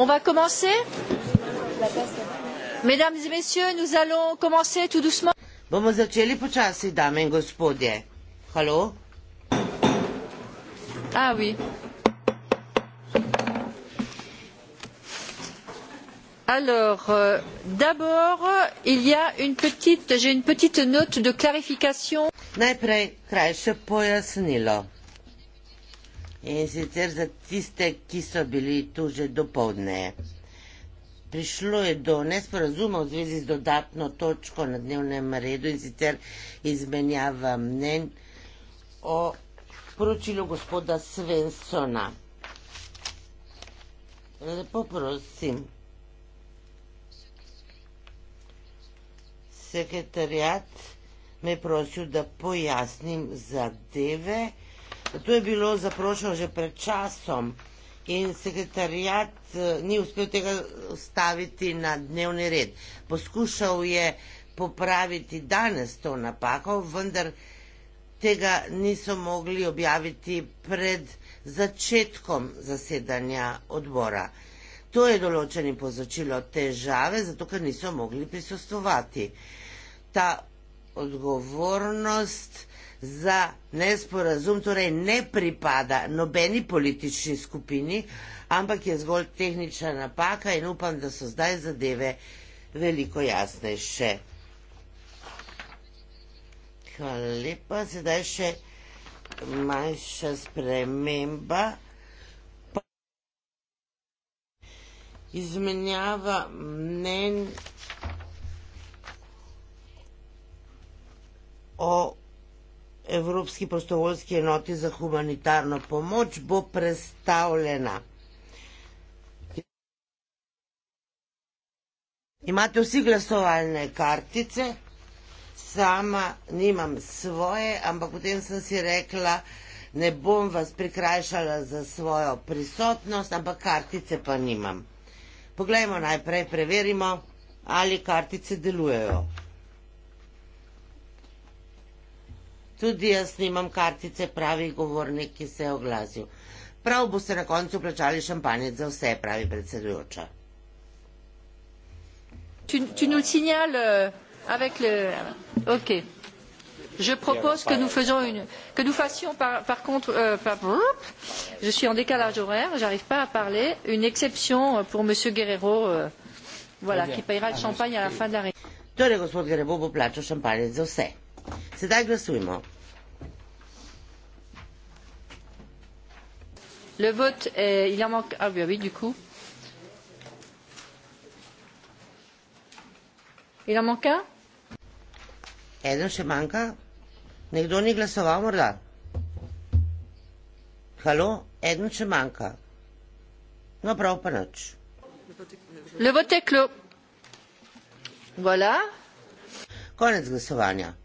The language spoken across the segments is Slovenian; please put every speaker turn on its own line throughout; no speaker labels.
On va commencer Mesdames et messieurs, nous allons commencer tout doucement. Bomo začeli počasi, dame in gospodje. Halo? A, ah, oui.
Alors, euh,
d'abord, il y a une petite, j'ai une petite note de clarification. Najprej krajše pojasnilo in sicer za tiste, ki so bili tu že dopoldneje. Prišlo je do nesporazuma v zvezi z dodatno točko na dnevnem redu in sicer izmenjava mnen o poročilu gospoda Svensona. Lepo prosim. Sekretarjat me je prosil, da pojasnim zadeve. To je bilo zaprošeno že pred časom in sekretarjat eh, ni uspel tega staviti na dnevni red. Poskušal je popraviti danes to napako, vendar tega niso mogli objaviti pred začetkom zasedanja odbora. To je določeni povzročilo težave, zato ker niso mogli prisostovati. Ta odgovornost za nesporazum, torej ne pripada nobeni politični skupini, ampak je zgolj tehnična napaka in upam, da so zdaj zadeve veliko jasnejše. Hvala lepa, sedaj še manjša sprememba. Izmenjava mnen o Evropski prostovoljski enoti za humanitarno pomoč bo predstavljena. Imate vsi glasovalne kartice, sama nimam svoje, ampak potem sem si rekla, ne bom vas prikrajšala za svojo prisotnost, ampak kartice pa nimam. Poglejmo najprej, preverimo, ali kartice delujejo. Tudi jaz nimam kartice, pravi govornik, ki se je oglasil. Prav boste na koncu plačali šampanje za vse, pravi predsedujoča. Tu,
tu signal, uh, avec le... Euh, ok.
Je propose que nous
faisons une, que nous fassions par, par contre, euh, par, je suis en décalage horaire, j'arrive pas à parler, une exception euh, pour Monsieur Guerrero, euh, voilà, qui payera le ah, champagne à la fin de
la réunion. Torej, gospod Guerrero bo plačal šampanje za vse. Sedaj glasujmo. Le vot je il
y a manque ah oui, ah oui du coup. Il y a manque?
Eden še manjka? Nekdo ni glasoval morda? Halo, eden še manjka. No prav pa nič. Le vot je clos. Voilà. Konec glasovanja.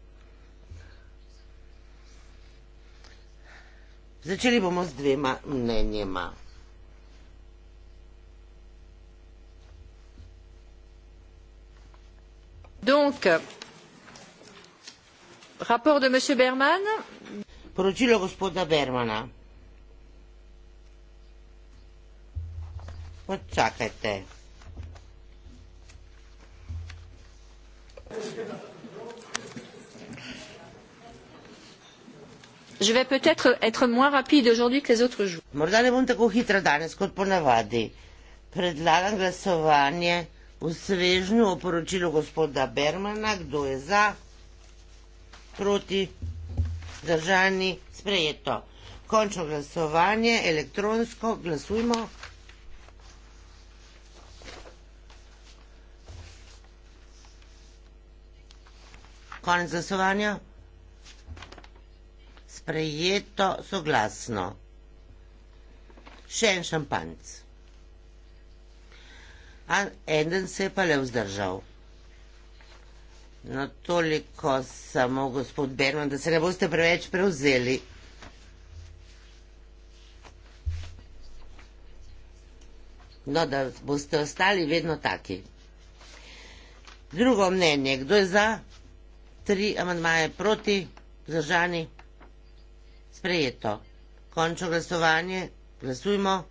Začeli bomo z dvema mnenjema. Donc, rapport de M. Berman. Poročilo gospoda Bermana. Počakajte.
Thank you.
Je vais peut-être être moins rapide aujourd'hui que les autres jours. Morda ne bom tako hitra danes kot ponavadi. Predlagam glasovanje v svežnju o poročilu gospoda Bermana, kdo je za, proti, zdržani, sprejeto. Končno glasovanje, elektronsko, glasujmo. Konec glasovanja sprejeto soglasno. Še en šampanc. An, eden se je pa le vzdržal. No, toliko samo, gospod Berman, da se ne boste preveč prevzeli. No, da boste ostali vedno taki. Drugo mnenje, kdo je za? Tri amandmaje proti, zdržani sprejeto. Končno glasovanje. Glasujmo.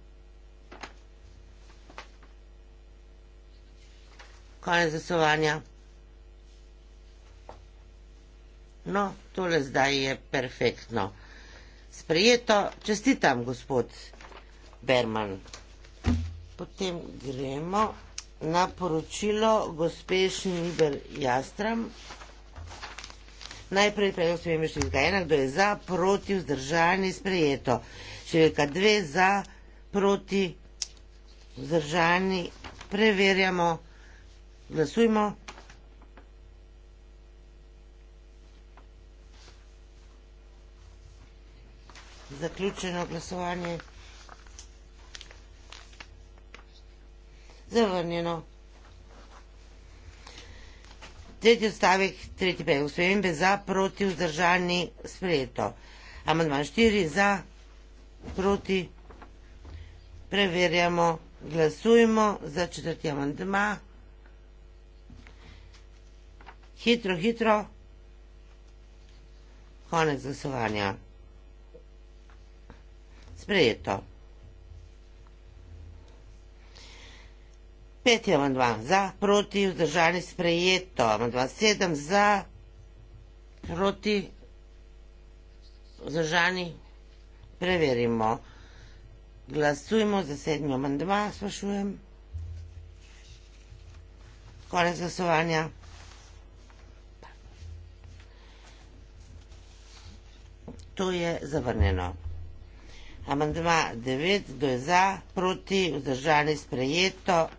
Konec glasovanja. No, tole zdaj je perfektno. Sprejeto. Čestitam, gospod Berman. Potem gremo na poročilo gospe Šniber Jastram. Najprej predlog spremembe številka ena, kdo je za, proti, vzdržani, sprejeto. Številka dve, za, proti, vzdržani, preverjamo, glasujmo. Zaključeno glasovanje. Zavrnjeno. Tretji odstavek, tretji pej, spremembe za, proti, vzdržani, sprejeto. Amandman štiri, za, proti, preverjamo, glasujemo za četrti amandma. Hitro, hitro, konec glasovanja. Sprejeto. 5 je amandman za, proti, vzdržani sprejeto, amandman 7 za, proti, vzdržani, preverimo. Glasujemo za sedmi amandma, sprašujem. Konec glasovanja. To je zavrnjeno. Amandma 9, kdo je za, proti, vzdržani, sprejeto,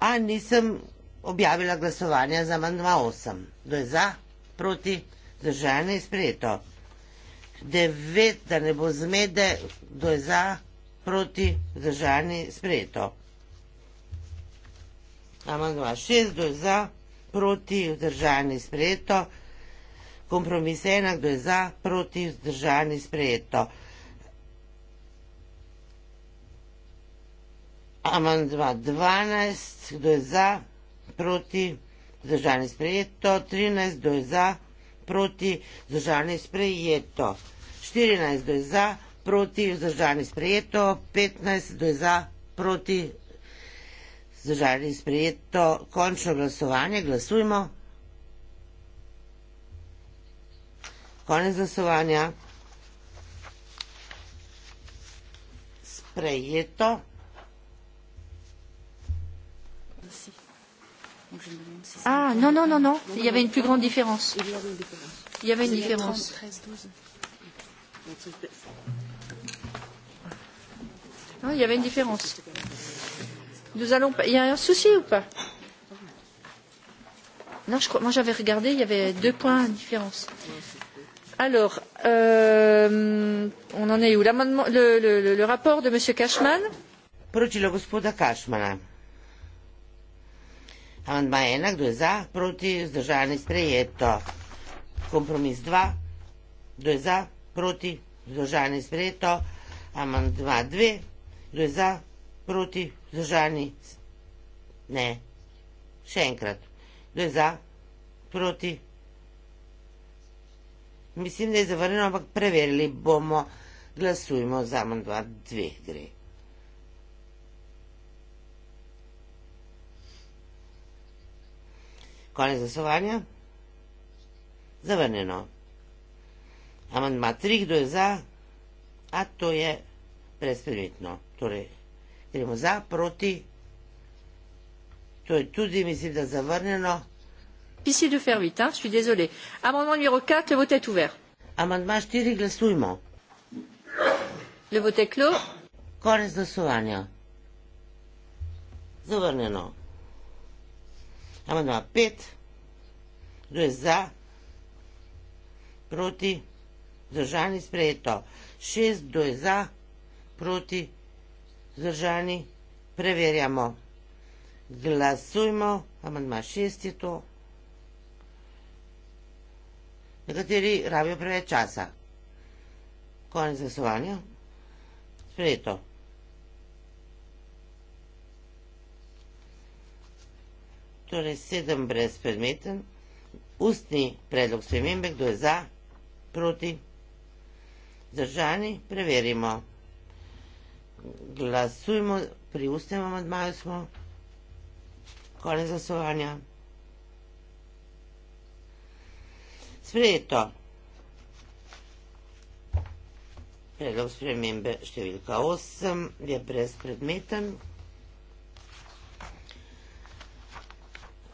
a nisem objavila glasovanja za amandma 8. Kdo je za, proti, zdržanje je sprejeto. 9, da ne bo zmede, kdo je za, proti, zdržanje je sprejeto. Amandma 6, kdo je za, proti, zdržanje je sprejeto. Kompromis 1, kdo je za, proti, zdržanje je sprejeto. amandma 12, kdo je za, proti, zdržani sprejeto, 13, kdo je za, proti, zdržani sprejeto, 14, kdo je za, proti, zdržani sprejeto, 15, kdo je za, proti, zdržani sprejeto, končno glasovanje, glasujmo. Konec glasovanja. Sprejeto.
Ah non, non, non, non, il y avait une plus grande différence. Il y avait une différence. Non, il y avait une différence. Nous allons. Il y a un souci ou pas Non, je crois. Moi, j'avais regardé. Il y avait deux
points de différence.
Alors, euh, on en est où L'amendement, le, le, le rapport de
Monsieur Cashman. Prochilo gospoda Cashmana. Amandma ena, kdo je za, proti, vzdržani, sprejeto. Kompromis dva, kdo je za, proti, vzdržani, sprejeto. Amandma dve, kdo je za, proti, vzdržani, ne. Še enkrat, kdo je za, proti. Mislim, da je zavrnjeno, ampak preverili bomo. Glasujmo za amandma dve gre. Konec glasovanja. Zavrnjeno. Amandma 3, kdo je za, a to je brezpredmetno. Torej, gremo za, proti. To je tudi, mislim, da zavrnjeno. Pisi de faire vite, hein? je suis désolé. Amandma 4, le vote est ouvert. Amandma 4, glasujmo.
Le vote est clos.
Konec glasovanja. Zavrnjeno. Amandma 5. Kdo je za? Proti? Zdržani sprejeto. 6. Kdo je za? Proti? Zdržani. Preverjamo. Glasujmo. Amandma 6 je to. Nekateri rabijo preveč časa. Konec glasovanja. Sprejeto. 7. torej sedem brezpredmeten. Ustni predlog spremembe, kdo je za, proti, zdržani, preverimo. Glasujmo, pri ustnem amadmaju smo, konec glasovanja. Sprejeto. Predlog spremembe številka 8 je brezpredmeten.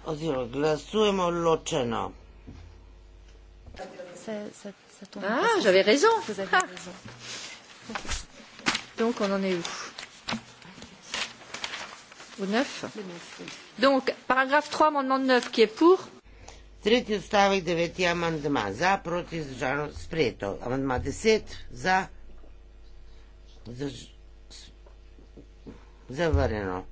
oziroma glasujemo ločeno. Ah, Tretji odstavek, deveti amandma za, proti, zdržano, sprejeto. Amandma deset za, zavrnjeno.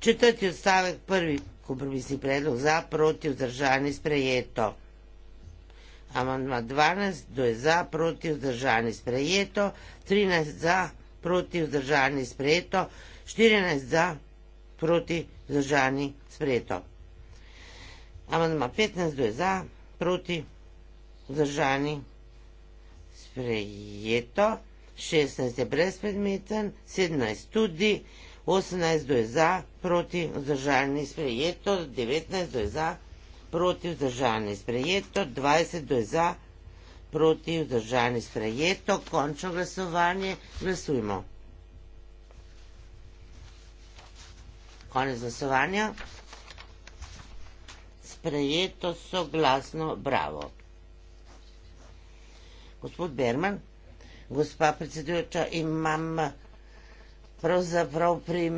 Četrti odstavek, prvi kompromisni predlog za, proti vzdržani sprejeto. Amandma 12, kdo je za, proti vzdržani sprejeto, 13 za, proti vzdržani sprejeto, 14 za, proti vzdržani sprejeto. Amandma 15, kdo je za, proti vzdržani sprejeto, 16 je brezpredmeten, 17 tudi, 18 do je za, proti vzdržani sprejeto, 19 do je za, proti vzdržani sprejeto, 20 do je za, proti vzdržani sprejeto, končno glasovanje, glasujmo. Konec glasovanja. Sprejeto so glasno, bravo. Gospod Berman, gospa predsedujoča, imam pravzaprav pri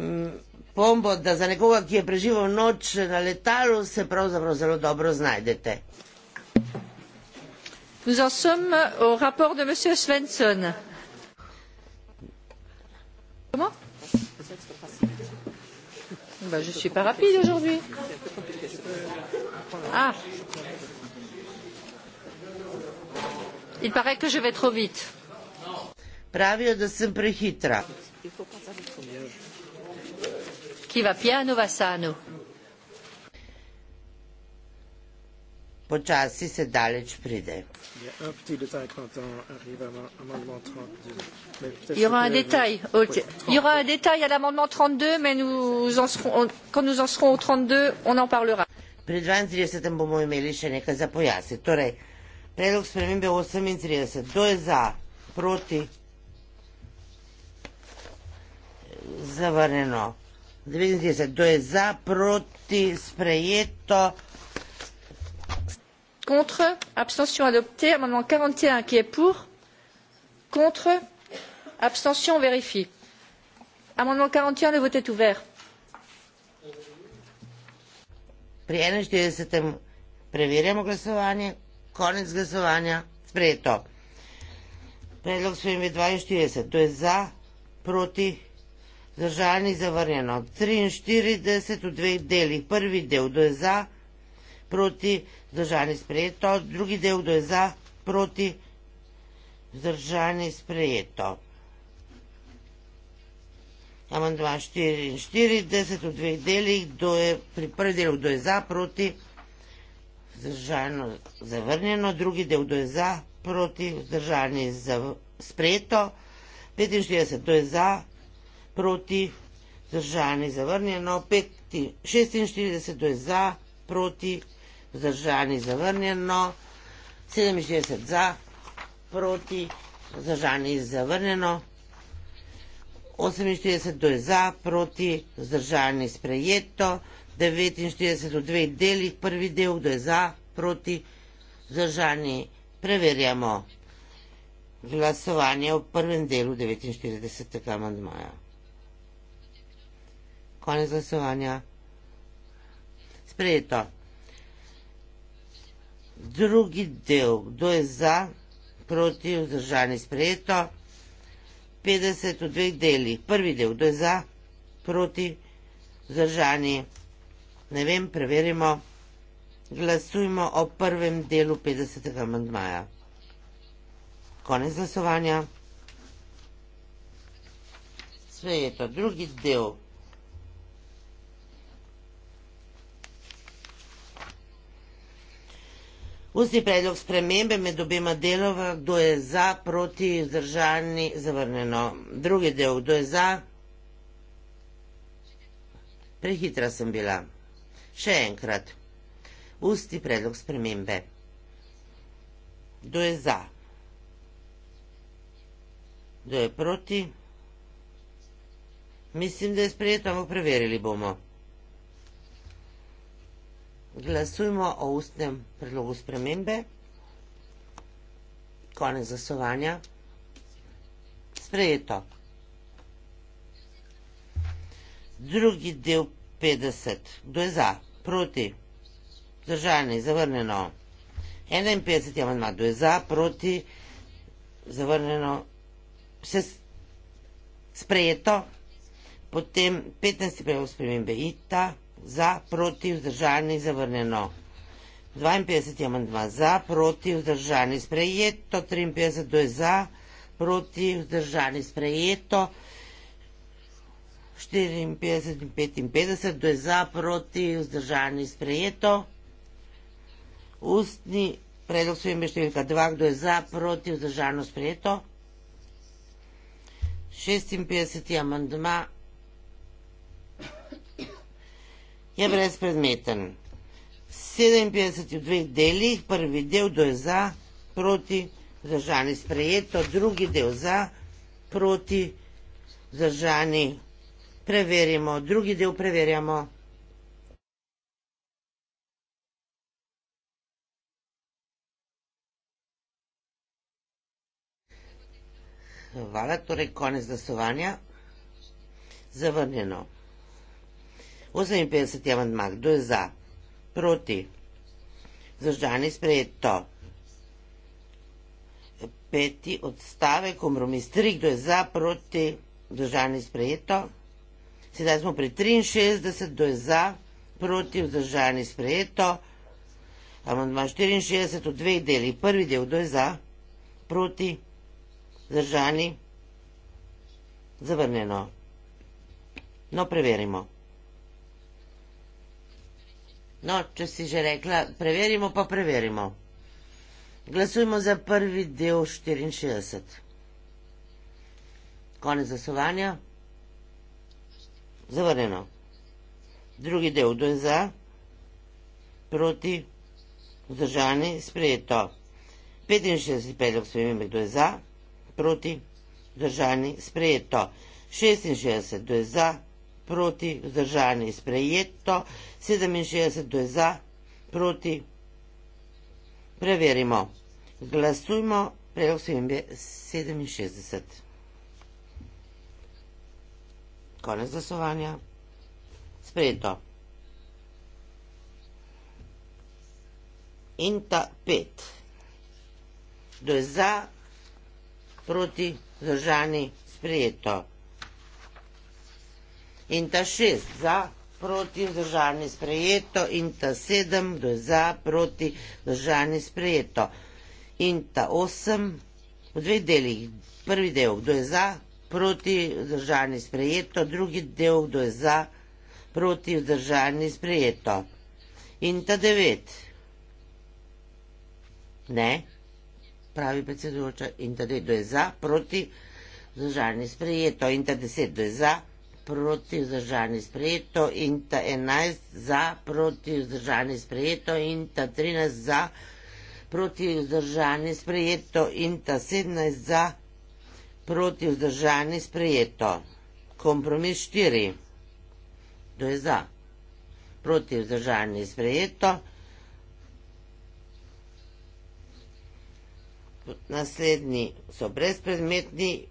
pombo, da za nekoga, ki je preživel noč na letalu, se pravzaprav zelo dobro znajdete.
Nous en sommes au rapport de Monsieur Svensson. Comment ben, Je ne suis pas rapide aujourd'hui. Ah Il paraît que je vais trop vite. Pravio
de Simprehitra. Počasi se daleč pride. Eh, Pri 32 bomo imeli še nekaj za pojasniti. Torej, predlog spremembe 38. Kdo je za? Proti? zavrnjeno. 90, to je za, proti, sprejeto. Contre,
abstention adopté, amendement 41 qui est pour, contre, abstention vérifie. Amendement 41, le vote est ouvert.
Pri 41. preverjamo glasovanje, konec glasovanja, sprejeto. Predlog sprejme 42, to je za, proti, Zdržani zavrnjeno 43 v dveh delih. Prvi del do je za, proti, zdržani sprejeto. Drugi del do je za, proti, zdržani sprejeto. Amandman 44 v dveh delih, do je, pri prvi delu do je za, proti, zdržano zavrnjeno. Drugi del do je za, proti, zdržani zav, sprejeto. 45 do je za, proti, vzdržani zavrnjeno, 5, 46 je za, proti, vzdržani zavrnjeno, 67 za, proti, vzdržani zavrnjeno, 48 je za, proti, vzdržani sprejeto, 49 v dveh delih, prvi del, kdo je za, proti, vzdržani preverjamo glasovanje v prvem delu 49. amandmaja konec glasovanja. Sprejeto. Drugi del, kdo je za, proti, vzdržani, sprejeto. 50 v dveh delih. Prvi del, kdo je za, proti, vzdržani, ne vem, preverimo. Glasujmo o prvem delu 50. amandmaja. Konec glasovanja. Sve je to drugi del. Ustni predlog spremembe med obema delova, kdo je za, proti, vzdržani, zavrnjeno. Drugi del, kdo je za? Prehitra sem bila. Še enkrat. Ustni predlog spremembe. Kdo je za? Kdo je proti? Mislim, da je sprejeto, ampak preverili bomo. Glasujmo o ustnem predlogu spremembe. Konec glasovanja. Sprejeto. Drugi del 50. Kdo je za? Proti? Zdržani? Zavrneno? 51 je manj. Kdo je za? Proti? Zavrneno? Vse sprejeto? Potem 15 predlogov spremembe ITA za, proti, vzdržani, zavrnjeno. 52 je amandma za, proti, vzdržani, sprejeto. 53 je za, proti, vzdržani, sprejeto. 54 in 55 je za, proti, vzdržani, sprejeto. Ustni predlog svojime številka 2, kdo je za, proti, vzdržano, sprejeto. 56 je amandma za, je brezpredmeten. 57 v dveh delih, prvi del do je za, proti, zažani sprejeto, drugi del za, proti, zažani, preverimo, drugi del preverjamo. Hvala, torej konec glasovanja. Zavrnjeno. 58. amandma, kdo je za? Proti. Zaždani sprejeto. Peti odstave, kompromis 3, kdo je za? Proti. Zaždani sprejeto. Sedaj smo pri 63, kdo je za? Proti. Zaždani sprejeto. Amandma 64 v dveh deli. Prvi del, kdo je za? Proti. Zaždani. Zavrneno. No, preverimo. No, če si že rekla, preverimo, pa preverimo. Glasujmo za prvi del 64. Konec glasovanja. Zavrnjeno. Drugi del, kdo je za? Proti? Vzdržani? Sprejeto. 65. predlog spremembe, kdo je za? Proti? Vzdržani? Sprejeto. 66. kdo je za? proti, vzdržani sprejeto, 67 je za, proti, preverimo. Glasujmo, prejel se imbe 67. Konec glasovanja, sprejeto. In ta pet. Kdo je za, proti, vzdržani, sprejeto in ta šest za proti vzdržani sprejeto in ta sedem za proti vzdržani sprejeto in ta osem v dveh delih prvi del kdo je za proti vzdržani sprejeto drugi del kdo je za proti vzdržani sprejeto in ta devet ne pravi predsedujoča in ta devet kdo je za proti vzdržani sprejeto in ta deset kdo je za proti proti vzdržani sprejeto in ta 11 za proti vzdržani sprejeto in ta 13 za proti vzdržani sprejeto in ta 17 za proti vzdržani sprejeto. Kompromis 4. To je za proti vzdržani sprejeto. Naslednji so brezpredmetni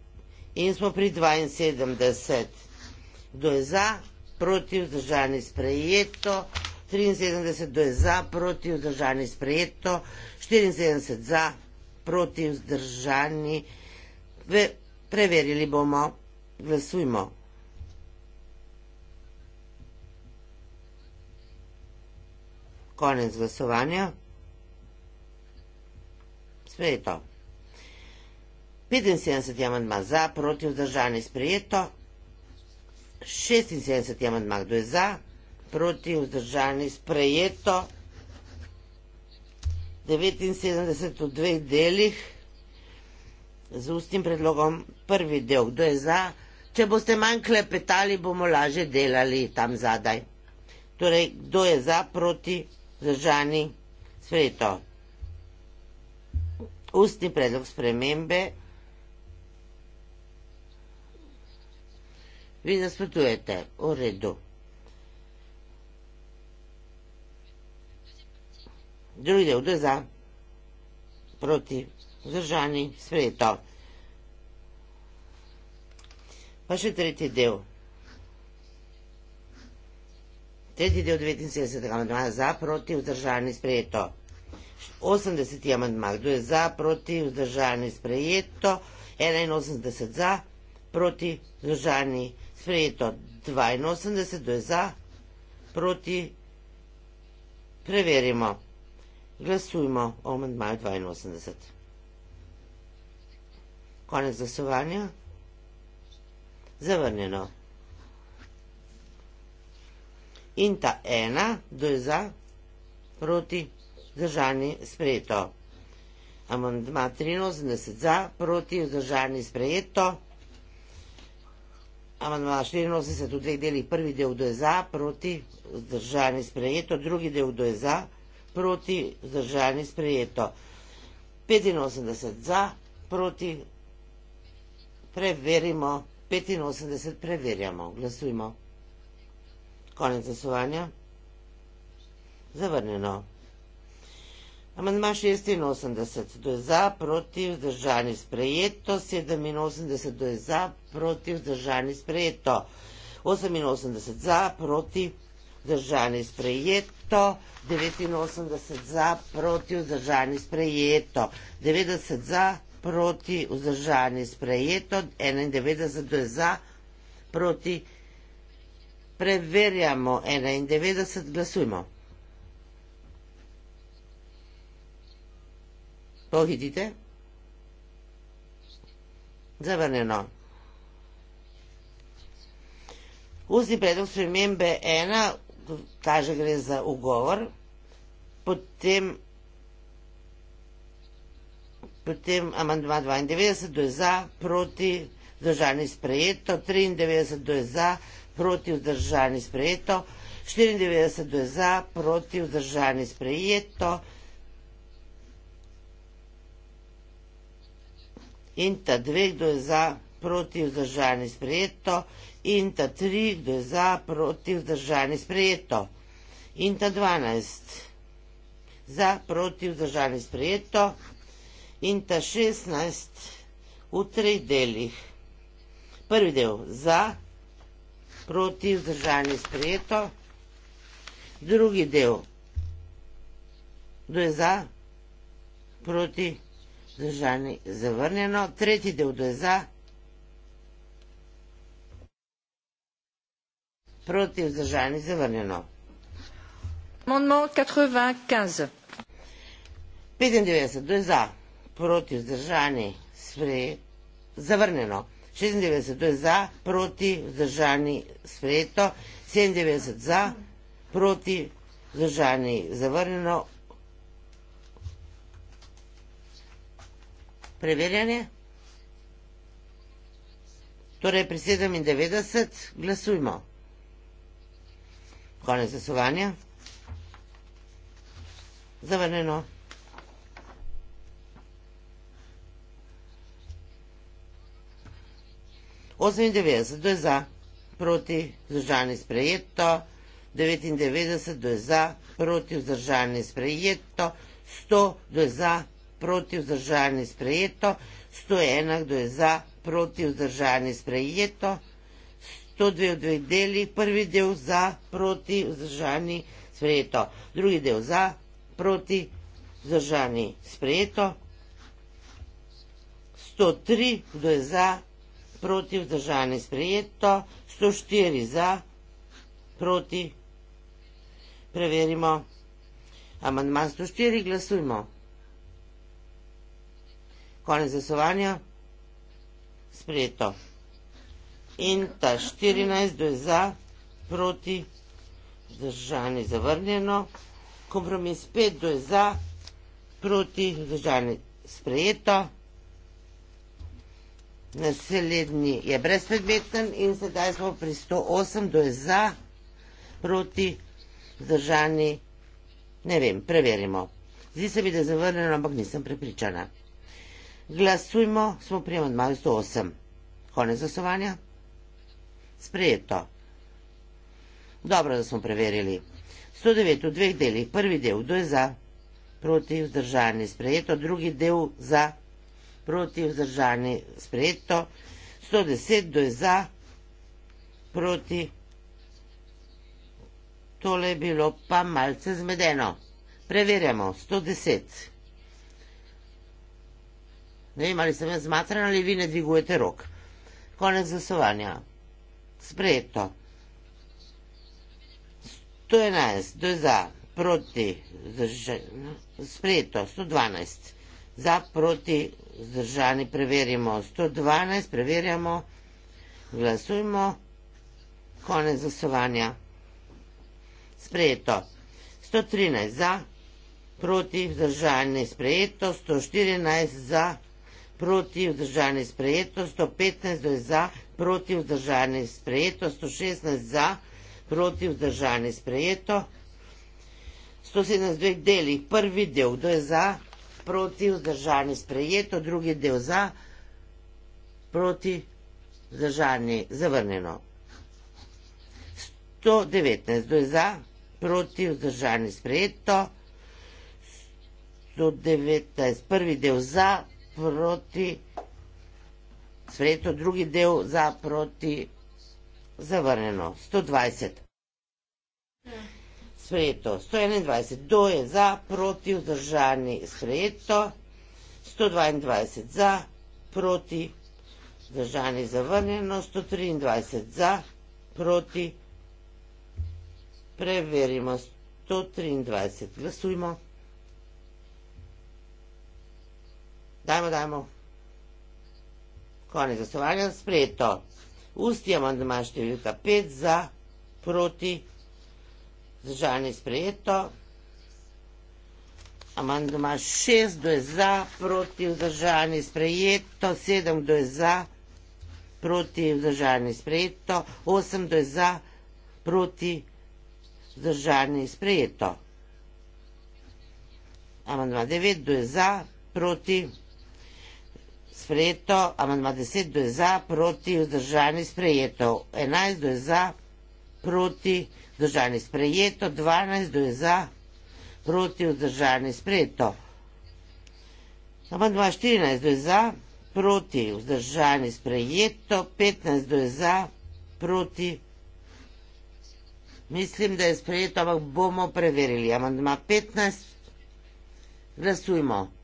in smo pri 72 kdo je za, proti vzdržani sprejeto, 73 kdo je za, proti vzdržani sprejeto, 74 za, proti vzdržani. Ve, preverili bomo, glasujmo. Konec glasovanja. Sprejeto. 75 je amandma za, proti vzdržani sprejeto, 76 amandma, kdo je za, proti vzdržani sprejeto, 79 v dveh delih, z ustnim predlogom prvi del, kdo je za, če boste manj klepetali, bomo lažje delali tam zadaj. Torej, kdo je za, proti vzdržani sprejeto. Ustni predlog spremembe Vi nasprotujete, v redu. Drugi del, kdo je za? Proti. Vzdržani, sprejeto. Pa še tretji del. Tretji del 79. amandma, za, proti, vzdržani, sprejeto. 80. amandma, kdo je za, proti, vzdržani, sprejeto. 81 za, proti, vzdržani, sprejeto sprejeto 82 do je za, proti preverimo. Glasujmo o amendmaju 82. Konec glasovanja. Zavrnjeno. In ta ena, do je za, proti, zdržani, sprejeto. Amandma 83 za, proti, zdržani, sprejeto. Amandma 84 v dveh delih, prvi del do je za, proti, zdržani sprejeto, drugi del do je za, proti, zdržani sprejeto. 85 za, proti, preverimo, 85 preverjamo, glasujmo. Konec zasovanja. Zavrnjeno. Amandma 86 do je za, proti vzdržani sprejeto, 87 do je za, proti vzdržani sprejeto, 88 za, proti vzdržani sprejeto, 89 za, proti vzdržani sprejeto, 90 za, proti vzdržani sprejeto, 91 do je za, proti preverjamo, 91 glasujmo. Pohitite. Zavrneno. Ustni predlog spremembe ena, kaže gre za ugovor, potem potem amandma 92, do je za, proti, vzdržani sprejeto, 93, do je za, proti, vzdržani sprejeto, 94, do je za, proti, vzdržani sprejeto, in ta dve, kdo je za, proti vzdržani sprejeto, in ta tri, kdo je za, proti vzdržani sprejeto, in ta dvanajst, za, proti vzdržani sprejeto, in ta šestnajst v treh delih. Prvi del za, proti vzdržani sprejeto, drugi del, kdo je za, proti vzdržani sprejeto, Zdržani zavrnjeno. Tretji del do je za. Proti vzdržani zavrnjeno. Amendement 95. 95. Do je za. Proti vzdržani sprejet. Zavrnjeno. 96. Do je za. Proti vzdržani sprejeto. 97. Za. Proti vzdržani zavrnjeno. preverjanje. Torej, pri 97 glasujmo. Konec glasovanja. Zavrnjeno. Osemindevetdeset, kdo je za, proti, vzdržani, sprejeto. Devetindevetdeset, kdo je za, proti, vzdržani, sprejeto. Sto, kdo je za, proti vzdržani sprejeto, 101 kdo je za, proti vzdržani sprejeto, 102 v dveh delih, prvi del za, proti vzdržani sprejeto, drugi del za, proti vzdržani sprejeto, 103 kdo je za, proti vzdržani sprejeto, 104 za, proti, preverimo, amandman 104, glasujmo. Konec glasovanja. Sprejeto. In ta 14, kdo je za, proti, vzdržani, zavrnjeno. Kompromis 5, kdo je za, proti, vzdržani, sprejeto. Naslednji je brezpredmeten in sedaj smo pri 108, kdo je za, proti, vzdržani, ne vem, preverimo. Zdi se mi, da je zavrnjeno, ampak nisem prepričana. Glasujmo, smo pri amandmaju 108. Konec glasovanja? Sprejeto. Dobro, da smo preverili. 109 v dveh delih. Prvi del, kdo je za? Proti vzdržani sprejeto. Drugi del za? Proti vzdržani sprejeto. 110, kdo je za? Proti. Tole je bilo pa malce zmedeno. Preverjamo. 110. 110. Ne vem, ali sem jaz zmatran ali vi ne dvigujete rok. Konec glasovanja. Sprejeto. 111, to je za, proti, sprejeto, 112. Za, proti, zdržani, preverimo. 112, preverjamo, glasujmo, konec glasovanja. Sprejeto. 113 za, proti, zdržani, sprejeto. 114 za, proti, proti vzdržani sprejeto, 115 je za, proti vzdržani sprejeto, 116 za, proti vzdržani sprejeto, 117 dveh delih, prvi del, kdo je za, proti vzdržani sprejeto, drugi del za, proti vzdržani zavrnjeno. 119 je za, proti vzdržani sprejeto, 119 prvi del za, proti svetu, drugi del za proti zavrnjeno. 120. Sprejeto 121, kdo je za, proti, vzdržani, sprejeto 122 za, proti, vzdržani, zavrnjeno 123 za, proti, preverimo 123, glasujmo. Dajmo, dajmo. Konec glasovanja sprejeto. Usti amandma številka 5 za, proti, zdržanje sprejeto. Amandma 6, kdo je za, proti, vzdržanje sprejeto. 7, kdo je za, proti, vzdržanje sprejeto. 8, kdo je za, proti, vzdržanje sprejeto. Amandma 9, kdo je za, proti, vzdržanje sprejeto sprejeto, amandma 10 do je za, proti, vzdržani sprejeto, 11 do je za, proti, vzdržani sprejeto, 12 do je za, proti, vzdržani sprejeto. Amandma 14 do je za, proti, vzdržani sprejeto, 15 do je za, proti, mislim, da je sprejeto, ampak bomo preverili. Amandma 15, glasujmo. Amandma 15.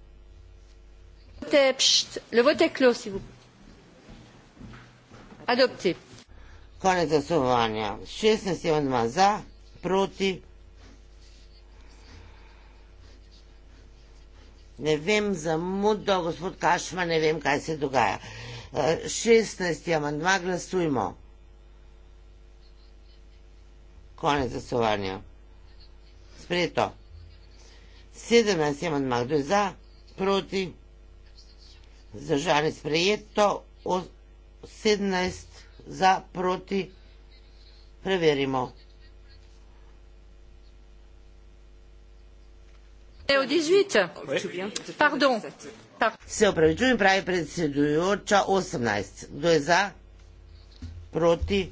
Konec glasovanja. 16 je odma za, proti. Ne vem, za mudo, gospod Kašma, ne vem, kaj se dogaja. 16 eh, je odma, glasujmo. Konec glasovanja. Sprejeto. 17 je odma, kdo je za, proti. Zdržali sprejeto, 17 za proti. Preverimo.
Evo, 18. Pardon.
Se upravičujem, pravi predsedujoča 18. Kdo je za? Proti.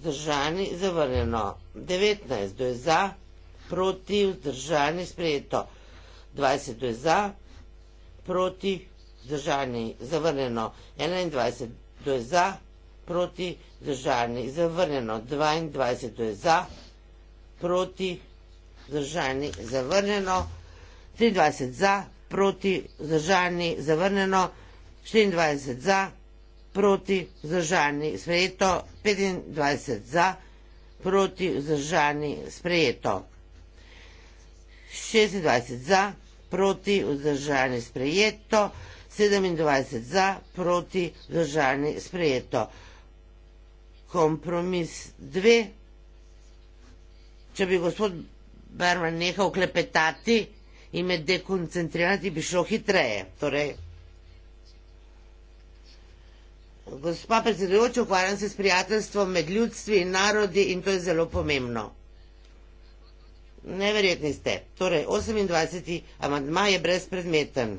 Zdržani, zavrnjeno. 19. Kdo je za? Proti. Zdržani, sprejeto. 20. Kdo je za? Proti. Proti vzdržani zavrnjeno 21, to je za, proti vzdržani zavrnjeno 22, to je za, proti vzdržani zavrnjeno 23 za, proti vzdržani zavrnjeno 24 za, proti vzdržani sprejeto 25 za, proti vzdržani sprejeto 26 za, proti vzdržani sprejeto 26 za, 27 za, proti, vzdržani, sprejeto. Kompromis 2. Če bi gospod Berman nehal klepetati in me dekoncentrirati, bi šlo hitreje. Torej, gospa predsedujoča, ukvarjam se s prijateljstvom med ljudstvi in narodi in to je zelo pomembno. Neverjetni ste. Torej, 28. amandma je brezpredmeten.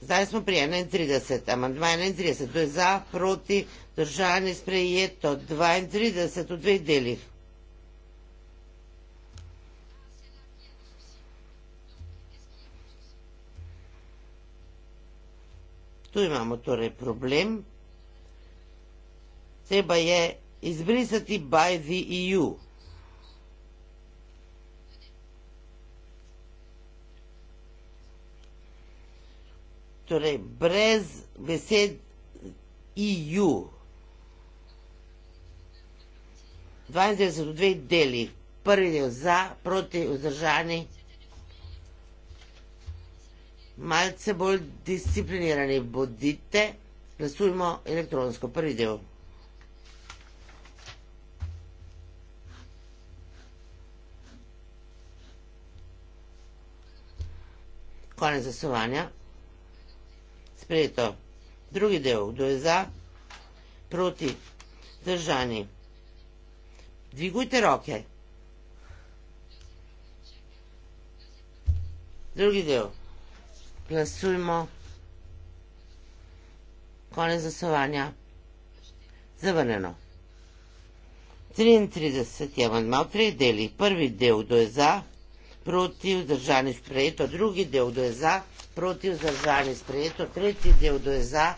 Zdaj smo pri 31, amandma 31, to je za, proti, držanje sprejeto, 32 v dveh delih. Tu imamo torej problem. Treba je izbrisati by the EU. torej brez besed EU. 22 v dveh delih. Prvi del za, proti vzdržani, malce bolj disciplinirani bodite, glasujmo elektronsko. Prvi del. Konec zasovanja sprejeto. Drugi del, kdo je za, proti, držani. Dvigujte roke. Drugi del, glasujmo. Konec zasovanja. Zavrneno. 33 je vam imel treh deli. Prvi del, kdo je za, proti, držani proti vzdržani sprejeto, drugi del do je za, proti vzdržani sprejeto, tretji del do je za,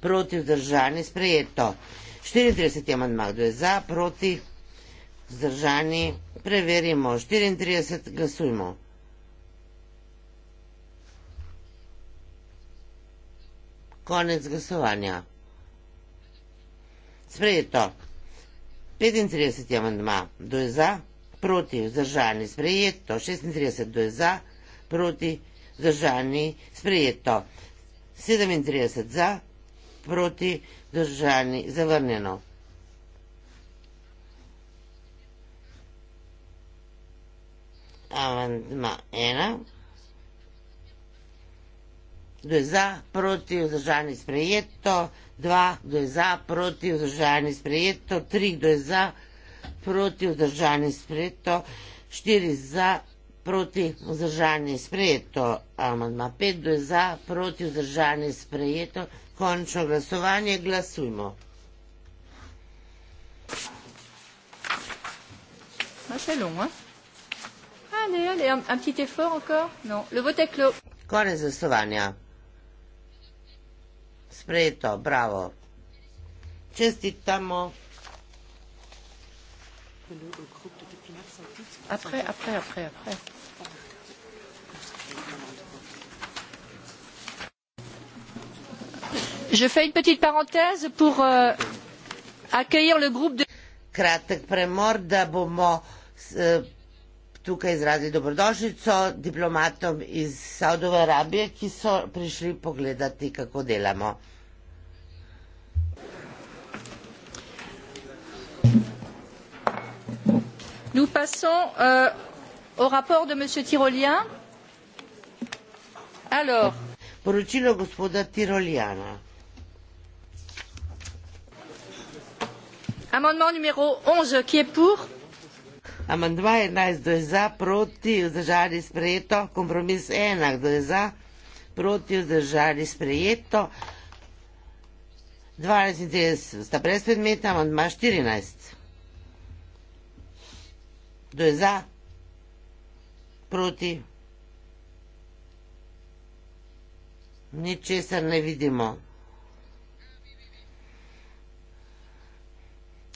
proti vzdržani sprejeto. 34. amandma do je za, proti vzdržani, preverimo, 34, glasujmo. Konec glasovanja. Sprejeto. 35. amandma do je za, proti vzdržani sprejeto proti vzdržani sprejeto, 36 je za, proti vzdržani sprejeto, 37 za, proti vzdržani zavrnjeno. Avantma ena, kdo je za, proti vzdržani sprejeto, dva, kdo je za, proti vzdržani sprejeto, tri, kdo je za, proti vzdržani sprejeto, proti vzdržani sprejeto, štiri za proti vzdržani sprejeto, amandma pet do za proti vzdržani sprejeto, končno glasovanje, glasujmo.
Ah, ah,
Konec glasovanja. Sprejeto, bravo. Čestitamo.
Après, après, après, après. Je fais une petite parenthèse pour euh, accueillir le groupe de.
Kratek premor, da bomo eh, tukaj izrazili dobrodošlico diplomatom iz Saudove Arabije, ki so prišli pogledati, kako delamo.
nous passons euh, au rapport de m. tirolien amendement n onze qui est pour
amandma enajst kdo je za proti vzdržali sprejeto kompromis ena kdo je za proti vzdržali sprejeto dvajset in trideset sta brezpredmetna amandma štirinajst Kdo je za? Proti? Ničesar ne vidimo.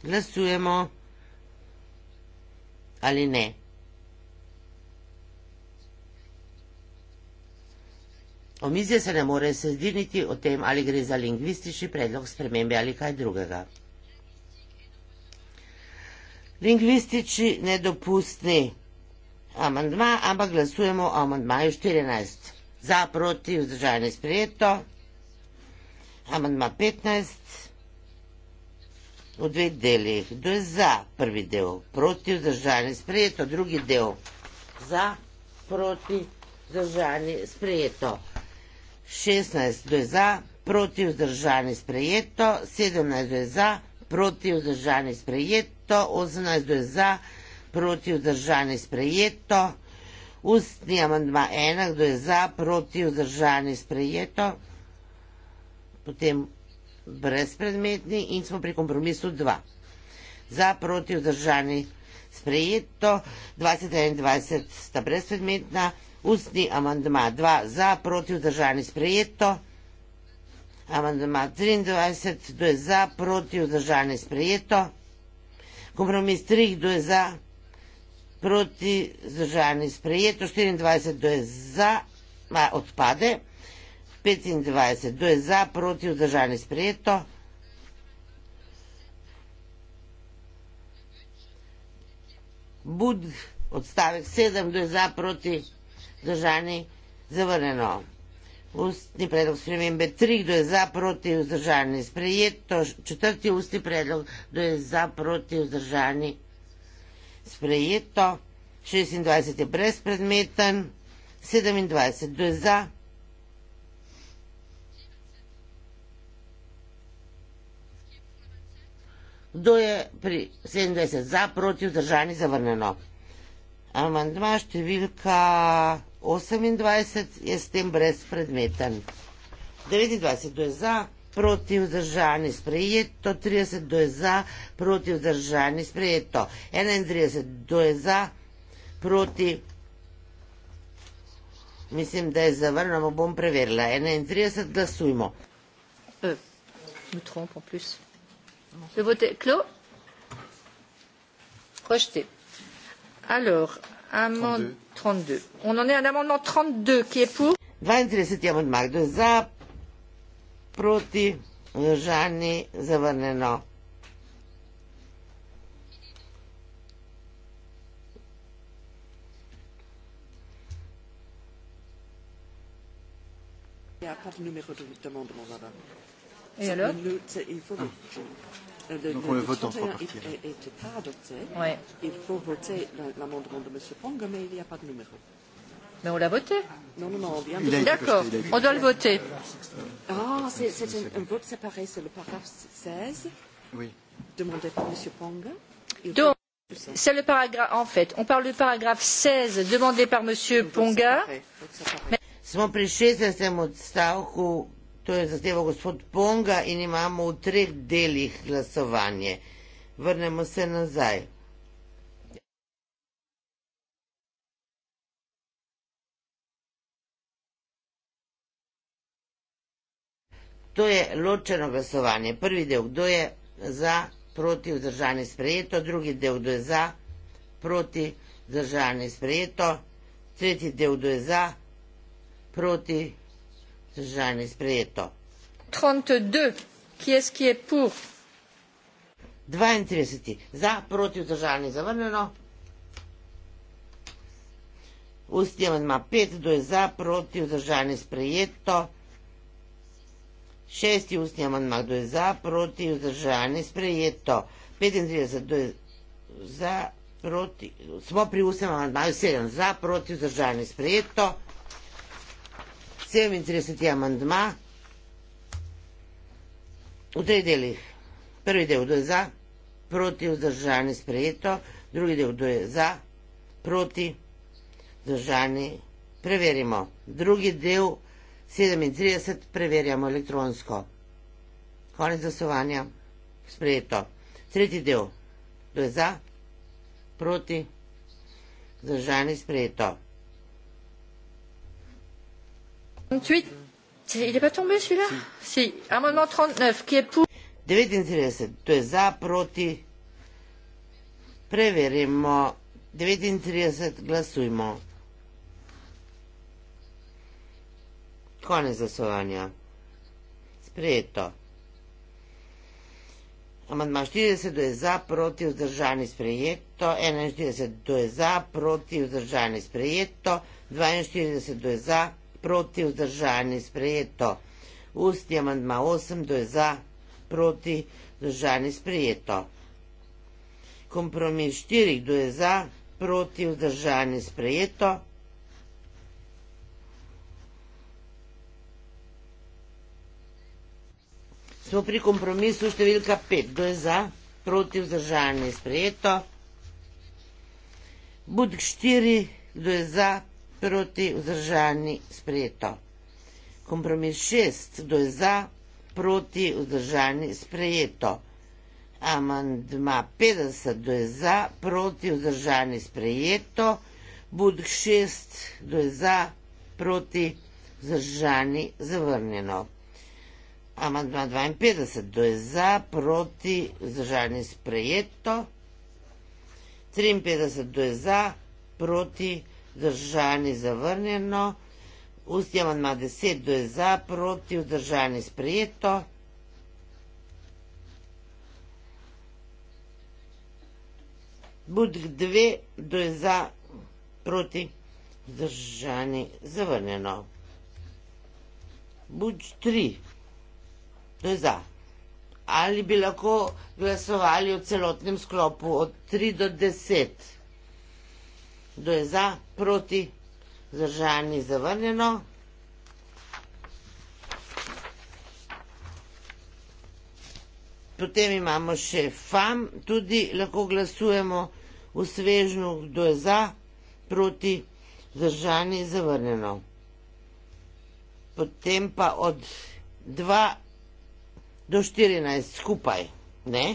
Glasujemo ali ne. Omizje se ne more sezdiniti o tem, ali gre za lingvistični predlog spremembe ali kaj drugega lingvistični nedopustni amandma, ampak glasujemo o amandmaju 14. Za, proti, vzdržanje sprejeto. Amandma 15 v dveh delih. Kdo je za prvi del? Proti, vzdržanje sprejeto. Drugi del. Za, proti, vzdržanje sprejeto. 16. Kdo je za? Proti, vzdržanje sprejeto. 17. Kdo je za? Proti, vzdržanje sprejeto proti vzdržani sprejeto, 18 je za, proti vzdržani sprejeto, ustni amandma ena, kdo je za, proti vzdržani sprejeto, potem brezpredmetni in smo pri kompromisu dva. Za, proti vzdržani sprejeto, 21 sta brezpredmetna, ustni amandma dva, za, proti vzdržani sprejeto, amandma 23, kdo je za, proti, vzdržanje sprejeto, kompromis 3, kdo je za, proti, vzdržanje sprejeto, 24, kdo je za, ma, odpade, 25, kdo je za, proti, vzdržanje sprejeto, Budg, odstavek 7, kdo je za, proti, vzdržanje zavrnjeno. Ustni predlog spremembe 3, kdo je za, proti, vzdržani. Sprejeto četrti ustni predlog, kdo je za, proti, vzdržani. Sprejeto 26 je brezpredmeten, 27 kdo je za. Kdo je pri 27 za, proti, vzdržani, zavrnjeno. Amandma številka 28 je s tem brezpredmeten. 29 je za, proti vzdržani sprejeto, 30 je za, proti vzdržani sprejeto, 31 je za, proti, mislim, da je zavrnjeno, bom preverila, 31 glasujmo. Euh,
Le vote est clos. Rejeté. Alors, 32. On en est à l'amendement 32
qui est pour 23 amendement de za, proti, Jani, zavrneno. Il n'y a pas de numéro de demande, mon madame. Et alors le, Il faut ah. Euh, de, Donc on le vote en trois parties. Est, est, est pas adopté. Ouais. Il faut voter l'amendement de M. Pong, mais il n'y a pas de numéro. Mais on l'a voté. Non, non, non, on vient de D'accord, on doit le voter. Ah, oh, c'est un, un vote séparé,
c'est le paragraphe 16. Oui. Demandé par M. Pong. Il Donc.
C'est le paragraphe. En fait, on parle du paragraphe 16 demandé par M. Ponga. Smo prišli za tem odstavku, To je zahteval gospod Ponga in imamo v treh delih glasovanje. Vrnemo se nazaj. To je ločeno glasovanje. Prvi del, kdo je za, proti, vzdržani, sprejeto. Drugi del, kdo je za, proti, vzdržani, sprejeto. Tretji del, kdo je za, proti, vzdržani, sprejeto. Žani sprejeto. 32. Kje je skje pur? 32. Za, proti, vzdržani, zavrnjeno. Ustni amandman 5, kdo je za, proti, vzdržani, sprejeto. Šesti ustni amandman, kdo je za, proti, vzdržani, sprejeto. 35, kdo je za, proti, smo pri ustnem amandmaju 7, za, proti, vzdržani, sprejeto. 37. amandma v treh delih. Prvi del, kdo je za, proti vzdržani sprejeto, drugi del, kdo je za, proti vzdržani preverimo. Drugi del, 37, preverjamo elektronsko. Konec zasovanja, sprejeto. Tretji del, kdo je za, proti vzdržani sprejeto.
38. Il n'est pas tombé celui-là si. si. Amendement 39,
qui est pour. 39, tu es za, proti. Preverimo. 39, glasujmo. Konec glasovanja. Sprejeto. Amandma 40, tu je za, proti, vzdržani, sprejeto. 41, tu je za, proti, vzdržani, sprejeto. 42, tu je za, proti proti, vzdržani, sprejeto. Ustni amandma 8, kdo je za, proti, vzdržani, sprejeto. Kompromis 4, kdo je za, proti, vzdržani, sprejeto. Smo pri kompromisu številka 5, kdo je za, proti, vzdržani, sprejeto. Budk 4, kdo je za, proti vzdržani sprejeto. Kompromis šest, kdo je za, proti vzdržani sprejeto. Amandma 50, kdo je za, proti vzdržani sprejeto. Budk šest, kdo je za, proti vzdržani zavrnjeno. Amandma 52, kdo je za, proti vzdržani sprejeto. 53, kdo je za, proti vzdržani sprejeto vzdržani zavrnjeno, ustni amandma deset, kdo je za, proti, vzdržani sprejeto. Budk dve, kdo je za, proti, vzdržani zavrnjeno. Budk tri, kdo je za. Ali bi lahko glasovali o celotnem sklopu od 3 do 10? Kdo je za, proti, zdržani, zavrnjeno. Potem imamo še FAM, tudi lahko glasujemo v svežnju, kdo je za, proti, zdržani, zavrnjeno. Potem pa od 2 do 14 skupaj, ne? Ne?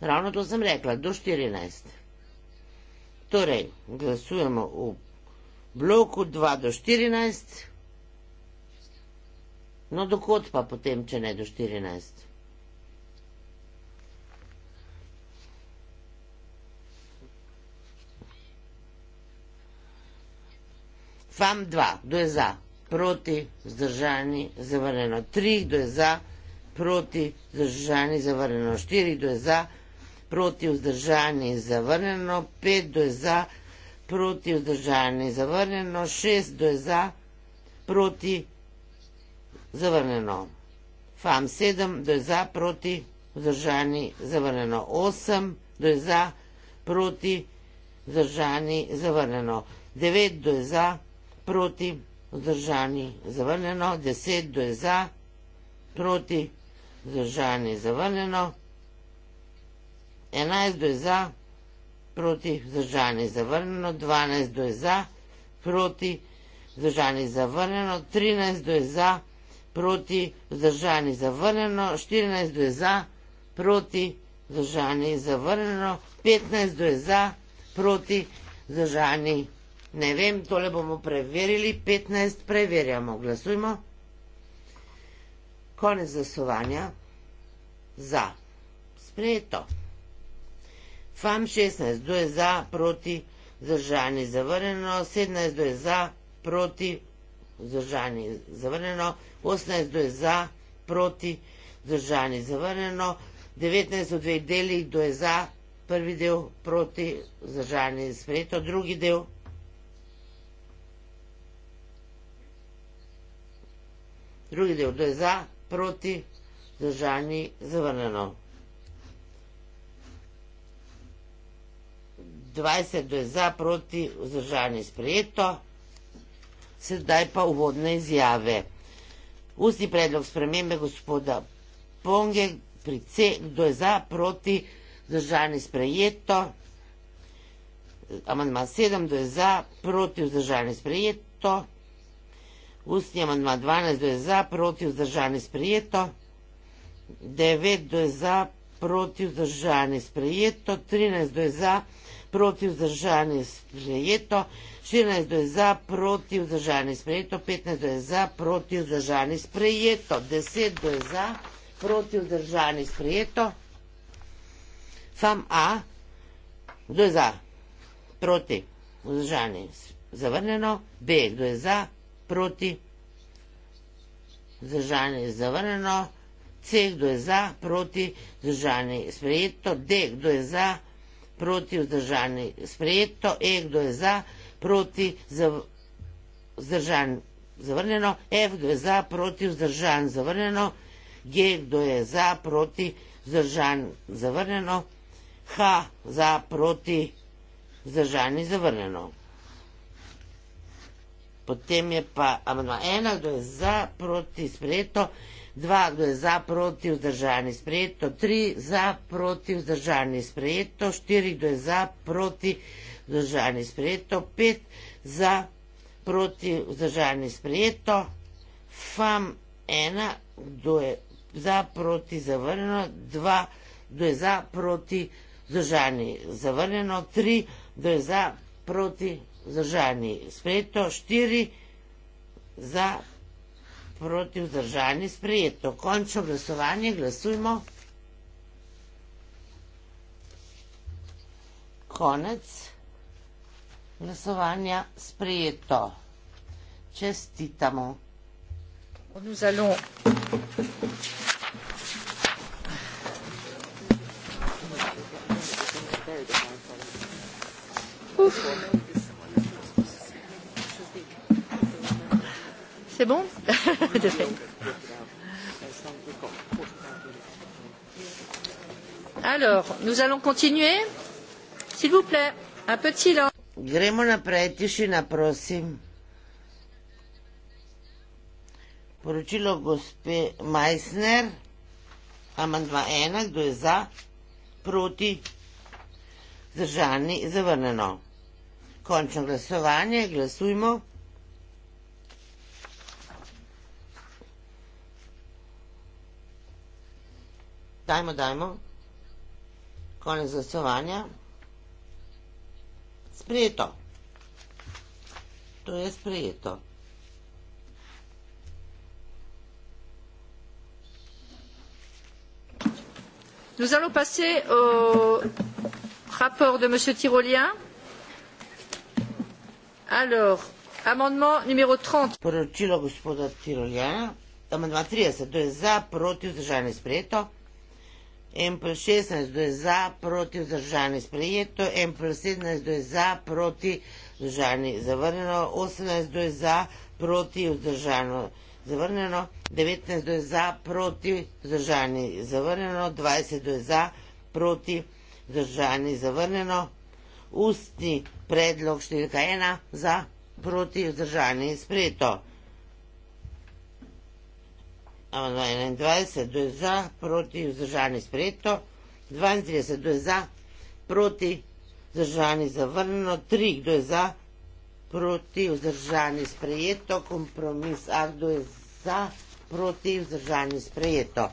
Ravno to sem rekla, do 14. Torej, glasujemo v bloku 2 do 14. No, dokot pa potem, če ne do 14. Fam 2, kdo je za? Proti, zdržani, zavrneno 3, kdo je za? Proti, zdržani, zavrneno 4, kdo je za? proti vzdržani zavrnjeno, pet do je za, proti vzdržani zavrnjeno, šest do je za, proti zavrnjeno. FAM 7 do je za, proti vzdržani zavrnjeno, osem do je za, proti vzdržani zavrnjeno, devet do je za, proti vzdržani zavrnjeno, deset do je za, proti vzdržani zavrnjeno, 11 je za, proti vzdržani zavrnjeno, 12 je za, proti vzdržani zavrnjeno, 13 je za, proti vzdržani zavrnjeno, 14 je za, proti vzdržani zavrnjeno, 15 je za, proti vzdržani ne vem, tole bomo preverili, 15 preverjamo, glasujmo. Konec glasovanja za sprejeto. Fam 16, kdo je za, proti, zdržani, zavrnjeno, 17, kdo je za, proti, zdržani, zavrnjeno, 18, kdo je za, proti, zdržani, zavrnjeno, 19 v dveh delih, kdo je za, prvi del, proti, zdržani, sprejeto, drugi del. Drugi del, kdo je za, proti, zdržani, zavrnjeno. dvajset za proti vzdržanje sprejeto. Sedaj pa uvodne izjave. Ustni predlog spremembe gospoda Ponge pri C, kdo je za proti vzdržanje sprejeto. Amandma sedem, kdo je za proti vzdržanje sprejeto. Ustni amandma dvanajst, kdo je za proti vzdržanje sprejeto. Devet, kdo je za proti vzdržanje sprejeto. Trinajst, kdo je za proti vzdržanje sprejeto proti vzdržanje sprejeto, 14 je za proti vzdržanje sprejeto, 15 je za proti vzdržanje sprejeto, 10 je za proti vzdržanje sprejeto, fam A, kdo je za proti vzdržanje zavrnjeno, B, kdo je za proti vzdržanje zavrnjeno, C, kdo je za proti vzdržanje sprejeto, D, kdo je za proti vzdržanje sprejeto, proti vzdržani. Sprejeto E, kdo je za, proti vzdržan. Zavrnjeno. F, kdo je za, proti vzdržan. Zavrnjeno. G, kdo je za, proti vzdržan. Zavrnjeno. H, za, proti vzdržani. Zavrnjeno. Potem je pa amandma 1, kdo je za, proti sprejeto. 2 za, proti, vzdržani, sprejeto, 3 za, proti, vzdržani, sprejeto, 4 za, proti, vzdržani, sprejeto, 5 za, proti, vzdržani, sprejeto, FAM 1, kdo je za, proti, zavrnjeno, 2, kdo je za, proti, vzdržani, zavrnjeno, 3, kdo je za, proti, vzdržani, sprejeto, 4 za, proti, proti vzdržani sprejeto. Končno glasovanje, glasujmo. Konec glasovanja sprejeto. Čestitamo. Zalo.
Uf. C'est bon
nous allons continuer s'il vous plaît un peu de silence pour le prochain groupe la parole Poročilo gospe Majsner, amandma ena, kdo je za, proti, zržani, zavrneno. Končno glasovanje, glasujmo. dajmo, dajmo. Konec glasovanja. Sprijeto. To je sprijeto. Nous allons
passer au rapport de Monsieur Tyrolien.
Alors, amendement numéro 30. Poročilo gospoda Tyrolien, amendement 30, to je za, proti, vzdržanje sprejeto. En plus 16, kdo je za, proti vzdržani sprejeto, en plus 17, kdo je za, proti vzdržani zavrnjeno, 18, kdo je za, proti vzdržano zavrnjeno, 19, kdo je za, proti vzdržani zavrnjeno, 20, kdo je za, proti vzdržani zavrnjeno, ustni predlog številka 1 za, proti vzdržani sprejeto amandma 21, to je za, proti, vzdržani sprejeto, 32, to je za, proti, vzdržani zavrnjeno, 3, kdo je za, proti, vzdržani sprejeto, kompromis A, kdo je za, proti, vzdržani sprejeto.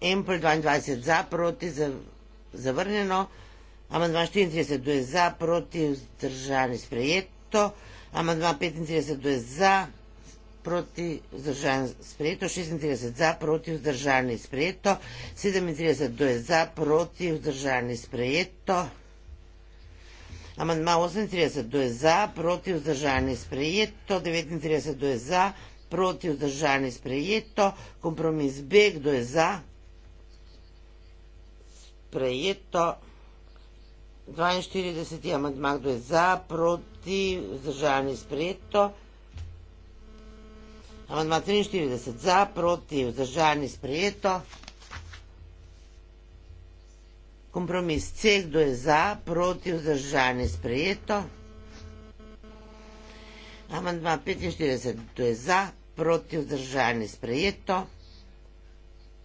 M pri 22 za, proti, zavrnjeno, 32. Amandma 34 je za, proti vzdržani sprejeto. Amandma 35 je za, proti vzdržani sprejeto. 36 za, proti vzdržani sprejeto. 37 je za, proti vzdržani sprejeto. Amandma 38 je za, proti vzdržani sprejeto. 39 je za, proti vzdržani sprejeto. Kompromis B, kdo je za? Sprejeto. 42 je amadma, kdo je za, proti, vzdržani sprejeto. Amadma 43 za, proti, vzdržani sprejeto. Kompromis C, kdo je za, proti, vzdržani sprejeto. Amadma 45, kdo je za, proti, vzdržani sprejeto. Amadma 45, kdo je za, proti, vzdržani sprejeto.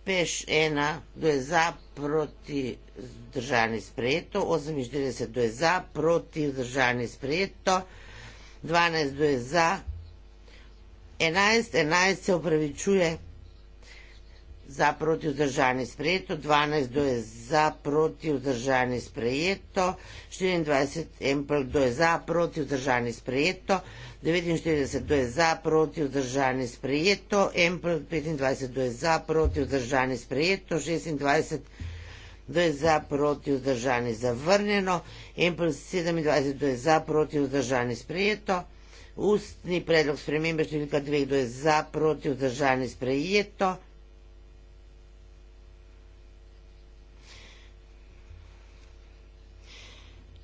5 ena do je za proti zdržani sprejeto, 48 do je za proti zdržani sprejeto, 12 do je za, 11, 11 se upravičuje za proti vzdržani sprejeto, 12 do je za proti vzdržani sprejeto, 24 empl do je za proti vzdržani sprejeto, 49 do je za proti vzdržani sprejeto, empl 25 do je za proti vzdržani sprejeto, 26 do je za proti vzdržani zavrnjeno, empl 27 do je za proti vzdržani sprejeto, ustni predlog spremembe številka 2 do je za proti vzdržani sprejeto,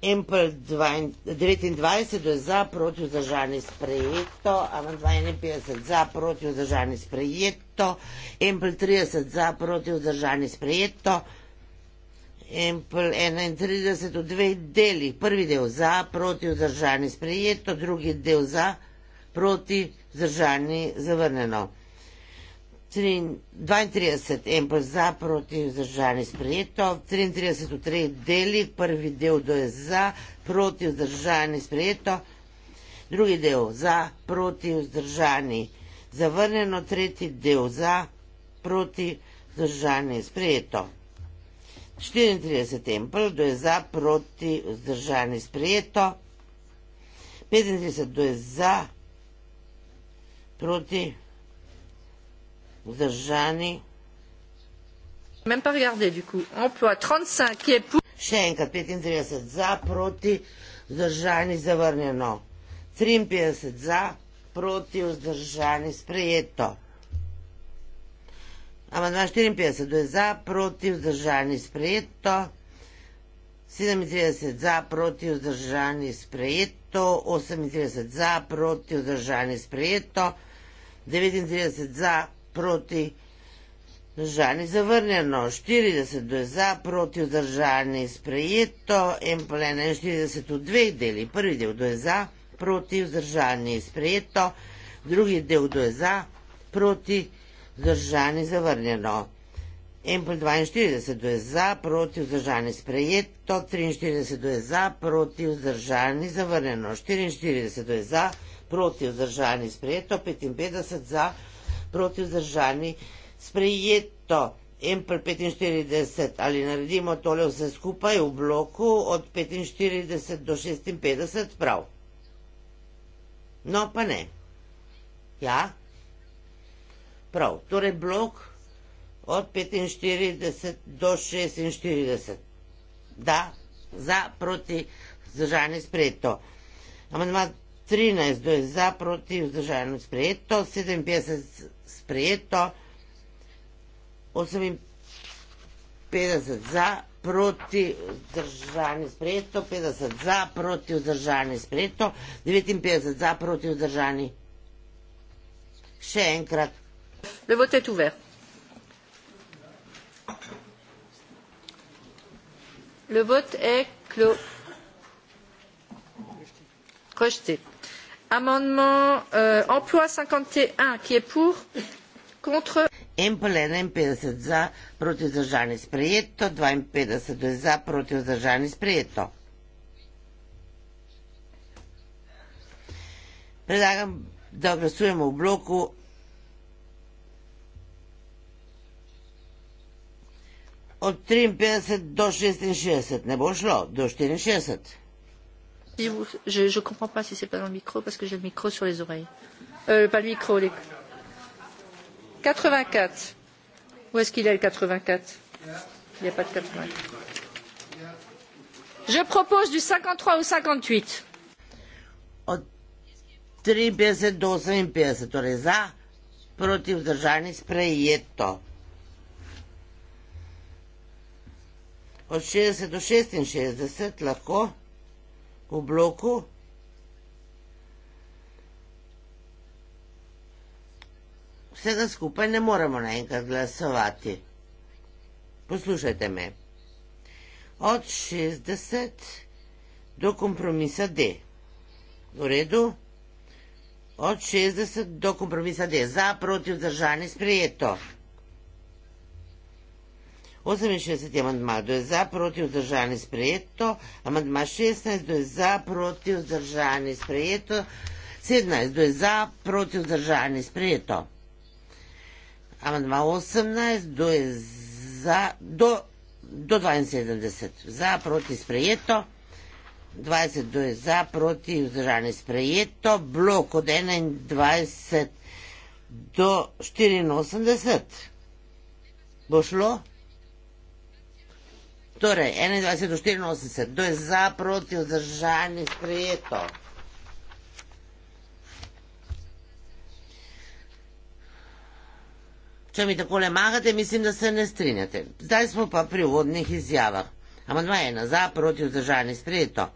Empel 29 je za, proti vzdržani sprejeto, amandma 51 za, proti vzdržani sprejeto, Empel 30 za, proti vzdržani sprejeto, Empel 31 v dveh delih, prvi del za, proti vzdržani sprejeto, drugi del za, proti vzdržani zavrneno. 32 en pa za, proti vzdržani sprejeto, 33 v treh delih, prvi del do je za, proti vzdržani sprejeto, drugi del za, proti vzdržani zavrneno, tretji del za, proti vzdržani sprejeto. 34 tempel, do je za, proti vzdržani sprejeto, 35 do je za, proti vzdržani sprejeto, vzdržani. Še enkrat 35 za, proti, vzdržani, zavrnjeno. 53 za, proti, vzdržani, sprejeto. Amandma 54 je za, proti, vzdržani, sprejeto. 37 za, proti, vzdržani, sprejeto. 38 za, proti, vzdržani, sprejeto. 39 za, proti, vzdržani, sprejeto proti, vzdržani zavrnjeno, 40 do je za, proti vzdržani sprejeto, en pol 41 v dveh deli, prvi del do je za, proti vzdržani sprejeto, drugi del do je za, proti vzdržani zavrnjeno. En pol 42 do je za, proti vzdržani sprejeto, 43 do je za, proti vzdržani zavrnjeno, 44 do je za, proti vzdržani sprejeto, 55 za, proti vzdržani sprejeto, proti vzdržani, sprejeto MPL 45 ali naredimo tole vse skupaj v bloku od 45 do 56, prav. No, pa ne. Ja? Prav, torej blok od 45 do 46. Da, za, proti, zržanje sprejeto. Amandma 13 je za, proti vzdržajeno sprejeto, 57 sprejeto, 58 za, proti vzdržajeno sprejeto, 50 za, proti vzdržajeno sprejeto, 59 za, proti vzdržajeno. Še enkrat. Le vote je tuver.
Le vote je clos.
Rejeté. Amendement euh, emploi 51, qui est pour Contre MPL 51 za, proti vzdržani sprejeto, 52 za, proti vzdržani sprejeto. Predlagam, da glasujemo v bloku od 53 do 66, ne bo šlo, do 64.
Si vous, je ne comprends pas si ce n'est pas dans le micro parce que j'ai le micro sur les oreilles. Euh, pas le micro. Les... 84. Où est-ce qu'il est le 84 Il
n'y a pas de 84. Je propose du 53 au 58. Od 60 do 66 torej lahko v bloku. Vsega skupaj ne moremo naenkrat glasovati. Poslušajte me. Od 60 do kompromisa D. V redu? Od 60 do kompromisa D. Za, proti, vzdržani, sprejeto. 68 je amandma, kdo je za, proti vzdržani sprejeto, amandma 16, kdo je za, proti vzdržani sprejeto, 17, kdo je za, proti vzdržani sprejeto, amandma 18, kdo je za, do, do 72, za, proti sprejeto, 20, kdo je za, proti vzdržani sprejeto, blok od 21 do 84, bo šlo? Torej, 21 do 84, kdo je za proti vzdržanje sprejeto? Če mi takole mahate, mislim, da se ne strinjate. Zdaj smo pa pri uvodnih izjavah. Amandma je ena za, proti vzdržanje sprejeto.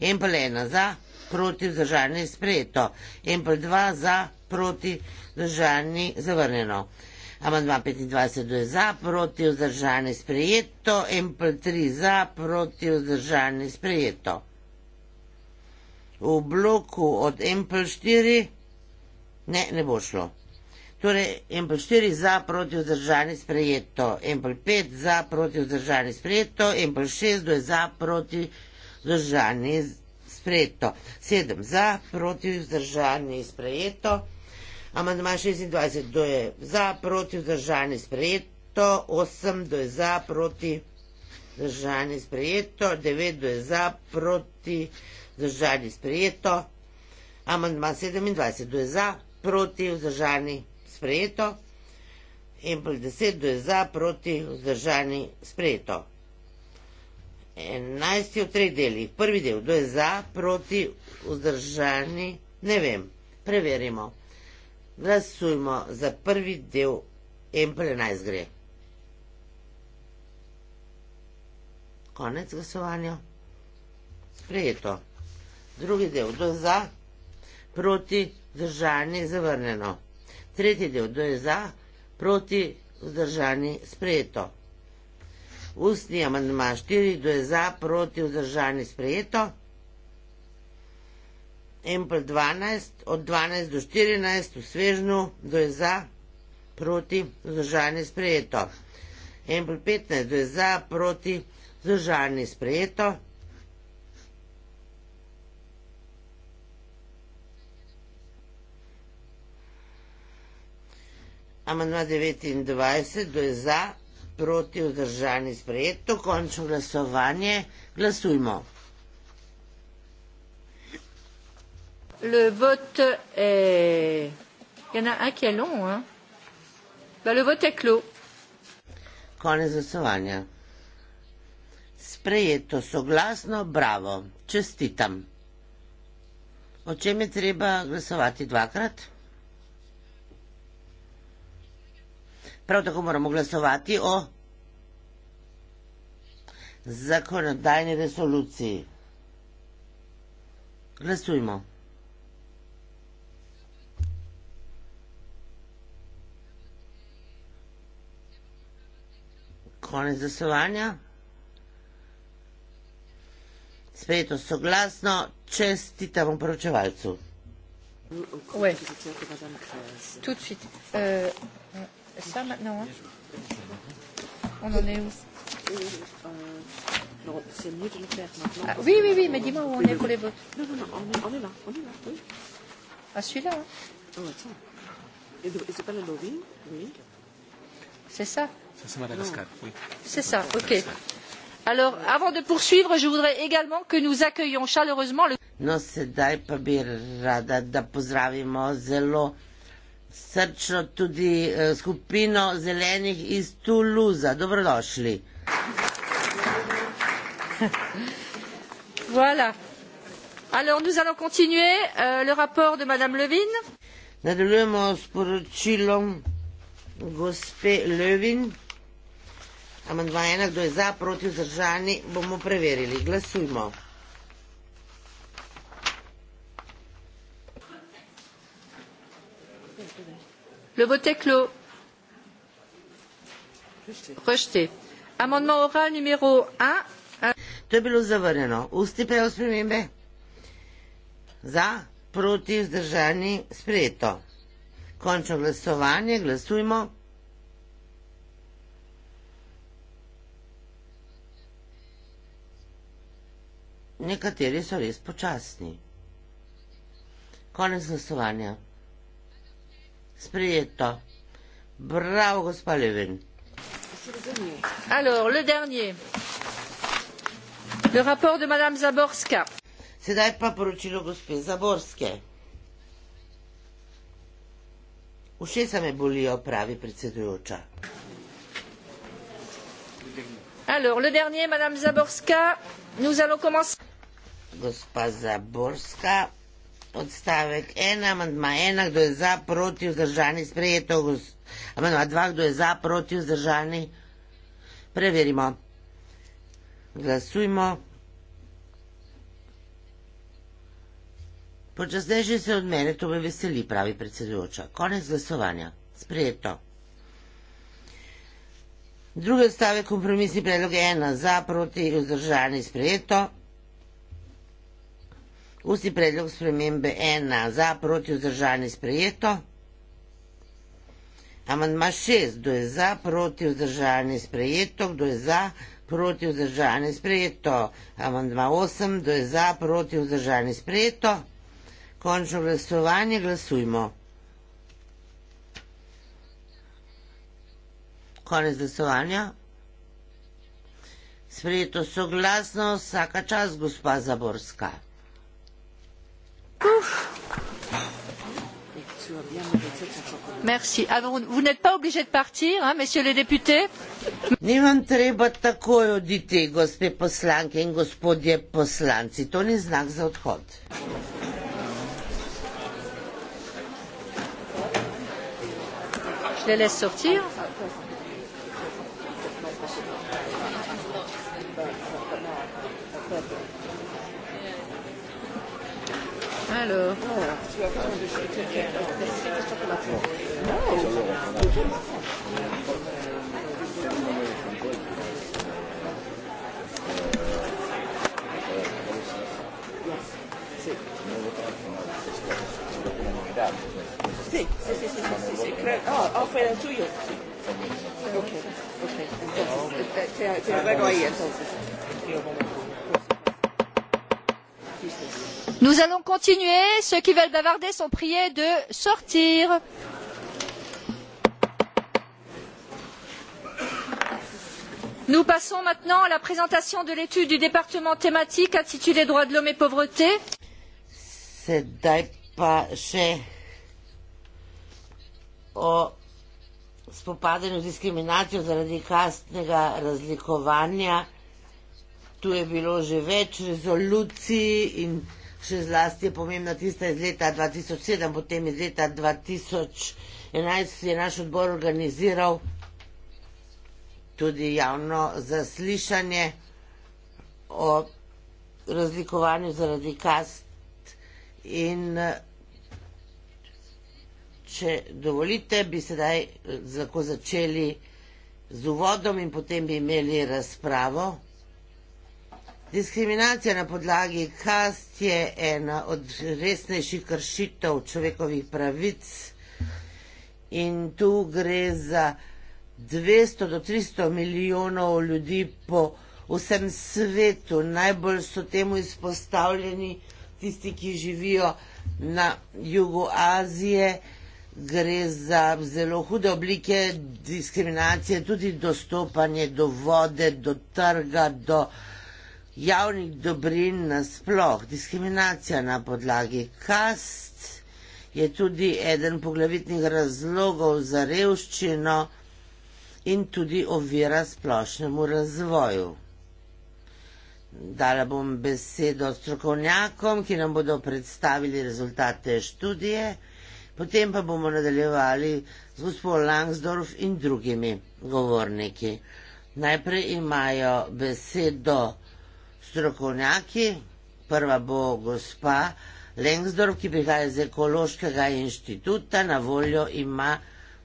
Empel je ena za, proti vzdržanje sprejeto. Empel dva za, proti vzdržanje zavrnjeno. Amandma 25 je za, proti vzdržani sprejeto, M3 za, proti vzdržani sprejeto. V bloku od M4 ne, ne bo šlo. Torej, M4 za, proti vzdržani sprejeto, M5 za, proti vzdržani sprejeto, M6 je za, proti vzdržani sprejeto, 7 za, proti vzdržani sprejeto. Amandma 26, kdo je za, proti, vzdržani, sprejeto, 8, kdo je za, proti, vzdržani, sprejeto, 9, kdo je za, proti, vzdržani, sprejeto, amandma 27, kdo je za, proti, vzdržani, sprejeto, in pol 10, kdo je za, proti, vzdržani, sprejeto. 11 je v treh delih. Prvi del, kdo je za, proti, vzdržani, ne vem, preverimo. Glasujmo za prvi del M plus 11 gre. Konec glasovanja. Sprejeto. Drugi del, kdo je za, proti, vzdržani, zavrnjeno. Tretji del, kdo je za, proti, vzdržani, sprejeto. Ustni amandma 4, kdo je za, proti, vzdržani, sprejeto. Empel 12, od 12 do 14 v Svežnu, do je za, proti, zdržani sprejeto. Empel 15, do je za, proti, zdržani sprejeto. Amandma 29, do je za, proti, vzdržani sprejeto. Končno glasovanje, glasujmo.
Le vote est. Il y en a un qui est long, hein. Ben, le vote est clos.
Konec glasovanja. Sprejeto, soglasno, bravo, čestitam. O čem je treba glasovati dvakrat? Prav tako moramo glasovati o zakonodajni resoluciji. Glasujmo. konec glasovanja. Sveto soglasno, čestitamo poročevalcu. Oui.
Tout de suite. Euh, ça maintenant. Hein. On en est où euh, C'est mieux de le faire maintenant. Ah, oui, oui, oui, mais dis-moi où on est pour les votes. Non, non, non, on est, on est là. On est là oui. Ah, celui-là hein. Oh, attends. Et c'est pas la lobby Oui. C'est ça
c'est Madagascar. Oui.
C'est ça, ok. Alors, avant de poursuivre, je voudrais également que nous accueillions chaleureusement
le. No, sedaj pa bi rada, da pozdravimo zelo srčno tudi eh, skupino zelenih iz Tuluza. Dobrodošli.
Voilà. Alors, nous allons continuer euh, le rapport de Madame Levin.
Nadaljujemo s poročilom gospe Levin. Amandmajena, kdo je za, proti vzdržani, bomo preverili. Glasujmo. Le
vote est clos. Rejeté. Amendement oral numéro 1.
To je bilo zavrnjeno. Usti pa je v spremembe. Za, proti, vzdržani, sprejeto. Končno glasovanje, glasujmo. nekateri so res počasni. Konec glasovanja. Sprijeto. Bravo, gospa Levin.
Alors, le dernier. Le rapport de madame Zaborska.
Sedaj pa poročilo gospe Zaborske. Vše se me bolijo, pravi predsedujoča.
Alors, le dernier, madame Zaborska, nous allons commencer
gospa Zaborska. Odstavek ena, amandma ena, kdo je za, proti, vzdržani, sprejeto, amandma dva, kdo je za, proti, vzdržani. Preverimo. Glasujmo. Počasnejši se od mene, to me veseli, pravi predsedujoča. Konec glasovanja. Sprejeto. Drugi stavek kompromisni predlog je ena, za, proti, vzdržani, sprejeto. Vsi predlog spremembe ena za proti vzdržani sprejeto. Amandma šest. Kdo je za proti vzdržani sprejeto? Kdo je za proti vzdržani sprejeto? Amandma osem. Kdo je za proti vzdržani sprejeto? Končno glasovanje glasujmo. Konec glasovanja. Sprejeto soglasno vsaka čas, gospa Zaborska.
Merci. Ah, vous vous n'êtes pas obligé de partir, hein, messieurs les députés
Nimam treba takoj oditi, gospe poslanke in gospodje poslanci. To ni znak za odhod.
Je les sortir. Ah, Alors. Sì, sì, sì,
sì, sì,
sì, sì, credo. Oh,
offre tu io. Sì. Ok, ok. Te lo prego io, entonces
nous allons continuer ceux qui veulent bavarder sont priés de sortir. nous passons maintenant à la présentation de l'étude du département thématique intitulée droits de l'homme et pauvreté.
o spopadanju z diskriminacijo zaradi kastnega razlikovanja tu je bilo že več rezolucij in še zlasti je pomembna tista iz leta 2007, potem iz leta 2011 je naš odbor organiziral tudi javno zaslišanje o razlikovanju zaradi kast in če dovolite, bi sedaj lahko začeli z uvodom in potem bi imeli razpravo. Diskriminacija na podlagi kast je ena od resnejših kršitev človekovih pravic in tu gre za 200 do 300 milijonov ljudi po vsem svetu. Najbolj so temu izpostavljeni tisti, ki živijo na jugu Azije. Gre za zelo hude oblike diskriminacije, tudi dostopanje do vode, do trga, do javnih dobrin nasploh, diskriminacija na podlagi kast je tudi eden poglavitnih razlogov za revščino in tudi ovira splošnemu razvoju. Dala bom besedo strokovnjakom, ki nam bodo predstavili rezultate študije, potem pa bomo nadaljevali z gospod Langsdorf in drugimi govorniki. Najprej imajo besedo strokovnjaki. Prva bo gospa Lengsdorf, ki prihaja iz Ekološkega inštituta, na voljo ima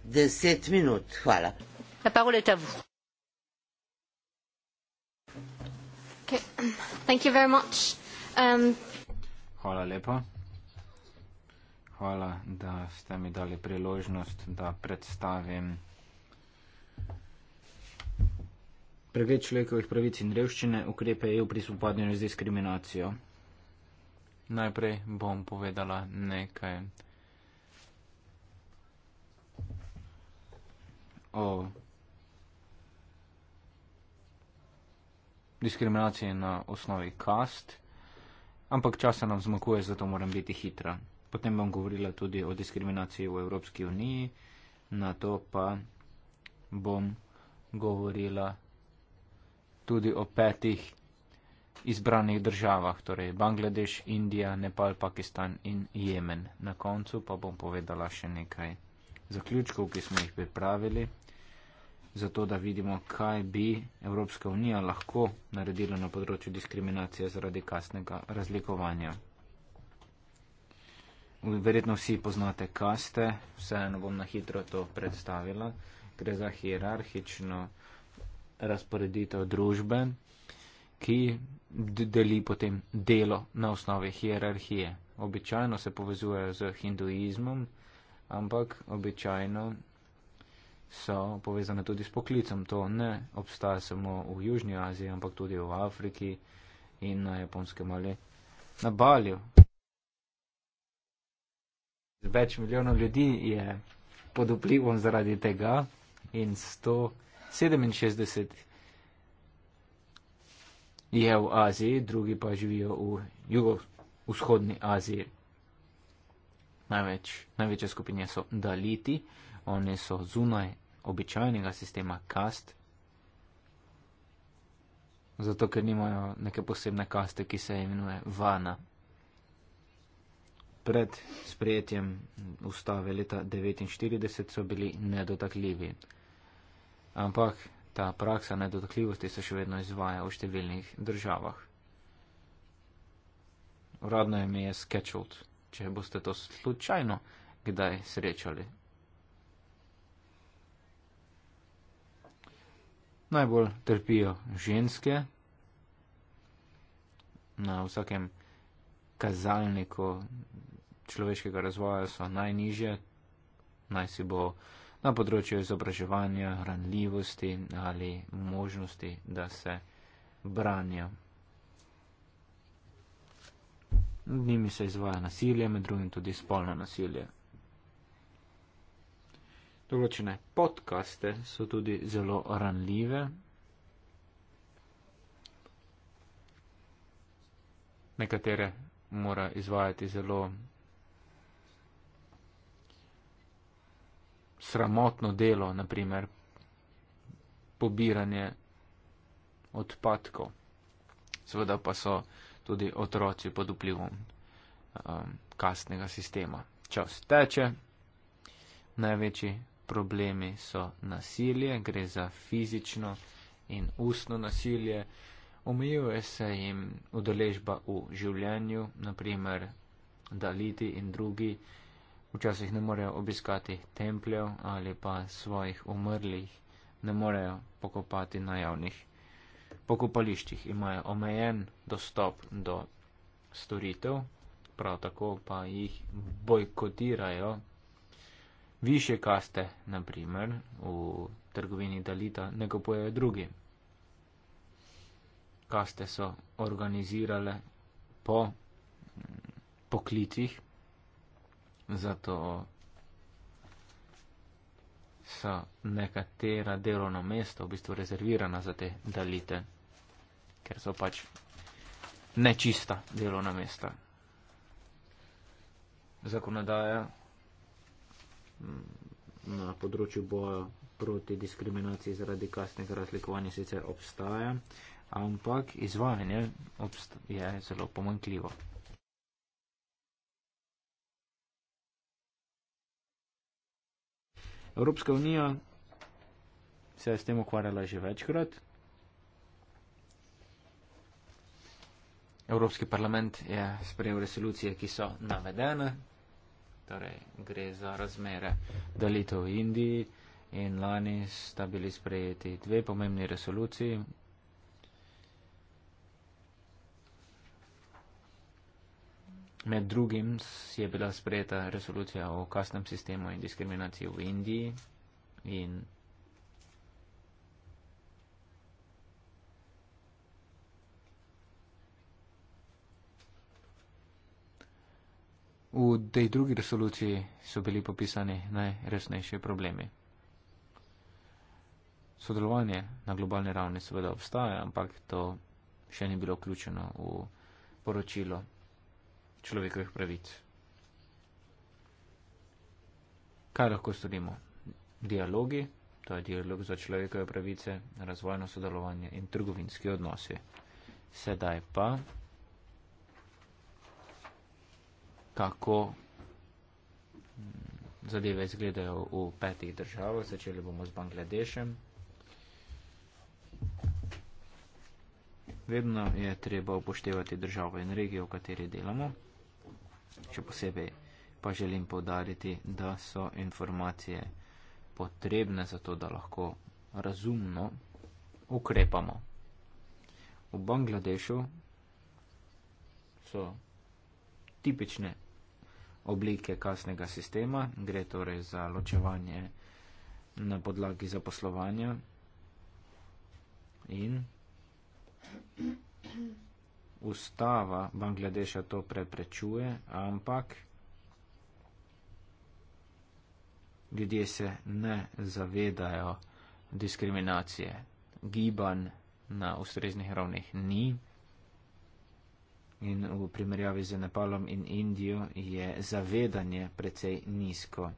10 minut. Hvala. Okay. Um.
Hvala lepa. Hvala, da ste mi dali priložnost, da predstavim. pregled človekovih pravic in revščine, ukrepe EU pri spopadnju z diskriminacijo. Najprej bom povedala nekaj o diskriminaciji na osnovi kast, ampak časa nam zmakuje, zato moram biti hitra. Potem bom govorila tudi o diskriminaciji v Evropski uniji, na to pa bom govorila tudi o petih izbranih državah, torej Bangladeš, Indija, Nepal, Pakistan in Jemen. Na koncu pa bom povedala še nekaj zaključkov, ki smo jih pripravili, zato da vidimo, kaj bi Evropska unija lahko naredila na področju diskriminacije zaradi kasnega razlikovanja. Verjetno vsi poznate kaste, vseeno bom na hitro to predstavila. Gre za hierarhično razporeditev družbe, ki deli potem delo na osnovi hierarhije. Običajno se povezujejo z hinduizmom, ampak običajno so povezane tudi s poklicom. To ne obstaja samo v Južnji Aziji, ampak tudi v Afriki in na japonskem ali na Balju. Več milijonov ljudi je pod vplivom zaradi tega in sto. 67 je v Aziji, drugi pa živijo v jugovzhodni Aziji. Največ, največje skupine so Daliti, oni so zunaj običajnega sistema kast, zato ker nimajo neke posebne kaste, ki se imenuje Vana. Pred sprejetjem ustave leta 1949 so bili nedotakljivi ampak ta praksa nedotakljivosti se še vedno izvaja v številnih državah. Uradno ime je Sketchult, če boste to slučajno kdaj srečali. Najbolj trpijo ženske. Na vsakem kazalniku človeškega razvoja so najniže, naj si bo uh, na področju izobraževanja, hranljivosti ali možnosti, da se branijo. Nad njimi se izvaja nasilje, med drugim tudi spolno nasilje. Določene podkaste so tudi zelo ranljive. Nekatere mora izvajati zelo sramotno delo, naprimer pobiranje odpadkov. Seveda pa so tudi otroci pod vplivom um, kasnega sistema. Čas teče, največji problemi so nasilje, gre za fizično in ustno nasilje, omejuje se jim udeležba v življenju, naprimer daliti in drugi včasih ne morejo obiskati templjev ali pa svojih umrlih, ne morejo pokopati na javnih pokopališčih, imajo omejen dostop do storitev, prav tako pa jih bojkotirajo. Više kaste, naprimer, v trgovini Dalita ne kupujejo drugi. Kaste so organizirale po poklicih, zato so nekatera delovna mesta v bistvu rezervirana za te dalite, ker so pač nečista delovna mesta. Zakonodaja mm, na področju boja proti diskriminaciji zaradi kasnega razlikovanja sicer obstaja, ampak izvajanje obst je zelo pomankljivo. Evropska unija se je s tem ukvarjala že večkrat. Evropski parlament je sprejel resolucije, ki so navedene, torej gre za razmere delitev v Indiji in lani sta bili sprejeti dve pomembni resoluciji, Med drugim je bila sprejeta resolucija o kasnem sistemu in diskriminaciji v Indiji in V tej drugi resoluciji so bili popisani najresnejši problemi. Sodelovanje na globalni ravni seveda obstaja, ampak to še ni bilo vključeno v poročilo človekovih pravic. Kaj lahko storimo? Dialogi, to je dialog za človekove pravice, razvojno sodelovanje in trgovinski odnosi. Sedaj pa, kako mm, zadeve izgledajo v petih državah, začeli bomo z Bangladešem. Vedno je treba upoštevati državo in regijo, v kateri delamo. Še posebej pa želim povdariti, da so informacije potrebne za to, da lahko razumno ukrepamo. V Bangladešu so tipične oblike kasnega sistema, gre torej za ločevanje na podlagi zaposlovanja in ustava Bangladeša to preprečuje, ampak ljudje se ne zavedajo diskriminacije. Giban na ustreznih ravneh ni in v primerjavi z Nepalom in Indijo je zavedanje precej nizko.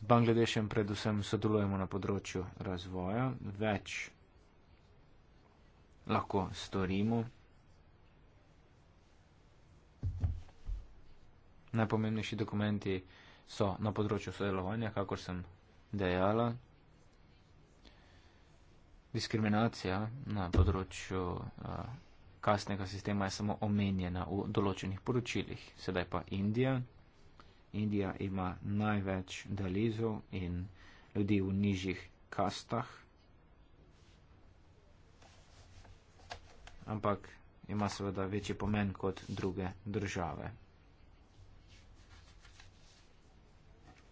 Z Bangladešem predvsem sodelujemo na področju razvoja, več lahko storimo. Najpomembnejši dokumenti so na področju sodelovanja, kakor sem dejala. Diskriminacija na področju uh, eh, kasnega sistema je samo omenjena v določenih poročilih. Sedaj pa Indija. Indija ima največ dalizov in ljudi v nižjih kastah. ampak ima seveda večji pomen kot druge države.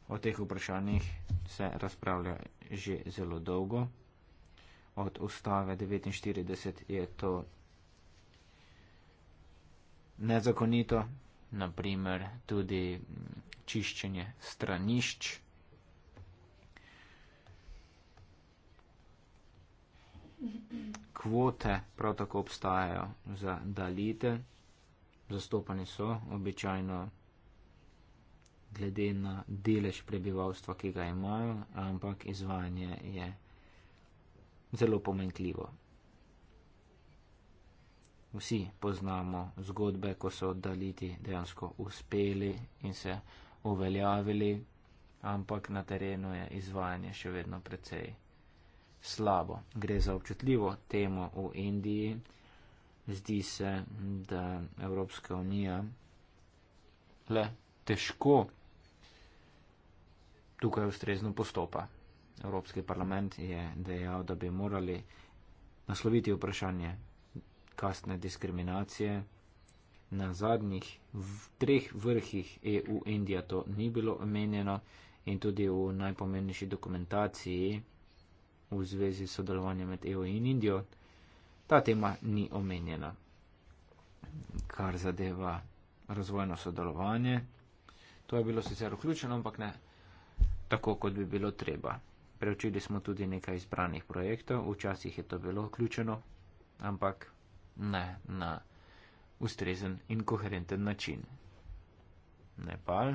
O teh vprašanjih se razpravlja že zelo dolgo. Od ustave 49 je to nezakonito, naprimer tudi čiščenje stranišč. Kvote prav tako obstajajo za dalite, zastopani so običajno glede na delež prebivalstva, ki ga imajo, ampak izvajanje je zelo pomenkljivo. Vsi poznamo zgodbe, ko so daliti dejansko uspeli in se uveljavili, ampak na terenu je izvajanje še vedno precej slabo. Gre za občutljivo temo v Indiji. Zdi se, da Evropska unija le težko tukaj ustrezno postopa. Evropski parlament je dejal, da bi morali nasloviti vprašanje kastne diskriminacije. Na zadnjih treh vrhih EU-Indija to ni bilo omenjeno in tudi v najpomembnejši dokumentaciji v zvezi s sodelovanjem med EU in Indijo, ta tema ni omenjena. Kar zadeva razvojno sodelovanje, to je bilo sicer vključeno, ampak ne tako, kot bi bilo treba. Preučili smo tudi nekaj izbranih projektov, včasih je to bilo vključeno, ampak ne na ustrezen in koherenten način. Nepal.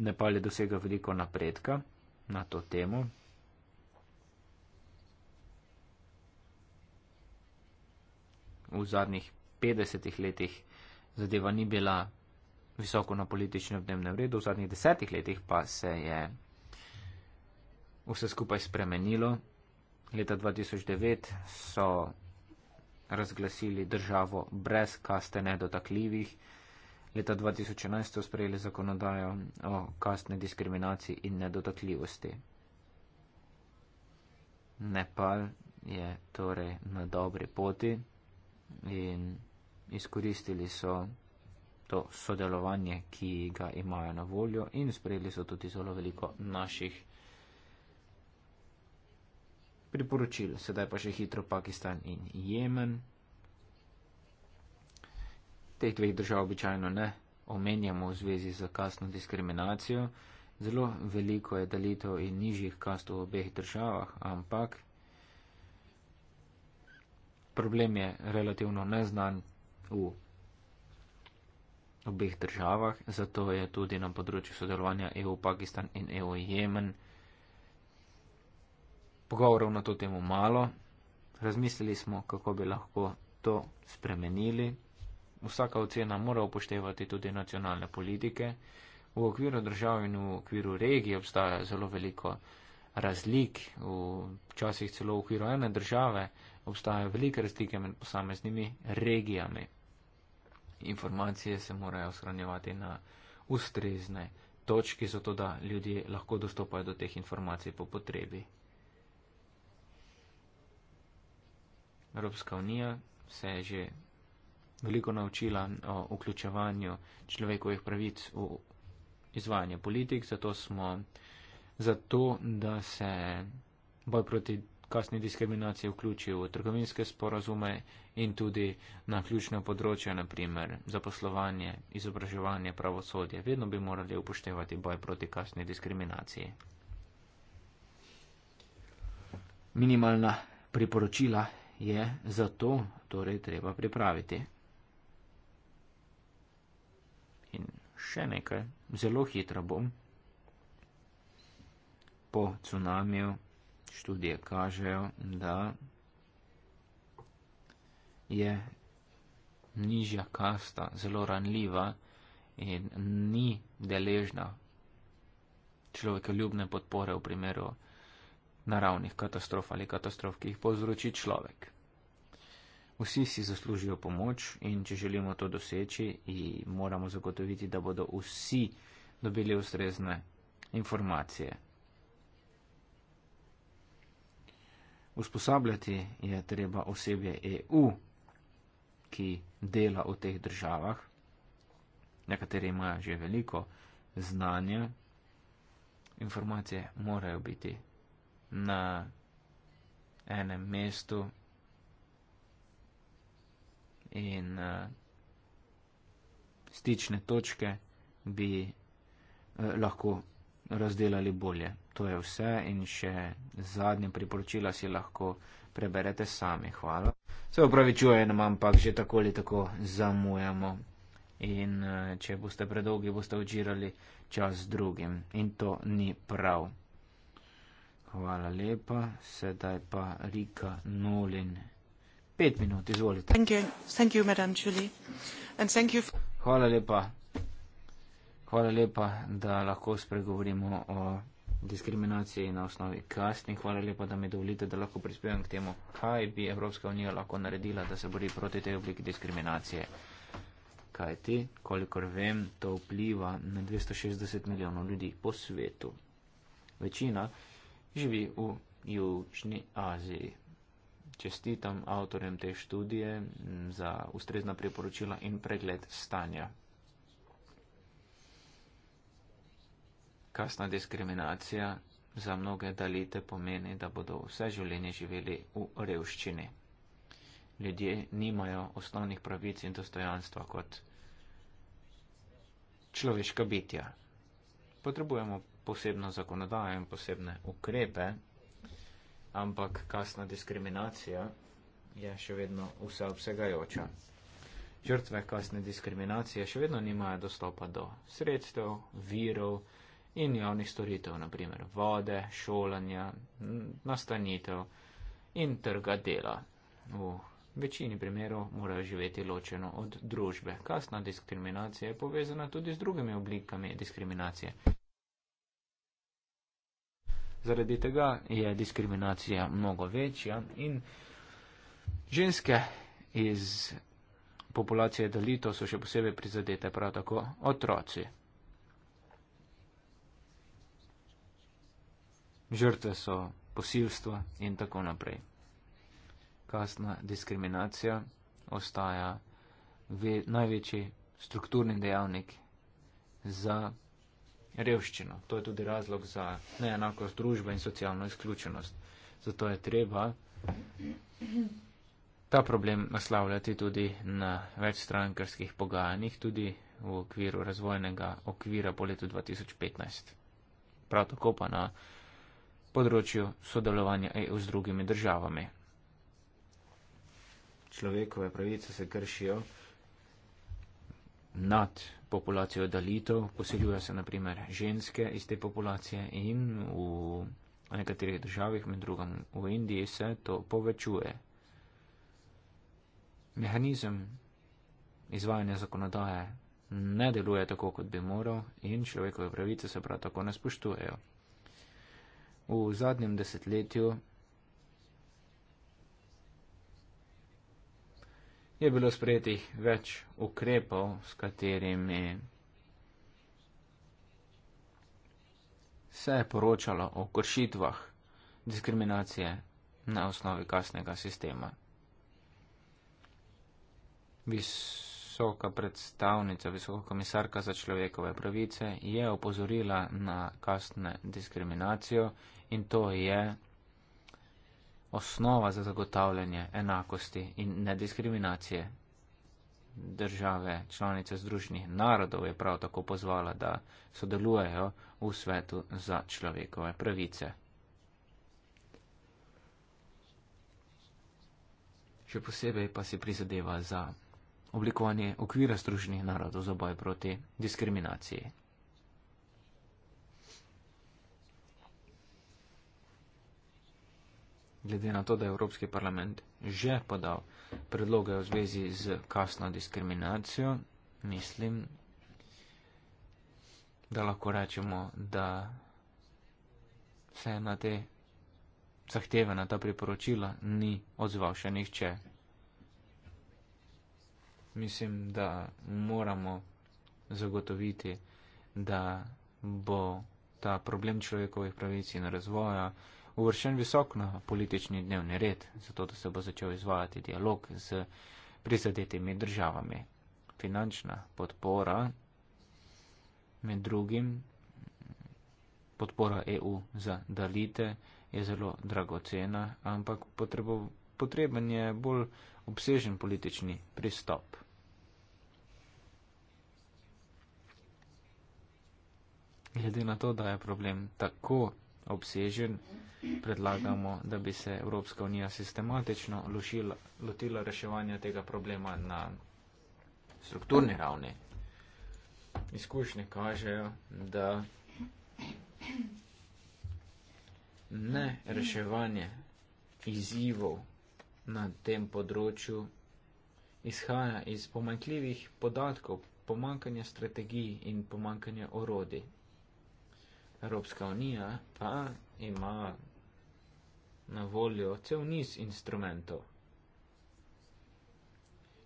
Nepal je dosegel veliko napredka na to temo. V zadnjih 50 letih zadeva ni bila visoko na političnem dnevnem redu, v zadnjih desetih letih pa se je vse skupaj spremenilo. Leta 2009 so razglasili državo brez kaste nedotakljivih leta 2011 so sprejeli zakonodajo o kastne diskriminaciji in nedotakljivosti. Nepal je torej na dobri poti in izkoristili so to sodelovanje, ki ga imajo na voljo in sprejeli so tudi zelo veliko naših priporočil. Sedaj pa še hitro Pakistan in Jemen teh dveh držav običajno ne omenjamo v zvezi z kasno diskriminacijo. Zelo veliko je delitev in nižjih kast v obeh državah, ampak problem je relativno neznan v obeh državah, zato je tudi na področju sodelovanja EU-Pakistan in EU-Jemen pogovorov na to temo malo. Razmislili smo, kako bi lahko to spremenili vsaka ocena mora upoštevati tudi nacionalne politike. V okviru držav in v okviru regije obstaja zelo veliko razlik, včasih celo v okviru ene države obstajajo velike razlike med posameznimi regijami. Informacije se morajo shranjevati na ustrezne točke, zato da ljudje lahko dostopajo do teh informacij po potrebi. Evropska unija se je že veliko naučila o vključevanju človekovih pravic v izvajanje politik, zato smo zato, da se boj proti kasni diskriminaciji vključi v trgovinske sporazume in tudi na ključne področje, naprimer zaposlovanje, izobraževanje, pravosodje. Vedno bi morali upoštevati boj proti kasni diskriminaciji. Minimalna priporočila je zato, torej treba pripraviti. še nekaj, zelo hitro bom. Po cunamiju študije kažejo, da je nižja kasta zelo ranljiva in ni deležna človekoljubne podpore v primeru naravnih katastrof ali katastrof, ki jih povzroči človek. Vsi si zaslužijo pomoč in če želimo to doseči, moramo zagotoviti, da bodo vsi dobili ustrezne informacije. Usposabljati je treba osebje EU, ki dela v teh državah, nekateri imajo že veliko znanja, informacije morajo biti na enem mestu in uh, stične točke bi uh, lahko razdelali bolje. To je vse in še zadnje priporočila si lahko preberete sami. Hvala. Se upravičujem, ampak že tako ali tako zamujamo. In eh, če boste predolgi, boste odžirali čas drugim. In to ni prav. Hvala lepa. Sedaj pa Rika Nolin pet minut, izvolite.
Thank you, thank you,
And thank you hvala lepa, hvala lepa, da lahko spregovorimo o diskriminaciji na osnovi kasti. Hvala lepa, da mi dovolite, da lahko prispevam k temu, kaj bi Evropska unija lahko naredila, da se bori proti tej obliki diskriminacije. Kaj ti, kolikor vem, to vpliva na 260 milijonov ljudi po svetu. Večina živi v Južni Aziji čestitam avtorjem te študije za ustrezna priporočila in pregled stanja. Kasna diskriminacija za mnoge dalite pomeni, da bodo vse življenje živeli v revščini. Ljudje nimajo osnovnih pravic in dostojanstva kot človeška bitja. Potrebujemo posebno zakonodajo in posebne ukrepe, ampak kasna diskriminacija je še vedno vseobsegajoča. Žrtve kasne diskriminacije še vedno nimajo dostopa do sredstev, virov in javnih storitev, naprimer vode, šolanja, nastanitev in trga dela. V večini primerov morajo živeti ločeno od družbe. Kasna diskriminacija je povezana tudi z drugimi oblikami diskriminacije. Zaradi tega je diskriminacija mnogo večja in ženske iz populacije Dalito so še posebej prizadete, prav tako otroci. Žrtve so posilstvo in tako naprej. Kasna diskriminacija ostaja največji strukturni dejavnik za revščino. To je tudi razlog za neenakost družbe in socialno izključenost. Zato je treba ta problem naslavljati tudi na večstrankarskih pogajanjih, tudi v okviru razvojnega okvira po letu 2015. Prav tako pa na področju sodelovanja EU z drugimi državami. Človekove pravice se kršijo nad populacijo dalitov, poseljuje se naprimer ženske iz te populacije in v nekaterih državah, med drugim v Indiji, se to povečuje. Mehanizem izvajanja zakonodaje ne deluje tako, kot bi moral in človekove pravice se prav tako ne spoštujejo. V zadnjem desetletju je bilo sprejetih več ukrepov, s katerimi se je poročalo o kršitvah diskriminacije na osnovi kasnega sistema. Visoka predstavnica, visoka komisarka za človekove pravice je opozorila na kasne diskriminacijo in to je osnova za zagotavljanje enakosti in nediskriminacije. Države članice Združenih narodov je prav tako pozvala, da sodelujejo v svetu za človekove pravice. Še posebej pa si prizadeva za oblikovanje okvira Združenih narodov za boj proti diskriminaciji. glede na to, da je Evropski parlament že podal predloge v zvezi z kasno diskriminacijo, mislim, da lahko rečemo, da se na te zahteve, na ta priporočila ni odzval še nihče. Mislim, da moramo zagotoviti, da bo ta problem človekovih pravic in razvoja uvršen visok na politični dnevni red, zato da se bo začel izvajati dialog z prizadetimi državami. Finančna podpora, med drugim podpora EU za dalite, je zelo dragocena, ampak potrebo, potreben je bolj obsežen politični pristop. Glede na to, da je problem tako obsežen, predlagamo, da bi se Evropska unija sistematično lošila, lotila reševanja tega problema na strukturni ravni. Izkušnje kažejo, da ne reševanje izzivov na tem področju izhaja iz pomankljivih podatkov, pomankanja strategij in pomankanja orodi. Evropska unija pa ima na voljo cel niz instrumentov.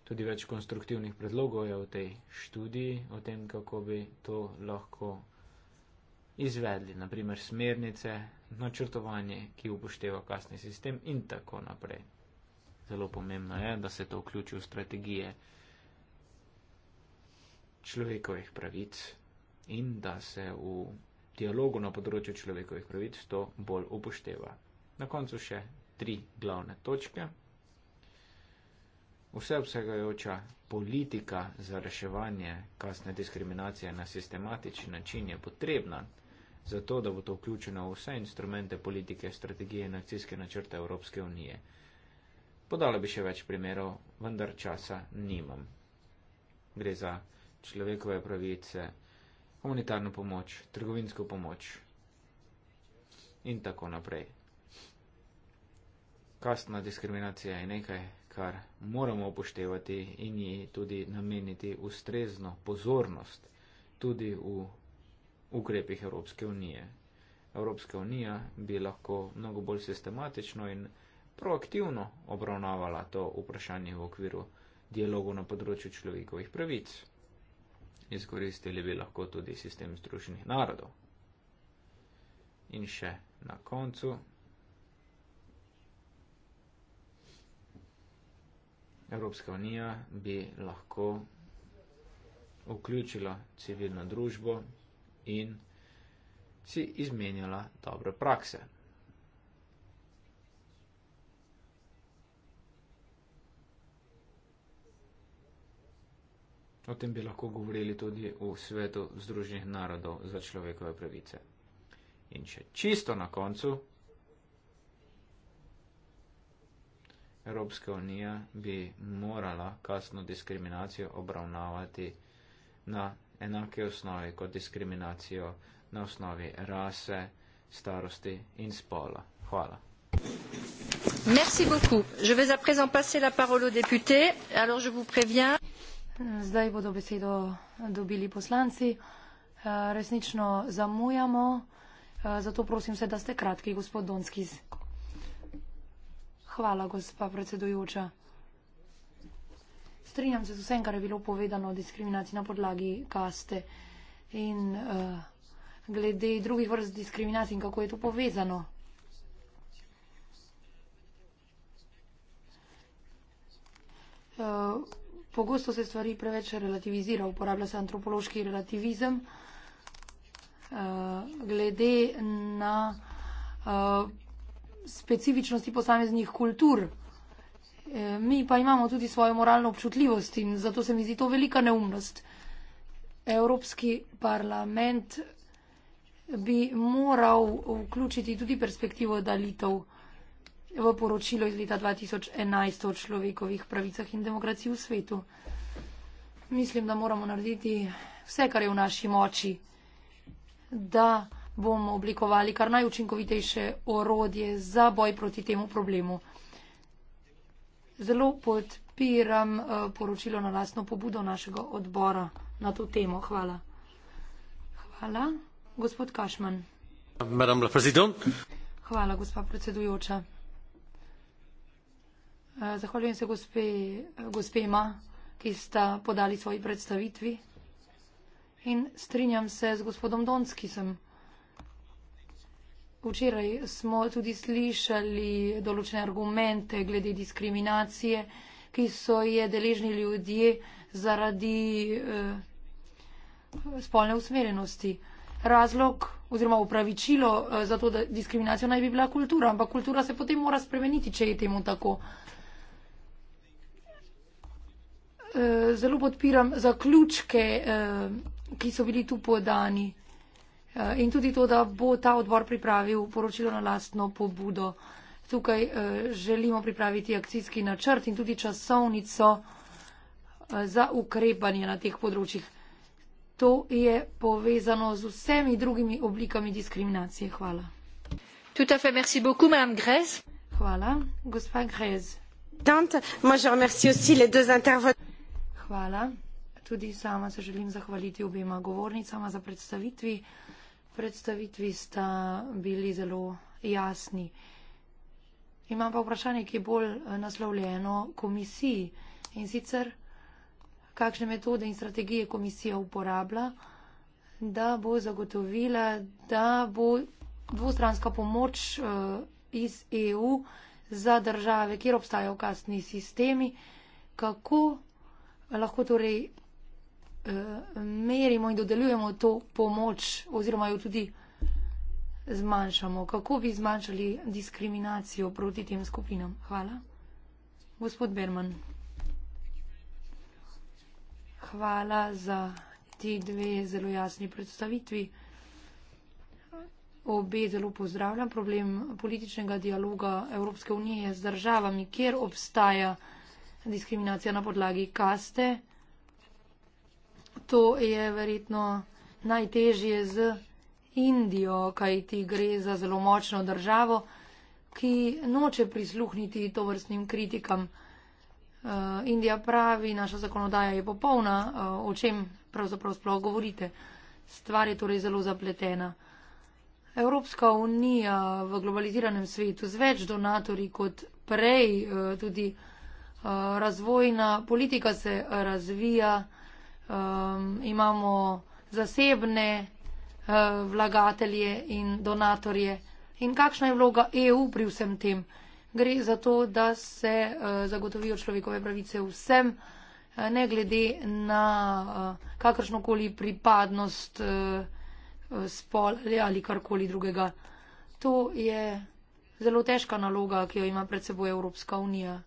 Tudi več konstruktivnih predlogov je v tej študiji o tem, kako bi to lahko izvedli, naprimer smernice, načrtovanje, ki upošteva kasni sistem in tako naprej. Zelo pomembno je, da se to vključi v strategije človekovih pravic in da se v dialogu na področju človekovih pravic to bolj upošteva. Na koncu še tri glavne točke. Vse obsegajoča politika za reševanje kasne diskriminacije na sistematični način je potrebna, zato da bo to vključeno v vse instrumente politike, strategije in akcijske načrte Evropske unije. Podala bi še več primerov, vendar časa nimam. Gre za človekove pravice, humanitarno pomoč, trgovinsko pomoč in tako naprej kastna diskriminacija je nekaj, kar moramo upoštevati in ji tudi nameniti ustrezno pozornost tudi v ukrepih Evropske unije. Evropska unija bi lahko mnogo bolj sistematično in proaktivno obravnavala to vprašanje v okviru dialogu na področju človekovih pravic. Izkoristili bi lahko tudi sistem združenih narodov. In še na koncu Evropska unija bi lahko vključila civilno družbo in si izmenjala dobre prakse. O tem bi lahko govorili tudi v svetu Združenih narodov za človekove pravice. In še čisto na koncu, Evropska unija bi morala kasno diskriminacijo obravnavati na enake osnovi kot diskriminacijo na osnovi rase, starosti in spola. Hvala.
Merci beaucoup. Je vais à présent passer la parole aux députés. Alors je vous préviens. Zdaj bodo besedo dobili poslanci. Eh, resnično zamujamo,
eh, zato prosim se, da ste kratki, gospod Donskis. Hvala, gospa predsedujoča. Strinjam se z vsem, kar je bilo povedano o diskriminaciji na podlagi kaste in uh, glede drugih vrst diskriminacij in kako je to povezano. Uh, pogosto se stvari preveč relativizira, uporablja se antropološki relativizem uh, glede na uh, specifičnosti posameznih kultur. E, mi pa imamo tudi svojo moralno občutljivost in zato se mi zdi to velika neumnost. Evropski parlament bi moral vključiti tudi perspektivo dalitev v poročilo iz leta 2011 o človekovih pravicah in demokraciji v svetu. Mislim, da moramo narediti vse, kar je v naši moči, da bomo oblikovali kar najučinkovitejše orodje za boj proti temu problemu. Zelo podpiram eh, poročilo na lastno pobudo našega odbora na to temo. Hvala. Hvala. Gospod Kašman. Hvala, gospa predsedujoča. Eh, zahvaljujem se gospe, gospema, ki sta podali svoji predstavitvi. In strinjam se z gospodom Donskisem. Včeraj smo tudi slišali določene argumente glede diskriminacije, ki so je deležni ljudje zaradi eh, spolne usmerjenosti. Razlog oziroma upravičilo eh, za to, da diskriminacijo naj bi bila kultura, ampak kultura se potem mora spremeniti, če je temu tako. Eh, zelo podpiram zaključke, eh, ki so bili tu podani. Eh, in tudi to, da bo ta odbor pripravil poročilo na lastno pobudo. Tukaj eh, želimo pripraviti akcijski načrt in tudi časovnico eh, za ukrepanje na teh področjih. To je povezano z vsemi drugimi oblikami diskriminacije. Hvala. Hvala, gospa Grez. Hvala. Tudi sama se želim zahvaliti obema govornicama za predstavitvi predstavitvi sta bili zelo jasni. Imam pa vprašanje, ki je bolj eh, naslovljeno komisiji in sicer kakšne metode in strategije komisija uporablja, da bo zagotovila, da bo dvostranska pomoč eh, iz EU za države, kjer obstajajo kasni sistemi, kako lahko torej Eh, merimo in dodeljujemo to pomoč oziroma jo tudi zmanjšamo. Kako bi zmanjšali diskriminacijo proti tem skupinam? Hvala. Gospod Berman. Hvala za ti dve zelo jasni predstavitvi. Obe zelo pozdravljam problem političnega dialoga Evropske unije z državami, kjer obstaja diskriminacija na podlagi kaste to je verjetno najtežje z Indijo, kaj ti gre za zelo močno državo, ki noče prisluhniti to vrstnim kritikam. Uh, Indija pravi, naša zakonodaja je popolna, uh, o čem pravzaprav sploh govorite. Stvar je torej zelo zapletena. Evropska unija v globaliziranem svetu z več donatorji kot prej, uh, tudi uh, razvojna politika se razvija um, imamo zasebne uh, vlagatelje in donatorje. In kakšna je vloga EU pri vsem tem? Gre za to, da se uh, zagotovijo človekove pravice vsem, uh, ne glede na uh, kakršnokoli pripadnost uh, spol ali karkoli drugega. To je zelo težka naloga, ki jo ima pred seboj Evropska unija.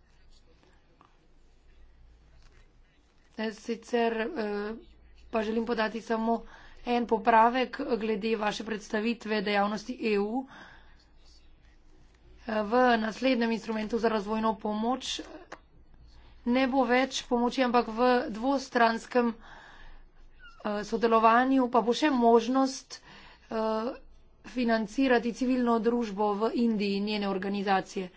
Sicer eh, pa želim podati samo en popravek glede vaše predstavitve dejavnosti EU. V naslednjem instrumentu za razvojno pomoč ne bo več pomoči, ampak v dvostranskem eh, sodelovanju pa bo še možnost eh, financirati civilno družbo v Indiji in njene organizacije.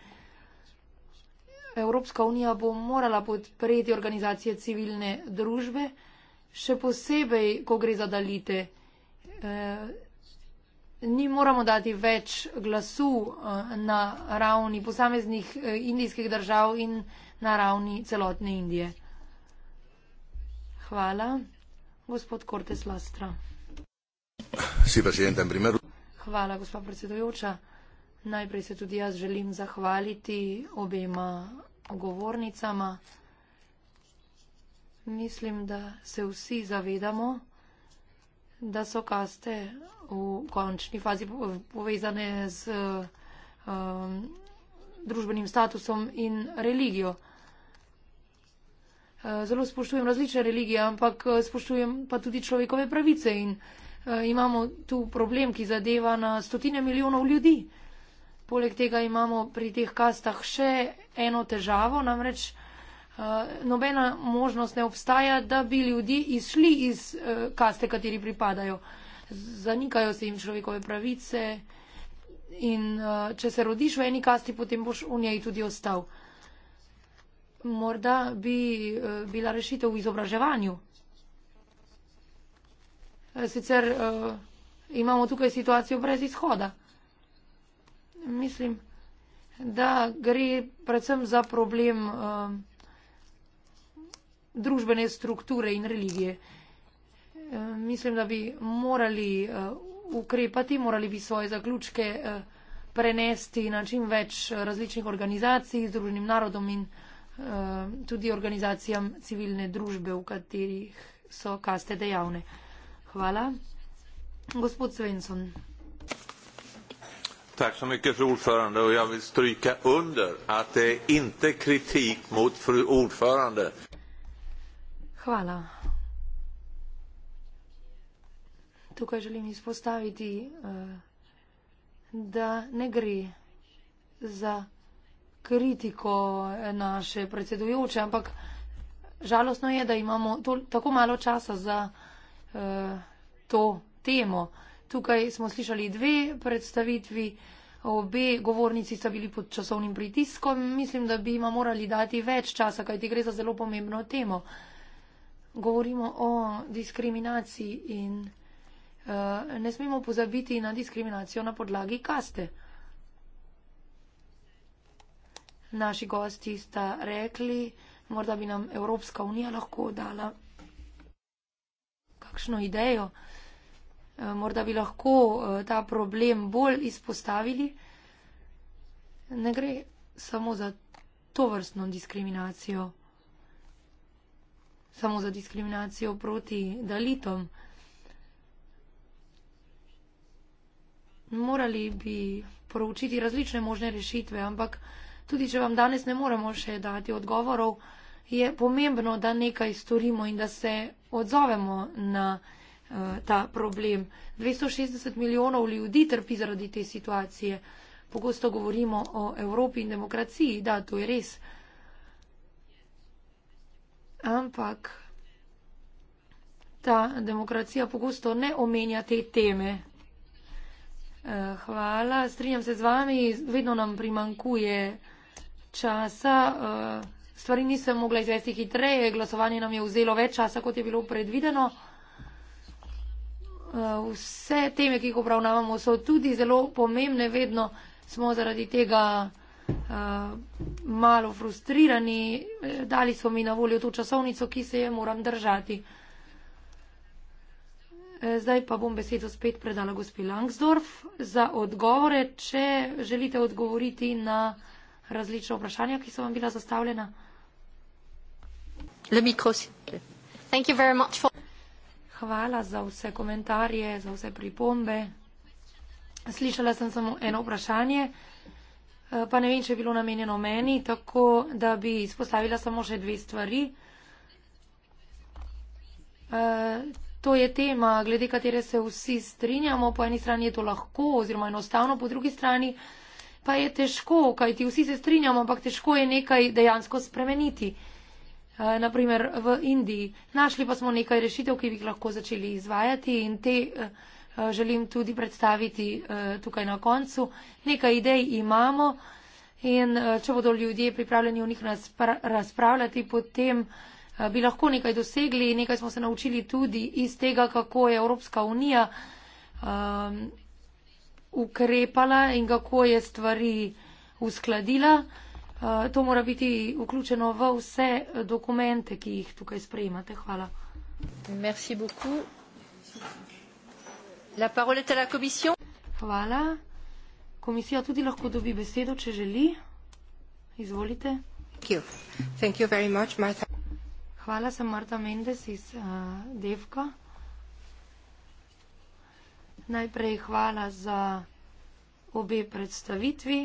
Evropska unija bo morala podpreti organizacije civilne družbe, še posebej, ko gre za dalite. Eh, ni moramo dati več glasu eh, na ravni posameznih eh, indijskih držav in na ravni celotne Indije. Hvala, gospod Cortes Lastra. Hvala, gospod predsedujoča. Najprej se tudi jaz želim zahvaliti obema govornicama. Mislim, da se vsi zavedamo, da so kaste v končni fazi povezane z um, družbenim statusom in religijo. Uh, zelo spoštujem različne religije, ampak uh, spoštujem pa tudi človekove pravice in uh, imamo tu problem, ki zadeva na stotine milijonov ljudi. Uh, Poleg tega imamo pri teh kastah še eno težavo, namreč uh, nobena možnost ne obstaja, da bi ljudi izšli iz uh, kaste, kateri pripadajo. Zanikajo se jim človekove pravice in uh, če se rodiš v eni kasti, potem boš v njej tudi ostal. Morda bi uh, bila rešitev v izobraževanju. Sicer uh, imamo tukaj situacijo brez izhoda mislim, da gre predvsem za problem uh, družbene strukture in religije. Uh, mislim, da bi morali uh, ukrepati, morali bi svoje zaključke uh, prenesti na čim več različnih organizacij, združenim narodom in uh, tudi organizacijam civilne družbe, v katerih so kaste dejavne. Hvala. Gospod Svensson.
Tack så mycket, fru ordförande. Och jag vill stryka under att det är
inte är kritik mot fru ordförande.
Hvala. Tukaj želim izpostaviti, eh, da ne gre za kritiko eh, naše predsedujoče, ampak žalostno je, da imamo tako malo časa za eh, to temo. Tukaj smo slišali dve predstavitvi, obe govornici sta bili pod časovnim pritiskom. Mislim, da bi jima morali dati več časa, kajti gre za zelo pomembno temo. Govorimo o diskriminaciji in uh, ne smemo pozabiti na diskriminacijo na podlagi kaste. Naši gosti sta rekli, morda bi nam Evropska unija lahko dala kakšno idejo. Eh, morda bi lahko eh, ta problem bolj izpostavili. Ne gre samo za to vrstno diskriminacijo, samo za diskriminacijo proti dalitom. Morali bi poročiti različne možne rešitve, ampak tudi, če vam danes ne moremo še dati odgovorov, je pomembno, da nekaj storimo in da se odzovemo na. Eh, ta problem. 260 milijonov ljudi trpi zaradi te situacije. Pogosto govorimo o Evropi in demokraciji, da, to je res. Ampak ta demokracija pogosto ne omenja te teme. Eh, hvala, strinjam se z vami, vedno nam primankuje časa. Eh, stvari nisem mogla izvesti hitreje, glasovanje nam je vzelo več časa, kot je bilo predvideno. Eh, vse teme, ki jih obravnavamo, so tudi zelo pomembne, vedno smo zaradi tega uh, malo frustrirani. Eh, dali so mi na voljo to časovnico, ki se je moram držati. Zdaj pa bom besedo spet predala gospi Langsdorf za odgovore, če želite odgovoriti na različne vprašanja, ki so vam bila zastavljena.
Le mikro, prosim
hvala za vse komentarje, za vse pripombe. Slišala sem samo eno vprašanje, eh, pa ne vem, če je bilo namenjeno meni, tako da bi izpostavila samo še dve stvari. Eh, to je tema, glede katere se vsi strinjamo. Po eni strani je to lahko oziroma enostavno, po drugi strani pa je težko, kajti vsi se strinjamo, ampak težko je nekaj dejansko spremeniti. Eh, naprimer v Indiji. Našli pa smo nekaj rešitev, ki bi jih lahko začeli izvajati in te eh, eh, želim tudi predstaviti tukaj na koncu. Nekaj idej imamo in če bodo ljudje pripravljeni o njih razpravljati, potem bi lahko nekaj dosegli. Nekaj smo se naučili tudi iz tega, kako je Evropska unija ehm, ukrepala in kako je stvari uskladila. Eh, to mora biti vključeno v vse dokumente, ki jih tukaj sprejmate. Hvala.
Merci beaucoup. La parole est à la commission. Hvala. Komisija tudi lahko dobi besedo, če želi. Izvolite.
Thank you. Thank you very much, Martha. Hvala, sem Marta Mendes iz uh, Devka. Najprej hvala za obe predstavitvi.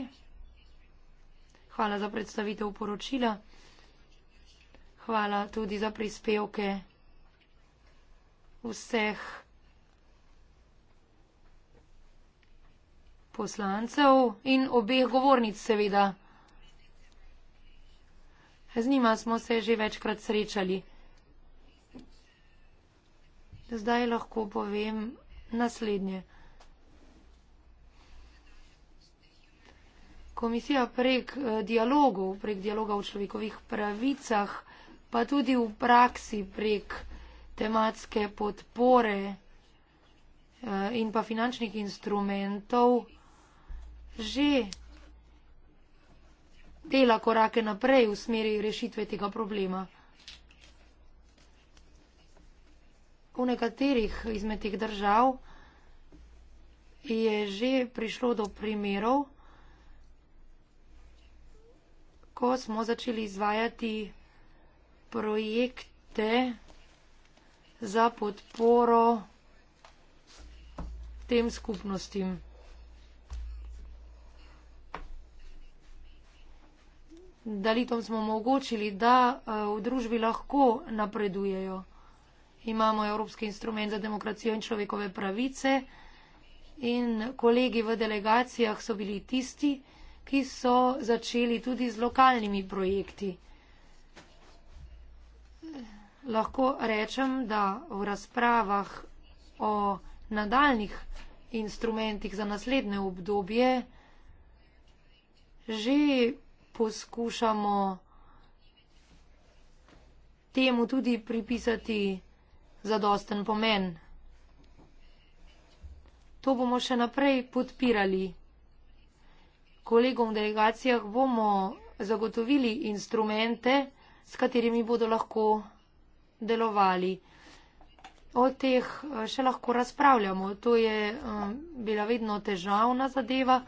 Hvala za predstavitev poročila. Hvala tudi za prispevke vseh poslancev in obeh govornic seveda. Z njima smo se že večkrat srečali. Zdaj lahko povem naslednje. komisija prek eh, dialogov, prek dialoga o človekovih pravicah, pa tudi v praksi prek tematske podpore eh, in pa finančnih instrumentov že dela korake naprej v smeri rešitve tega problema. V nekaterih izmed teh držav je že prišlo do primerov, ko smo začeli izvajati projekte za podporo tem skupnostim. Dalitom smo omogočili, da eh, v družbi lahko napredujejo. Imamo Evropski instrument za demokracijo in človekove pravice in kolegi v delegacijah so bili tisti, ki so bili tisti, ki so začeli tudi z lokalnimi projekti. Lahko rečem, da v razpravah o nadaljnih instrumentih za naslednje obdobje že poskušamo temu tudi pripisati zadosten pomen. To bomo še naprej podpirali kolegom v delegacijah bomo zagotovili instrumente, s katerimi bodo lahko delovali. O teh eh, še lahko razpravljamo. To je eh, bila vedno težavna zadeva.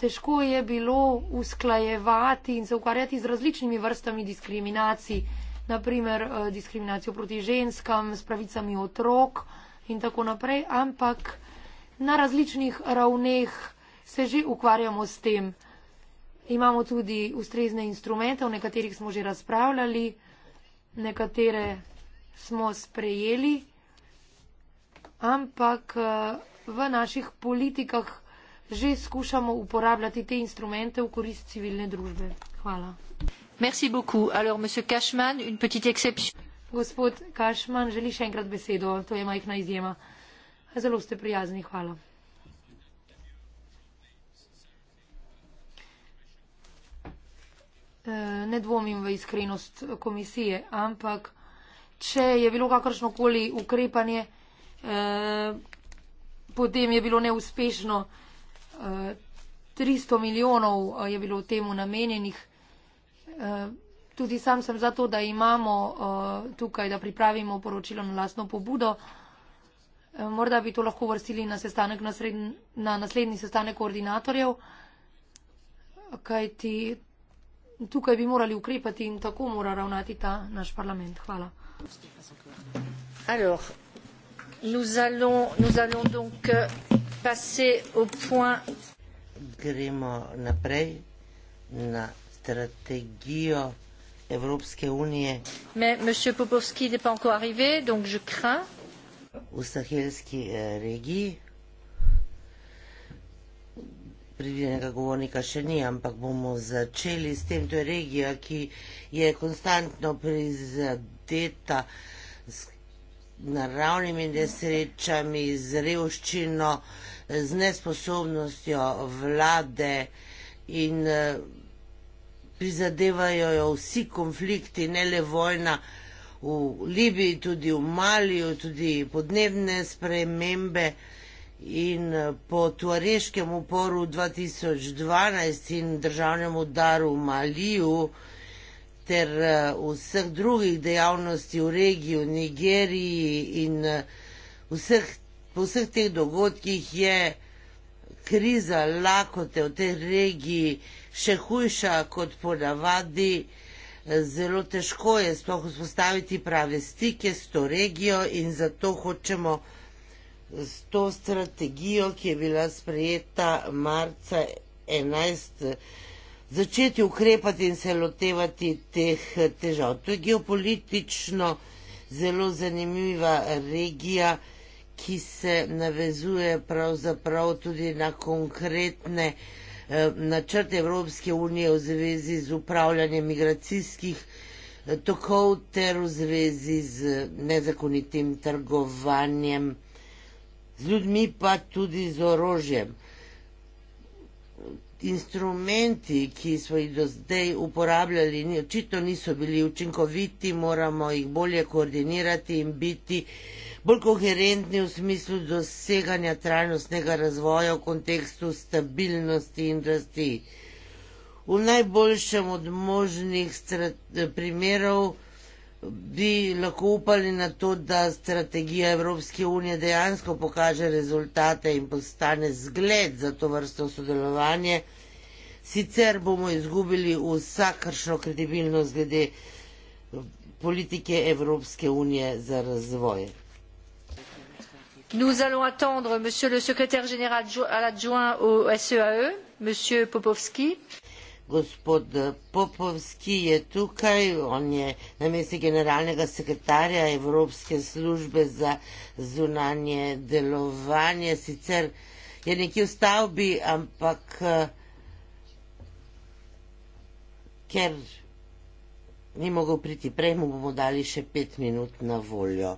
Težko je bilo usklajevati in se ukvarjati z različnimi vrstami diskriminacij, naprimer eh, diskriminacijo proti ženskam, s pravicami otrok in tako naprej, ampak na različnih ravneh se že ukvarjamo s tem. Imamo tudi ustrezne instrumente, o nekaterih smo že razpravljali, nekatere smo sprejeli, ampak eh, v naših politikah že skušamo uporabljati te instrumente v korist civilne družbe.
Hvala. Merci beaucoup. Alors, monsieur Cashman, une petite exception. Gospod
Kašman želi še enkrat besedo, to je majhna izjema. Zelo ste prijazni, hvala. Eh, ne dvomim v iskrenost komisije, ampak če je bilo kakršnokoli ukrepanje, eh, potem je bilo neuspešno. 300 eh, milijonov je bilo temu namenjenih. Tudi sam sem zato, da imamo tukaj, da pripravimo poročilo na lastno pobudo. Morda bi to lahko vrstili na, sestanek, na, srednj, na naslednji sestanek koordinatorjev, kajti tukaj bi morali ukrepati in tako mora ravnati ta naš parlament. Hvala.
Alors, nous allons, nous allons donc euh, passer au point.
Gremo naprej na strategijo Evropske unije.
Mais monsieur Popovski n'est pas encore arrivé, donc je crains.
V Sahelski eh, regiji predvidenega govornika še ni, ampak bomo začeli s tem. To je regija, ki je konstantno prizadeta s naravnimi nesrečami, z revščino, z nesposobnostjo vlade in eh, prizadevajo jo vsi konflikti, ne le vojna v Libiji, tudi v Maliju, tudi podnebne spremembe in eh, po tuareškem uporu 2012 in državnem udaru v Maliju ter eh, vseh drugih dejavnosti v regiji, v Nigeriji in eh, vseh, po vseh teh dogodkih je kriza lakote v tej regiji še hujša kot ponavadi. Zelo težko je sploh vzpostaviti prave stike s to regijo in zato hočemo s to strategijo, ki je bila sprejeta marca 11, začeti ukrepati in se lotevati teh težav. To je geopolitično zelo zanimiva regija, ki se navezuje pravzaprav tudi na konkretne eh, načrte Evropske unije v zvezi z upravljanjem migracijskih eh, tokov ter v zvezi z eh, nezakonitim trgovanjem z ljudmi, pa tudi z orožjem. Instrumenti, ki smo jih do zdaj uporabljali, očitno niso bili učinkoviti, moramo jih bolje koordinirati in biti bolj koherentni v smislu doseganja trajnostnega razvoja v kontekstu stabilnosti in rasti. V najboljšem od možnih primerov bi lahko upali na to, da strategija Evropske unije dejansko pokaže rezultate in postane zgled za to vrsto sodelovanje, sicer bomo izgubili vsakršno kredibilnost glede politike Evropske unije za razvoj. Nous allons attendre, monsieur le secrétaire général adjoint au SEAE, e, monsieur Popovski. Euh, gospod Popovski je tukaj, on je na mesti generalnega sekretarja Evropske službe za zunanje delovanje. Sicer je nekje v stavbi, ampak eh, ker ni mogel priti prej, mu bomo dali še pet minut na voljo.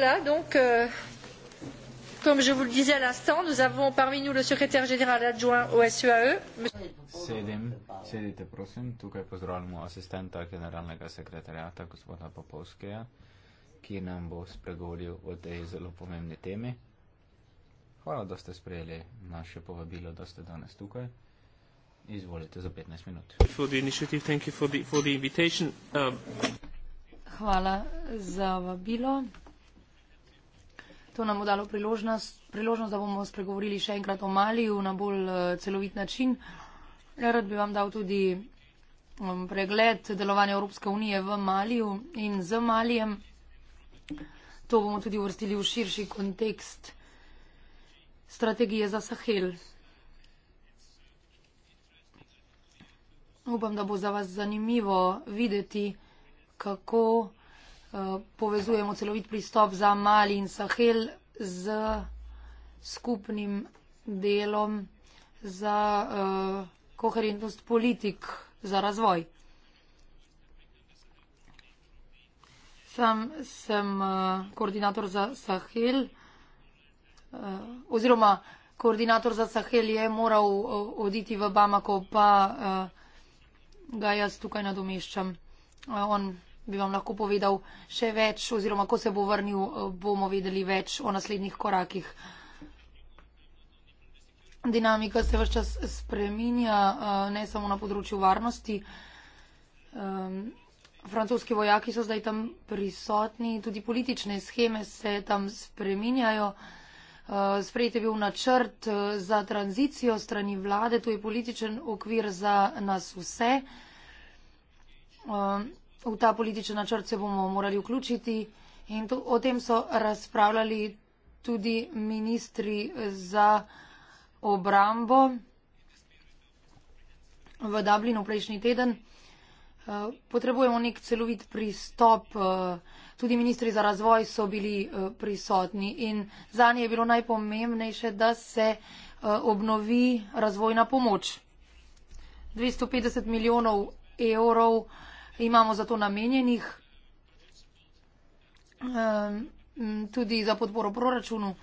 voilà donc euh, comme je vous le disais à l'instant, nous avons parmi nous le secrétaire général adjoint au SEAE. E,
Sedim, sedite prosim, tukaj pozdravljamo asistenta generalnega sekretarjata gospoda Popovskega, ki nam bo spregovoril o tej zelo pomembni temi. Hvala, da ste sprejeli naše povabilo, da ste danes tukaj. Izvolite za 15 minut. Um,
Hvala za vabilo to nam bo dalo priložnost, priložnost, da bomo spregovorili še enkrat o Maliju na bolj eh, celovit način. Rad bi vam dal tudi um, pregled delovanja Evropske unije v Maliju in z Malijem. To bomo tudi uvrstili v širši kontekst strategije za Sahel. Upam, da bo za vas zanimivo videti, kako povezujemo celovit pristop za Mali in Sahel z skupnim delom za uh, koherentnost politik za razvoj. Sam sem uh, koordinator za Sahel uh, oziroma koordinator za Sahel je moral uh, oditi v Bamako, pa uh, ga jaz tukaj nadomeščam. Uh, bi vam lahko povedal še več, oziroma ko se bo vrnil, eh, bomo vedeli več o naslednjih korakih. Dinamika se vse čas spreminja, eh, ne samo na področju varnosti. Francoski vojaki so zdaj tam prisotni, tudi politične scheme se tam spreminjajo. Eh, sprejet je bil načrt za tranzicijo strani vlade, to je političen okvir za nas vse v ta politični načrt se bomo morali vključiti in to, o tem so razpravljali tudi ministri za obrambo v Dublinu prejšnji teden. Eh, potrebujemo nek celovit pristop. Eh, tudi ministri za razvoj so bili eh, prisotni in za nje je bilo najpomembnejše, da se obnovi razvojna pomoč. 250 milijonov evrov imamo za to namenjenih ehm, tudi za podporo proračunu.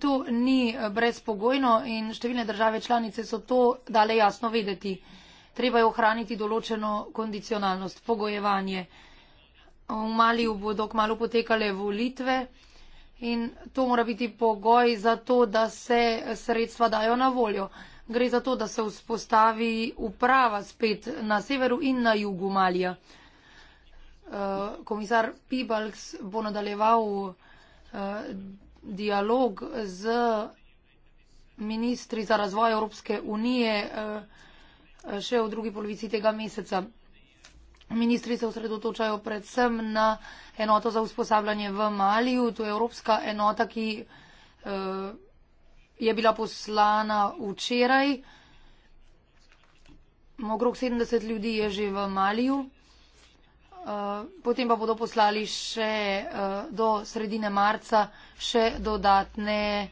To ni eh, brezpogojno in številne države članice so to dale jasno vedeti. Treba je ohraniti določeno kondicionalnost, pogojevanje. V Maliju bodo kmalo potekale volitve in to mora biti pogoj za to, da se sredstva dajo na voljo gre za to, da se vzpostavi uprava spet na severu in na jugu Malija. Eh, komisar Pibalks bo nadaljeval eh, dialog z ministri za razvoj Evropske unije eh, še v drugi polovici tega meseca. Ministri se osredotočajo predvsem na enoto za usposabljanje v Maliju, to je Evropska enota, ki je bila poslana včeraj. Mogrok 70 ljudi je že v Maliju. Eh, potem pa bodo poslali še eh, do sredine marca še dodatne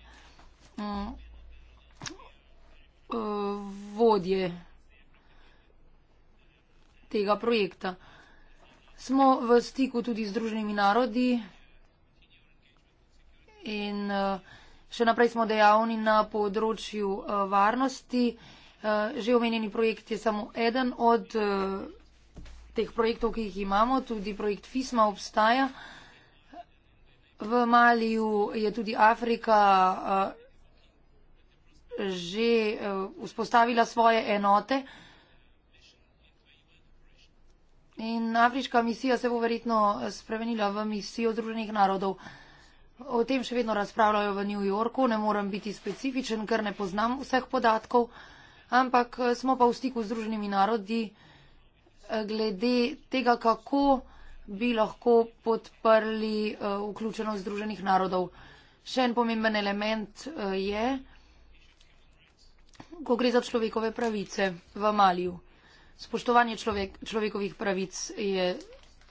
mm, eh, vodje tega projekta. Smo v stiku tudi z Združenimi narodi in uh, Še naprej smo dejavni na področju eh, varnosti. Eh, že omenjeni projekt je samo eden od eh, teh projektov, ki jih imamo. Tudi projekt FISMA obstaja. V Maliju je tudi Afrika že vzpostavila svoje enote. In afriška misija se bo verjetno spremenila v misijo Združenih narodov. O tem še vedno razpravljajo v New Yorku, ne morem biti specifičen, ker ne poznam vseh podatkov, ampak eh, smo pa v stiku z Združenimi narodi eh, glede tega, kako bi lahko podprli eh, vključenost Združenih narodov. Še en pomemben element je, ko gre za človekove pravice v Maliju. Spoštovanje človek, človekovih pravic je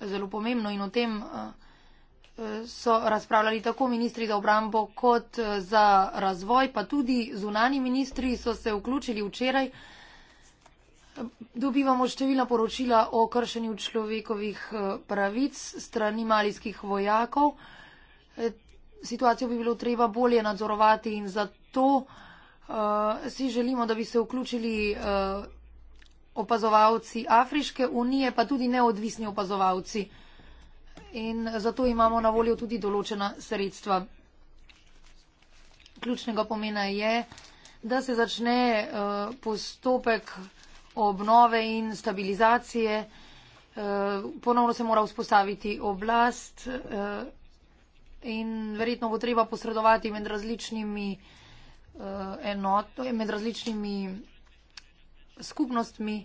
zelo pomembno in o tem. Uh, so razpravljali tako ministri za obrambo kot eh, za razvoj, pa tudi zunani ministri so se vključili včeraj. Dobivamo številna poročila o kršenju človekovih eh, pravic strani malijskih vojakov. Eh, situacijo bi bilo treba bolje nadzorovati in zato uh, si želimo, da bi se vključili uh, opazovalci Afriške unije, pa tudi neodvisni opazovalci in zato imamo na voljo tudi določena sredstva. Ključnega pomena je, da se začne eh, postopek obnove in stabilizacije, eh, ponovno se mora vzpostaviti oblast eh, in verjetno bo treba posredovati med različnimi enotami, med različnimi skupnostmi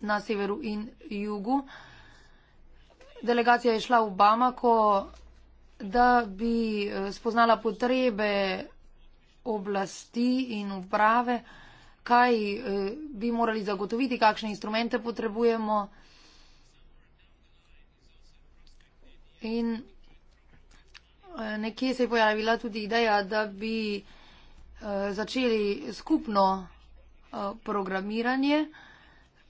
na severu in jugu delegacija je šla v Bamako, da bi eh, spoznala potrebe oblasti in uprave, kaj eh, bi morali zagotoviti, kakšne instrumente potrebujemo. In eh, nekje se je pojavila tudi ideja, da bi začeli skupno programiranje.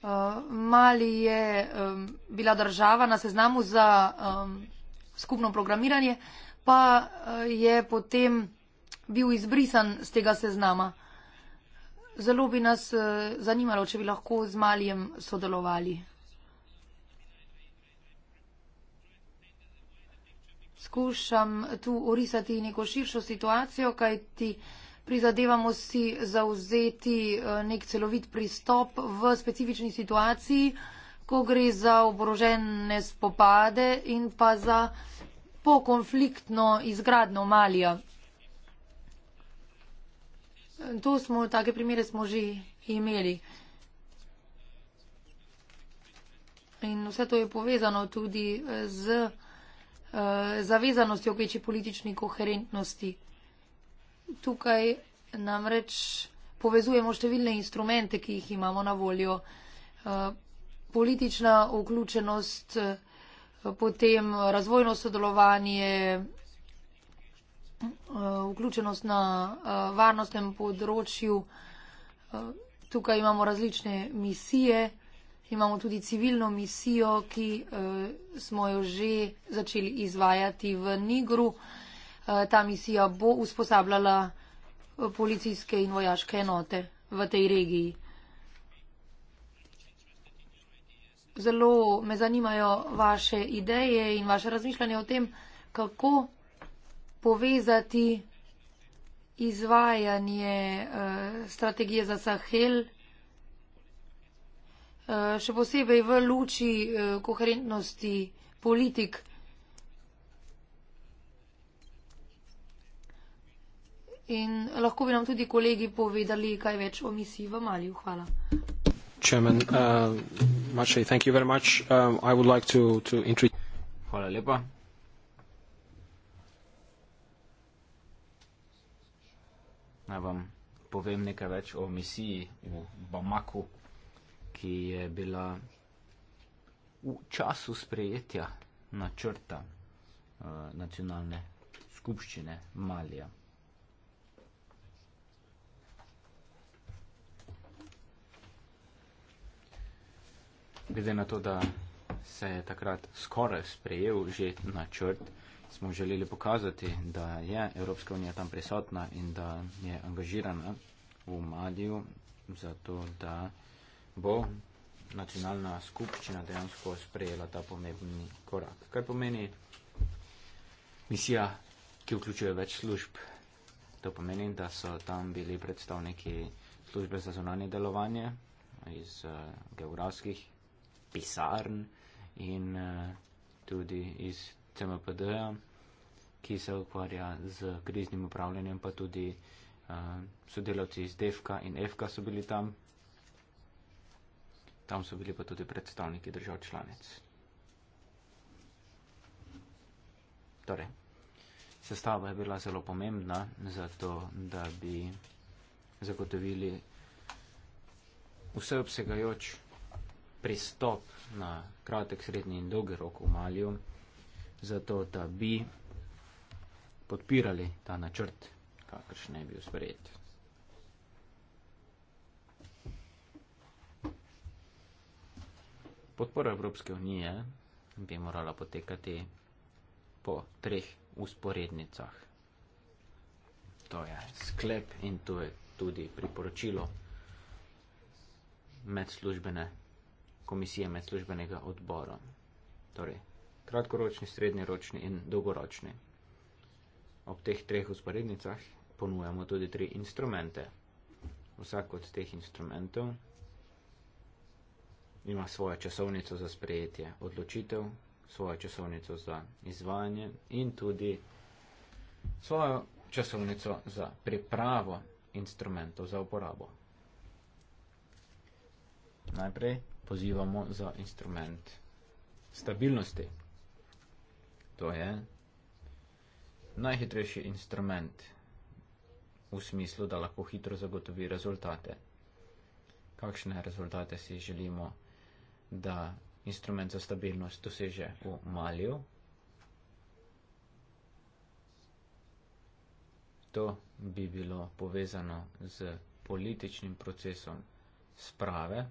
Eh, Mali je um, bila država na seznamu za um, skupno programiranje, pa eh, je potem bil izbrisan z tega seznama. Zelo bi nas eh, zanimalo, če bi lahko z Malijem sodelovali. Skušam tu orisati neko širšo situacijo, kaj ti prizadevamo si zauzeti eh, nek celovit pristop v specifični situaciji, ko gre za oborožene spopade in pa za pokonfliktno izgradno malija. To smo, take primere smo že imeli. In vse to je povezano tudi z eh, zavezanostjo k večji politični koherentnosti tukaj namreč povezujemo številne instrumente, ki jih imamo na voljo. Eh, politična vključenost, eh, potem razvojno sodelovanje, eh, vključenost na varnostnem področju. Tukaj imamo različne misije, imamo tudi civilno misijo, ki smo jo že začeli izvajati v Nigru ta misija bo usposabljala policijske in vojaške enote v tej regiji. Zelo me zanimajo vaše ideje in vaše razmišljanje o tem, kako povezati izvajanje eh, strategije za Sahel, eh, še posebej v luči eh, koherentnosti politik, In lahko bi nam tudi kolegi povedali kaj več o misiji v Maliju. Hvala.
Chairman, uh, Mačej, thank you very much. Um, I would like to, to introduce... Hvala lepa. Naj vam povem nekaj več o misiji v Bamaku, ki je bila v času sprejetja načrta uh, nacionalne skupščine Malija. glede na to, da se je takrat skoraj sprejel že načrt, smo želeli pokazati, da je Evropska unija tam prisotna in da je angažirana v Madiju, zato da bo nacionalna skupščina dejansko sprejela ta pomembni korak. Kaj pomeni misija, ki vključuje več služb? To pomeni, da so tam bili predstavniki službe za zunanje delovanje iz uh, geografskih pisarn in eh, tudi iz CMPD-ja, ki se ukvarja z kriznim upravljanjem, pa tudi eh, sodelavci iz DEFKA in EFKA so bili tam. Tam so bili pa tudi predstavniki držav članic. Torej, sestava je bila zelo pomembna zato, da bi zagotovili vseobsegajoč pristop na kratek, srednji in dolgi rok v Malju, zato da bi podpirali ta načrt, kakršen je bil sprejet. Podpora Evropske unije bi morala potekati po treh usporednicah. To je sklep in to je tudi priporočilo medslužbene komisije medslužbenega odbora. Torej, kratkoročni, srednjeročni in dolgoročni. Ob teh treh usporednicah ponujamo tudi tri instrumente. Vsak od teh instrumentov ima svojo časovnico za sprejetje odločitev, svojo časovnico za izvajanje in tudi svojo časovnico za pripravo instrumentov za uporabo. Najprej pozivamo za instrument stabilnosti. To je najhitrejši instrument v smislu, da lahko hitro zagotovi rezultate. Kakšne rezultate si želimo, da instrument za stabilnost doseže v malju? To bi bilo povezano z političnim procesom sprave,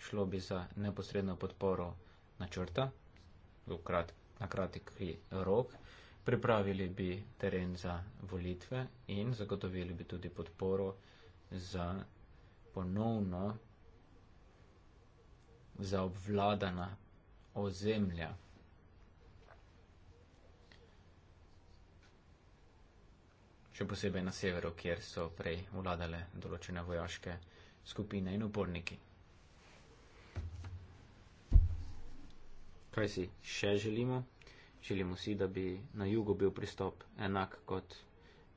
šlo bi za neposredno podporo načrta, krat, na kratki rok, pripravili bi teren za volitve in zagotovili bi tudi podporo za ponovno zaobvladana ozemlja. Še posebej na severu, kjer so prej vladale določene vojaške skupine in uporniki. kaj si še želimo. Želimo si, da bi na jugu bil pristop enak kot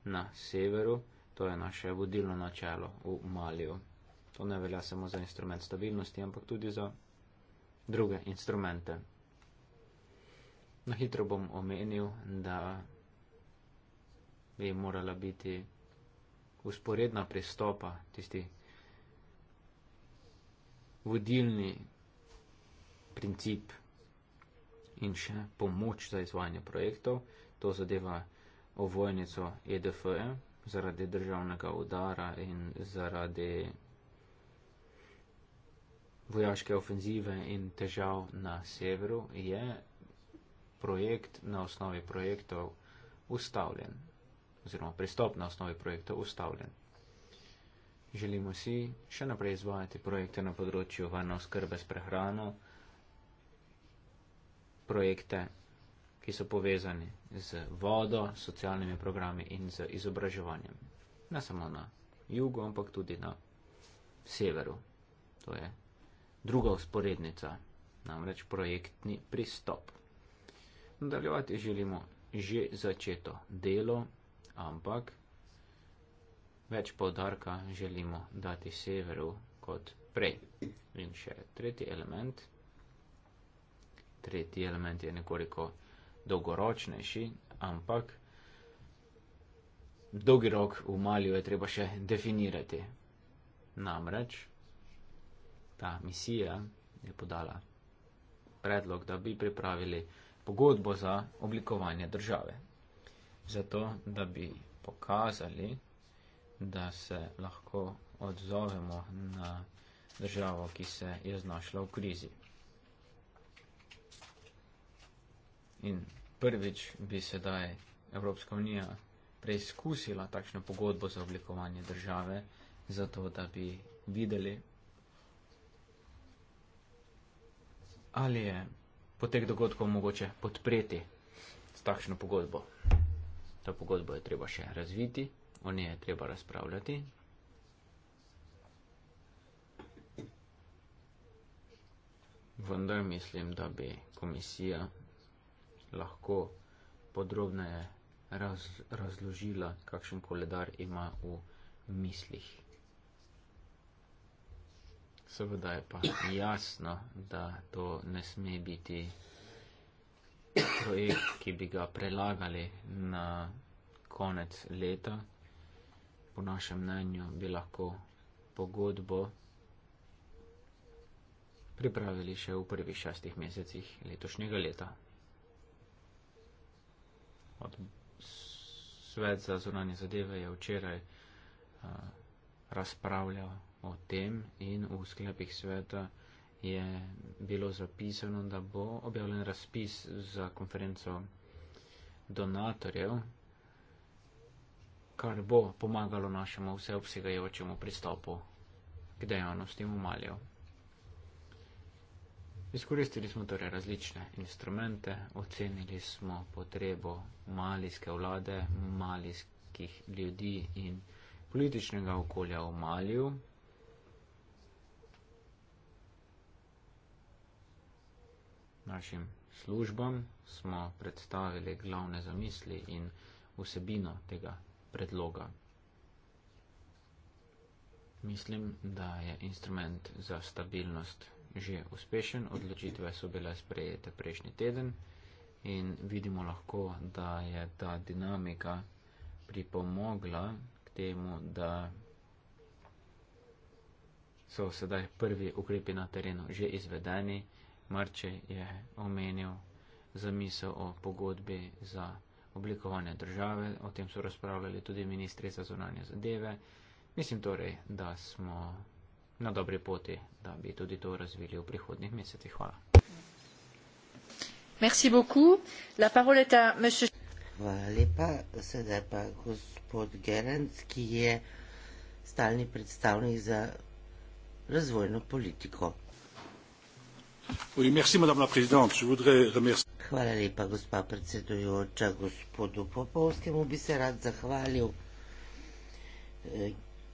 na severu, to je naše vodilno načelo v Maliju. To ne velja samo za instrument stabilnosti, ampak tudi za druge instrumente. Na hitro bom omenil, da bi morala biti usporedna pristopa tisti vodilni princip in še pomoč za izvajanje projektov. To zadeva ovojnico EDF -e zaradi državnega udara in zaradi vojaške ofenzive in težav na severu je projekt na osnovi projektov ustavljen oziroma pristop na osnovi projektov ustavljen. Želimo si še naprej izvajati projekte na področju varne oskrbe s prehrano, projekte, ki so povezani z vodo, socialnimi programi in z izobraževanjem. Ne samo na jugu, ampak tudi na severu. To je druga usporednica, namreč projektni pristop. Nadaljevati želimo že začeto delo, ampak več povdarka želimo dati severu kot prej. In še tretji element tretji element je nekoliko dolgoročnejši, ampak dolgi rok v Maliju je treba še definirati. Namreč ta misija je podala predlog, da bi pripravili pogodbo za oblikovanje države. Zato, da bi pokazali, da se lahko odzovemo na državo, ki se je znašla v krizi. In prvič bi sedaj Evropska unija preizkusila takšno pogodbo za oblikovanje države, zato da bi videli, ali je potek dogodkov mogoče podpreti s takšno pogodbo. To pogodbo je treba še razviti, o njej je treba razpravljati. Vendar mislim, da bi komisija lahko podrobneje raz, razložila, kakšen koledar ima v mislih. Seveda je pa jasno, da to ne sme biti projekt, ki bi ga prelagali na konec leta. Po našem mnenju bi lahko pogodbo pripravili še v prvih šestih mesecih letošnjega leta. Svet za zunanje zadeve je včeraj eh, razpravljal o tem in v sklepih sveta je bilo zapisano, da bo objavljen razpis za konferenco donatorjev, kar bo pomagalo našemu vseobsegajočemu pristopu k dejavnostim v Maljo. Izkoristili smo torej različne instrumente, ocenili smo potrebo malijske vlade, malijskih ljudi in političnega okolja v Maliju. Našim službam smo predstavili glavne zamisli in vsebino tega predloga. Mislim, da je instrument za stabilnost že uspešen, odločitve so bile sprejete prejšnji teden in vidimo lahko, da je ta dinamika pripomogla k temu, da so sedaj prvi ukrepi na terenu že izvedeni. Marče je omenil zamisel o pogodbi za oblikovanje države, o tem so razpravljali tudi ministri za zunanje zadeve. Mislim torej, da smo na dobri poti, da bi tudi to razvili v prihodnih mesecih. Hvala.
Merci beaucoup. La parole est à monsieur
Hvala lepa. Sedaj pa
gospod Gerenc, ki je stalni predstavnik za razvojno politiko. Oui, merci, Hvala lepa, gospa predsedujoča. Gospodu Popovskemu bi se rad zahvalil eh,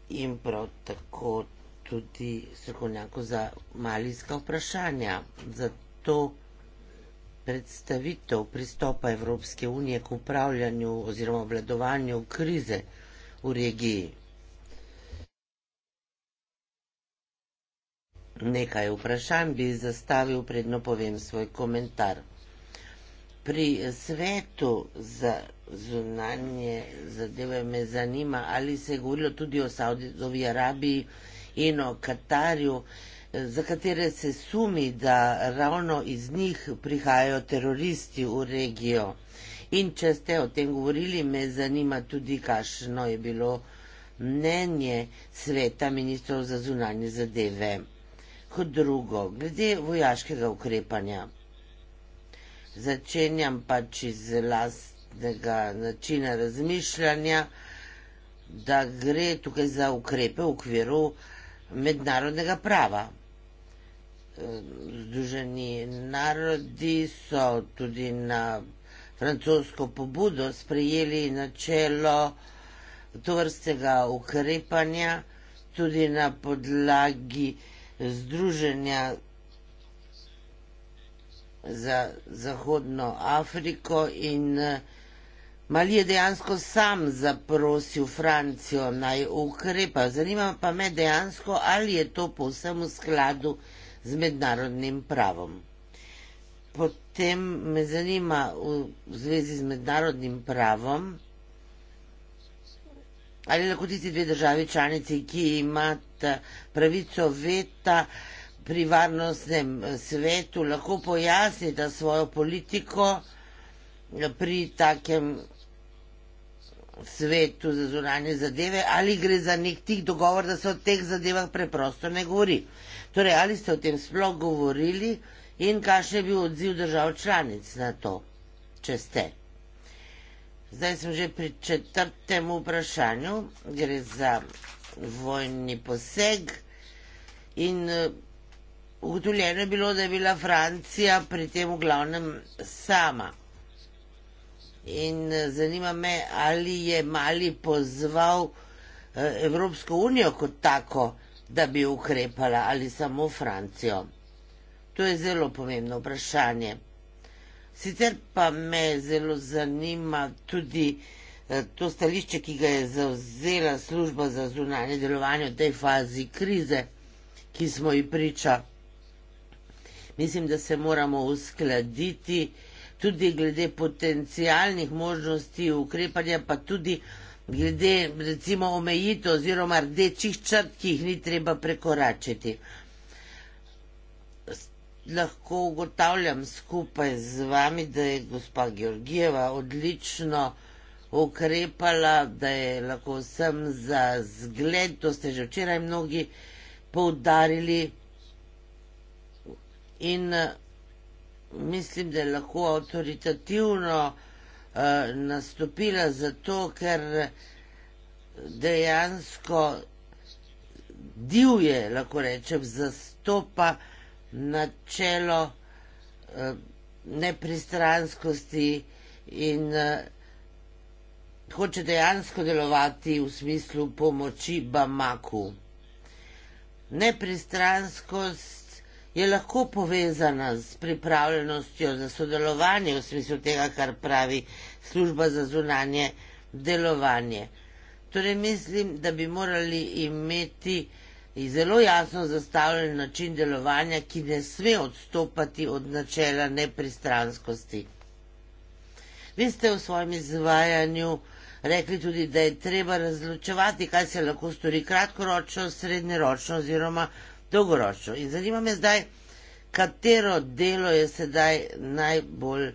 in prav tako tudi strokovnjakov za malijska vprašanja. Zato predstavitev pristopa Evropske unije k upravljanju oziroma obladovanju krize v regiji. Nekaj vprašanj bi zastavil predno povem svoj komentar. Pri svetu za zunanje zadeve me zanima, ali se je govorilo tudi o Saudovi Arabiji, eno Katarju, eh, za katere se sumi, da ravno iz njih prihajajo teroristi v regijo. In če ste o tem govorili, me zanima tudi, kakšno je bilo mnenje sveta ministrov za zunanje zadeve. Kot drugo, glede vojaškega ukrepanja. Začenjam pač iz lastnega načina razmišljanja, da gre tukaj za ukrepe v okviru mednarodnega prava. Združeni narodi so tudi na francosko pobudo sprejeli načelo tovrstega ukrepanja, tudi na podlagi Združenja za Zahodno Afriko in Mali je dejansko sam zaprosil Francijo naj ukrepa. Zanima pa me dejansko, ali je to povsem v skladu z mednarodnim pravom. Potem me zanima v zvezi z mednarodnim pravom, ali lahko tisti dve državi članici, ki imata pravico veta pri varnostnem eh, svetu, lahko pojasnita svojo politiko pri takem svetu za zunanje zadeve ali gre za nek tih dogovor, da se o teh zadevah preprosto ne govori. Torej, ali ste o tem sploh govorili in kakšen je bil odziv držav članic na to, če ste? Zdaj smo že pri četrtem vprašanju, gre za vojni poseg in ugotovljeno je bilo, da je bila Francija pri tem v glavnem sama in eh, zanima me, ali je Mali pozval eh, Evropsko unijo kot tako, da bi ukrepala ali samo Francijo. To je zelo pomembno vprašanje. Sicer pa me zelo zanima tudi eh, to stališče, ki ga je zauzela služba za zunanje delovanje v tej fazi krize, ki smo ji priča. Mislim, da se moramo uskladiti tudi glede potencijalnih možnosti ukrepanja, pa tudi glede recimo omejitev oziroma rdečih črt, ki jih ni treba prekoračiti. Lahko ugotavljam skupaj z vami, da je gospa Georgijeva odlično ukrepala, da je lahko vsem za zgled, to ste že včeraj mnogi poudarili. In mislim, da je lahko avtoritativno uh, nastopila zato, ker dejansko divje, lahko rečem, zastopa načelo uh, nepristranskosti in uh, hoče dejansko delovati v smislu pomoči Bamaku. Nepristranskost je lahko povezana s pripravljenostjo za sodelovanje v smislu tega, kar pravi služba za zunanje delovanje. Torej mislim, da bi morali imeti zelo jasno zastavljen način delovanja, ki ne sme odstopati od načela nepristranskosti. Vi ste v svojem izvajanju rekli tudi, da je treba razločevati, kaj se lahko stori kratkoročno, srednjeročno oziroma dolgoročno. In zanima me zdaj, katero delo je sedaj najbolj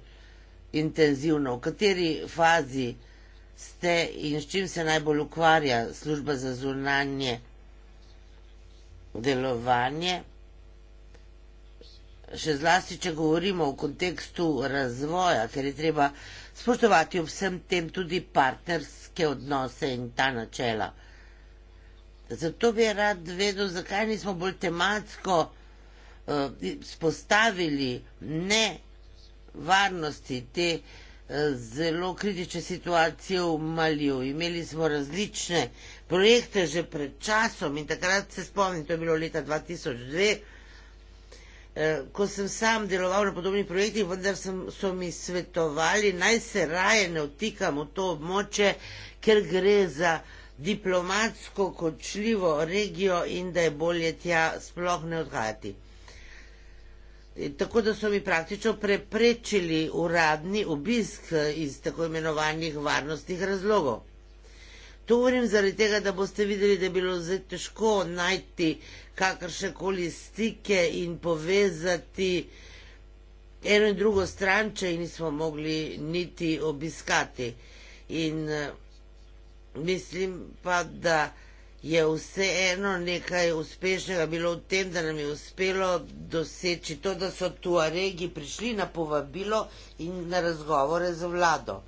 intenzivno, v kateri fazi ste in s čim se najbolj ukvarja služba za zunanje delovanje. Še zlasti, če govorimo v kontekstu razvoja, ker je treba spoštovati ob vsem tem tudi partnerske odnose in ta načela. Zato bi rad vedel, zakaj nismo bolj tematsko uh, eh, spostavili ne varnosti te uh, zelo kritične situacije v Maliju. Imeli smo različne projekte že pred časom in takrat se spomnim, to je bilo leta 2002, uh, eh, ko sem sam deloval na podobnih projektih, vendar sem, so mi svetovali, naj se raje ne vtikam v to območje, ker gre za diplomatsko kočljivo regijo in da je bolje tja sploh ne odhajati. E, tako da so mi praktično preprečili uradni obisk e, iz tako imenovanih varnostnih razlogov. To govorim zaradi tega, da boste videli, da je bilo zdaj težko najti kakršne koli stike in povezati eno in drugo stran, če jih nismo mogli niti obiskati. In e, mislim pa, da je vseeno nekaj uspešnega bilo v tem, da nam je uspelo doseči to, da so tuaregi prišli na povabilo in na razgovore z vlado.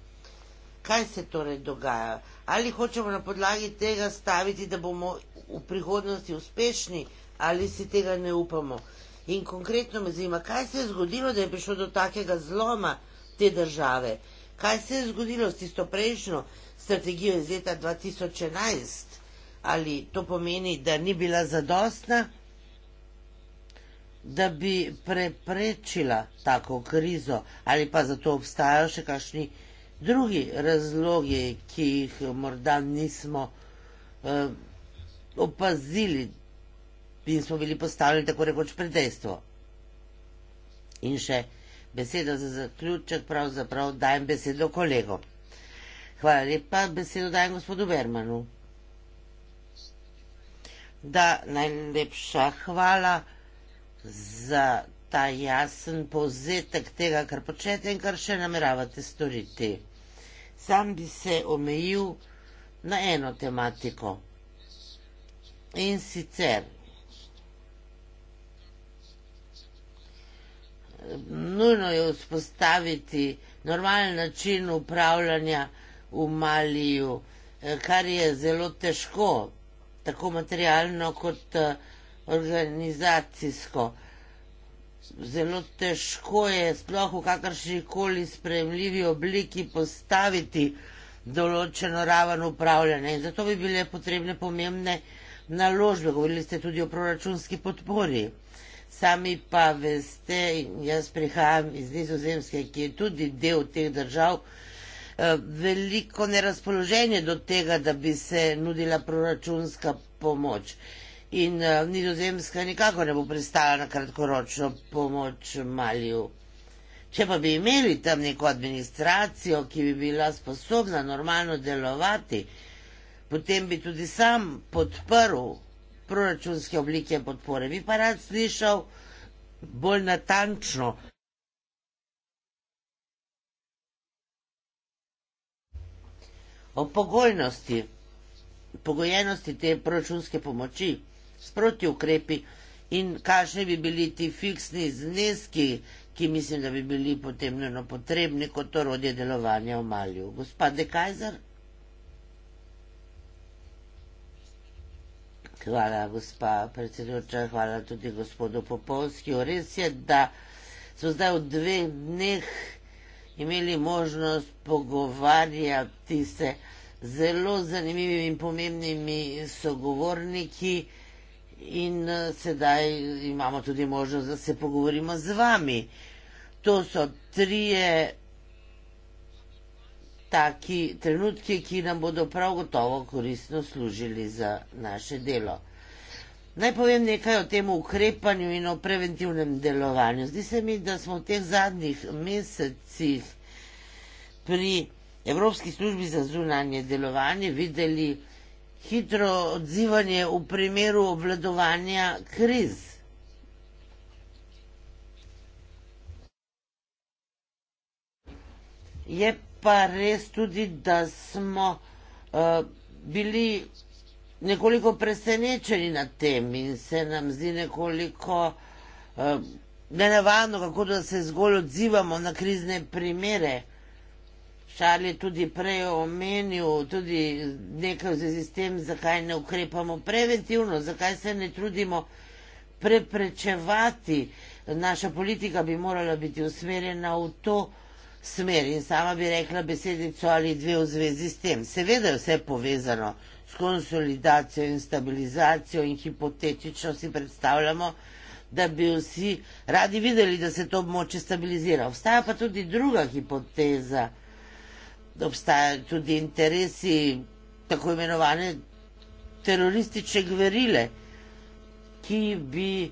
Kaj se torej dogaja? Ali hočemo na podlagi tega staviti, da bomo v prihodnosti uspešni, ali si tega ne upamo? In konkretno me zima, kaj se je zgodilo, da je prišlo do takega zloma te države? Kaj se je zgodilo s tisto prejšnjo? strategijo iz leta 2011, ali to pomeni, da ni bila zadostna, da bi preprečila tako krizo, ali pa zato obstajajo še kakšni drugi razlogi, ki jih morda nismo uh, opazili in smo bili postavljeni tako rekoč pred dejstvo. In še beseda za zaključek, pravzaprav dajem besedo kolegom. Hvala lepa. Besedo dajem gospodu Bermanu. Da, najlepša hvala za ta jasen povzetek tega, kar počnete in kar še nameravate storiti. Sam bi se omejil na eno tematiko. In sicer nujno je vzpostaviti normalen način upravljanja v Maliju, eh, kar je zelo težko, tako materialno kot eh, organizacijsko. Zelo težko je sploh v kakršni koli sprejemljivi obliki postaviti določeno raven upravljanja in zato bi bile potrebne pomembne naložbe. Govorili ste tudi o proračunski podpori. Sami pa veste, jaz prihajam iz Nizozemske, ki je tudi del teh držav, Eh, veliko nerazpoloženje do tega, da bi se nudila proračunska pomoč. In uh, nizozemska nikako ne bo pristala na kratkoročno pomoč Maliju. Če pa bi imeli tam neko administracijo, ki bi bila sposobna normalno delovati, potem bi tudi sam podprl proračunske oblike podpore. Bi pa rad slišal bolj natančno. o pogojnosti, pogojenosti te proračunske pomoči s protiukrepi in kakšni bi bili ti fiksni zneski, ki mislim, da bi bili potem nujno potrebni kot orodje delovanja v Malju. Gospod Dekajzer? Hvala, gospa predsedujoča, hvala tudi gospodu Popovski. Res je, da so zdaj v dveh dneh imeli možnost pogovarjati se zelo zanimivimi in pomembnimi sogovorniki in eh, sedaj imamo tudi možnost, da se pogovorimo z vami. To so trije taki trenutki, ki nam bodo prav gotovo koristno služili za naše delo. Naj povem nekaj o tem ukrepanju in o preventivnem delovanju. Zdi se mi, da smo v teh zadnjih mesecih pri Evropski službi za zunanje delovanje videli hitro odzivanje v primeru obvladovanja kriz. Je pa res tudi, da smo uh, bili nekoliko presenečeni nad tem in se nam zdi nekoliko uh, nenavadno, kako da se zgolj odzivamo na krizne primere. Šar je tudi prej omenil tudi nekaj v zvezi s tem, zakaj ne ukrepamo preventivno, zakaj se ne trudimo preprečevati. Naša politika bi morala biti usmerjena v to smer in sama bi rekla besedico ali dve v zvezi s tem. Seveda je vse povezano, s konsolidacijo in stabilizacijo in hipotetično si predstavljamo, da bi vsi radi videli, da se to območje stabilizira. Obstaja pa tudi druga hipoteza, da obstajajo tudi interesi tako imenovane teroristične gverile, ki bi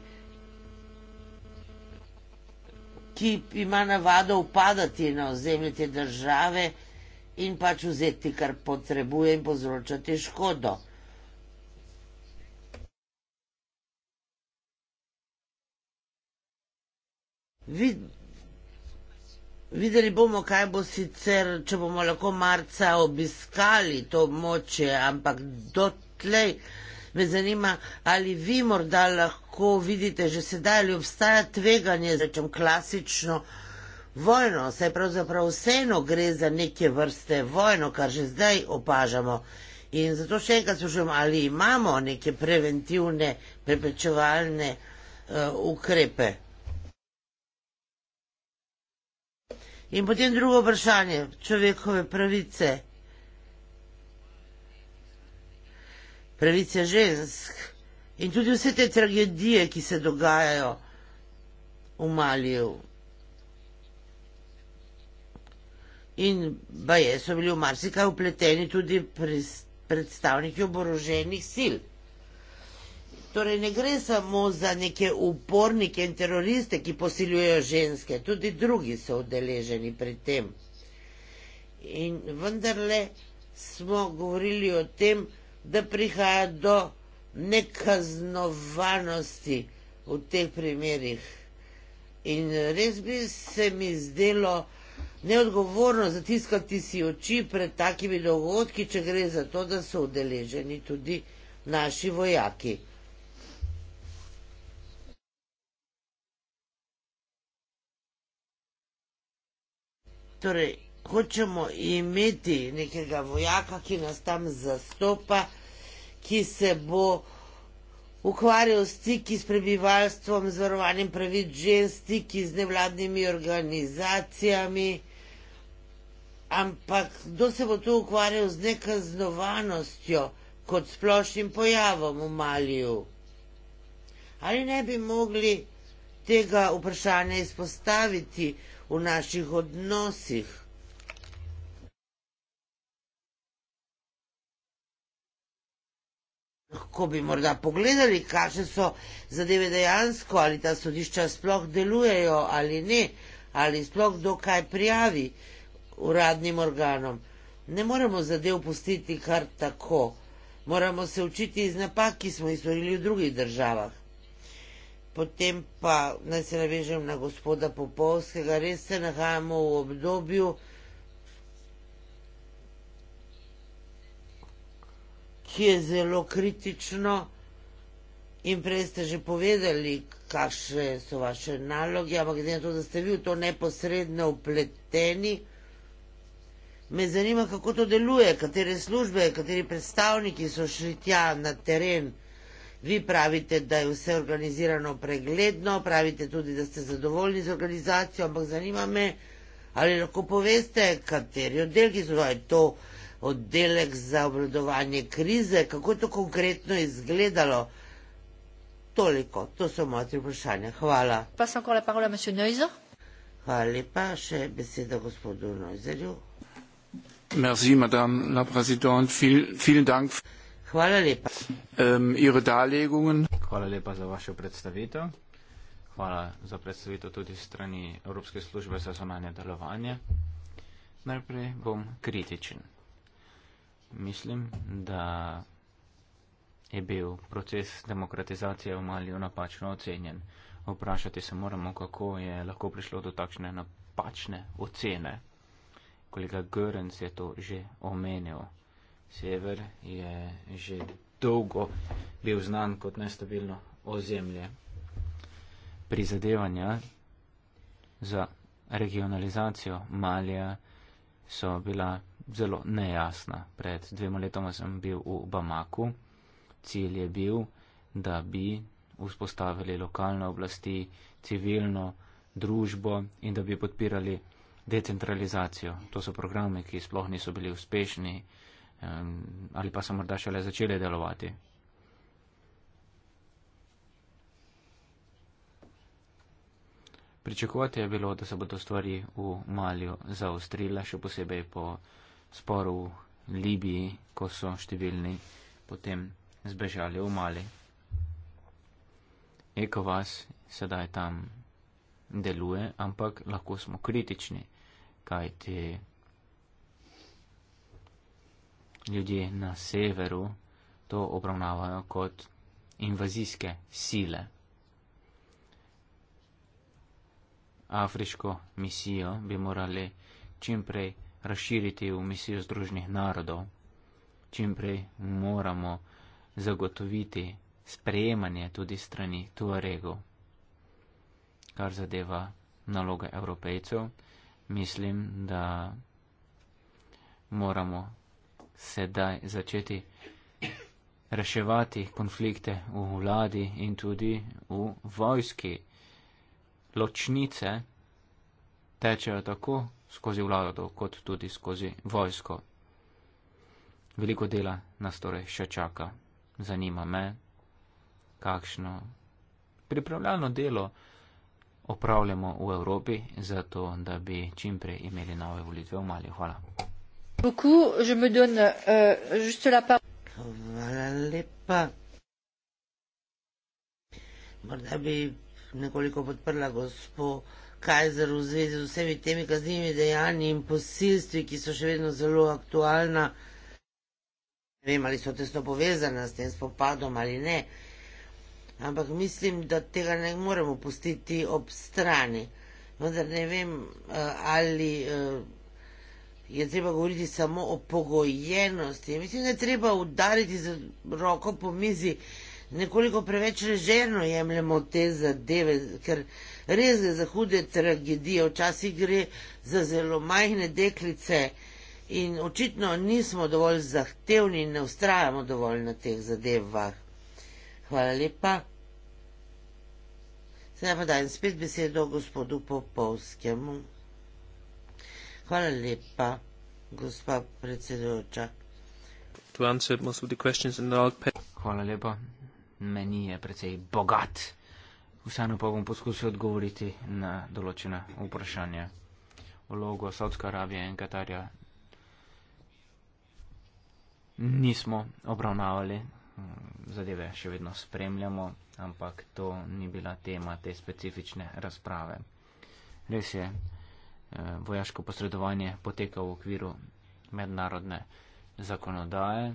ki ima navado upadati na ozemlje te države in pač vzeti, kar potrebuje in povzročati škodo. Vid Videli bomo, kaj bo sicer, če bomo lahko marca obiskali to moče, ampak dotlej me zanima, ali vi morda lahko vidite že sedaj, ali obstaja tveganje, začem klasično vojno, saj pravzaprav vseeno gre za neke vrste vojno, kar že zdaj opažamo. In zato še enkrat sprašujem, ali imamo neke preventivne, preprečevalne uh, ukrepe. In potem drugo vprašanje, človekove pravice. Pravice žensk in tudi vse te tragedije, ki se dogajajo v Maliju. In baje so bili v marsikaj upleteni tudi predstavniki oboroženih sil. Torej, ne gre samo za neke upornike in teroriste, ki posiljujejo ženske, tudi drugi so udeleženi pri tem. In vendarle smo govorili o tem, da prihaja do nekaznovanosti v teh primerih. In res bi se mi zdelo, da neodgovorno zatiskati si oči pred takimi dogodki, če gre za to, da so udeleženi tudi naši vojaki. Torej, hočemo imeti nekega vojaka, ki nas tam zastopa, ki se bo ukvarjal stiki s prebivalstvom, z varovanjem pravic žen, stiki z nevladnimi organizacijami. Ampak kdo se bo tu ukvarjal z nekaznovanostjo kot splošnim pojavom v Maliju? Ali ne bi mogli tega vprašanja izpostaviti v naših odnosih? Ko bi morda pogledali, kakšne so zadeve dejansko, ali ta sodišča sploh delujejo ali ne, ali sploh kdo kaj prijavi uradnim organom. Ne moramo zadev pustiti kar tako. Moramo se učiti iz napak, ki smo jih storili v drugih državah. Potem pa naj se navežem na gospoda Popovskega. Res se nahajamo v obdobju, ki je zelo kritično in prej ste že povedali, kakšne so vaše naloge, ampak glede na to, da ste vi v to neposredno upleteni, Me zanima, kako to deluje, katere službe, kateri predstavniki so šli tja na teren. Vi pravite, da je vse organizirano pregledno, pravite tudi, da ste zadovoljni z organizacijo, ampak zanima me, ali lahko poveste, kateri oddelki so to, je to oddelek za obvladovanje krize, kako je to konkretno izgledalo. Toliko, to so moja tri vprašanja. Hvala. Pa sem kole parola, mesjo Neuzo. Hvala lepa, še beseda gospodu Neuzerju.
Merci, Madame la Présidente. Viel, vielen Dank für Hvala lepa. Ähm, ihre Darlegungen. Hvala lepa za vašo predstavitev. Hvala za predstavitev tudi strani Evropske službe za zonanje delovanje. Najprej bom kritičen. Mislim, da je bil proces demokratizacije v Maliju napačno ocenjen. Vprašati se moramo, kako je lahko prišlo do takšne napačne ocene kolega Görens je to že omenil. Sever je že dolgo bil znan kot nestabilno ozemlje. Prizadevanja za regionalizacijo Malija so bila zelo nejasna. Pred dvema letoma sem bil v Bamaku. Cilj je bil, da bi vzpostavili lokalne oblasti, civilno družbo in da bi podpirali decentralizacijo. To so programe, ki sploh niso bili uspešni ali pa so morda šele začeli delovati. Pričakovati je bilo, da se bodo stvari v Malju zaostrile, še posebej po sporu v Libiji, ko so številni potem zbežali v Mali. Ekovas sedaj tam deluje, ampak lahko smo kritični kaj ti ljudje na severu to obravnavajo kot invazijske sile. Afriško misijo bi morali čimprej razširiti v misijo Združenih narodov, čimprej moramo zagotoviti sprejemanje tudi strani Tuaregov, kar zadeva naloge evropejcev mislim, da moramo sedaj začeti reševati konflikte v vladi in tudi v vojski. Ločnice tečejo tako skozi vlado, kot tudi skozi vojsko. Veliko dela nas torej še čaka. Zanima me, kakšno pripravljalno delo opravljamo v Evropi, zato da bi čim prej imeli nove volitve v Mali. Hvala.
Euh,
Hvala lepa. Morda bi nekoliko podprla gospo Kajzer v zvezi z vsemi temi kaznjivimi dejanji in posilstvi, ki so še vedno zelo aktualna. Ne vem, ali so tesno povezana s tem spopadom ali ne ampak mislim, da tega ne moremo pustiti ob strani. Vendar ne vem, eh, ali eh, je treba govoriti samo o pogojenosti. Mislim, da je treba udariti z roko po mizi. Nekoliko preveč ležerno jemljemo te zadeve, ker res je za hude tragedije. Včasih gre za zelo majhne deklice in očitno nismo dovolj zahtevni in ne ustrajamo dovolj na teh zadevah. Hvala lepa. Zdaj pa dajem spet besedo gospodu Popovskemu. Hvala lepa, gospa predsedujoča.
Hvala lepa. Meni je precej bogat. Vseeno pa bom poskusil odgovoriti na določena vprašanja. Vlogo Saudske Arabije in Katarja nismo obravnavali Mm, zadeve še vedno spremljamo, ampak to ni bila tema te specifične razprave. Res je, eh, vojaško posredovanje poteka v okviru mednarodne zakonodaje,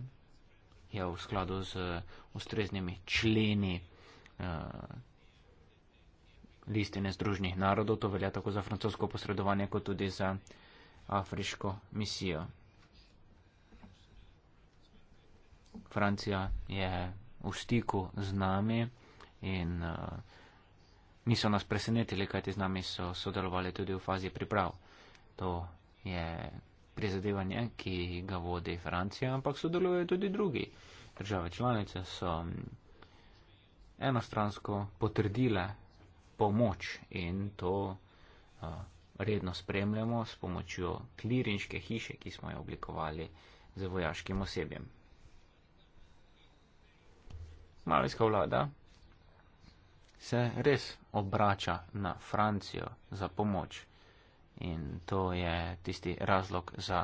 je v skladu z eh, ustreznimi členi eh, listine Združenih narodov, to velja tako za francosko posredovanje, kot tudi za afriško misijo. Francija je v stiku z nami in uh, niso nas presenetili, kajti z nami so sodelovali tudi v fazi priprav. To je prizadevanje, ki ga vodi Francija, ampak sodelujejo tudi drugi. Države članice so um, enostransko potrdile pomoč in to uh, redno spremljamo s pomočjo klirinške hiše, ki smo jo oblikovali z vojaškim osebjem. Malijska vlada se res obrača na Francijo za pomoč in to je tisti razlog za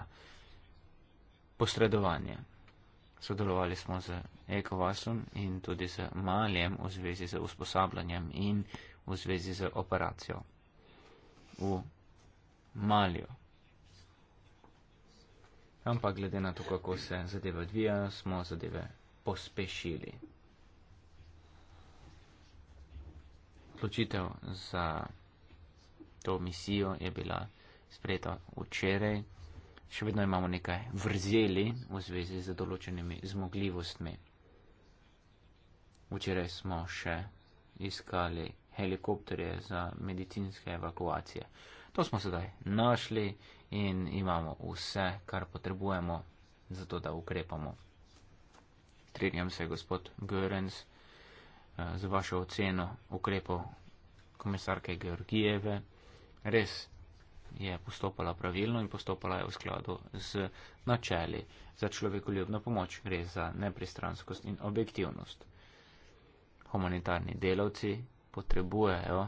posredovanje. Sodelovali smo z ECOWASom in tudi z Malijem v zvezi z usposabljanjem in v zvezi z operacijo v Malijo. Ampak glede na to, kako se zadeve odvija, smo zadeve pospešili. odločitev za to misijo je bila sprejeta včeraj. Še vedno imamo nekaj vrzeli v zvezi z določenimi zmogljivostmi. Včeraj smo še iskali helikopterje za medicinske evakuacije. To smo sedaj našli in imamo vse, kar potrebujemo, zato da ukrepamo. Strinjam se, gospod Görens z vašo oceno ukrepov komisarke Georgijeve. Res je postopala pravilno in postopala je v skladu z načeli za človekoljubno pomoč. Gre za nepristranskost in objektivnost. Humanitarni delavci potrebujejo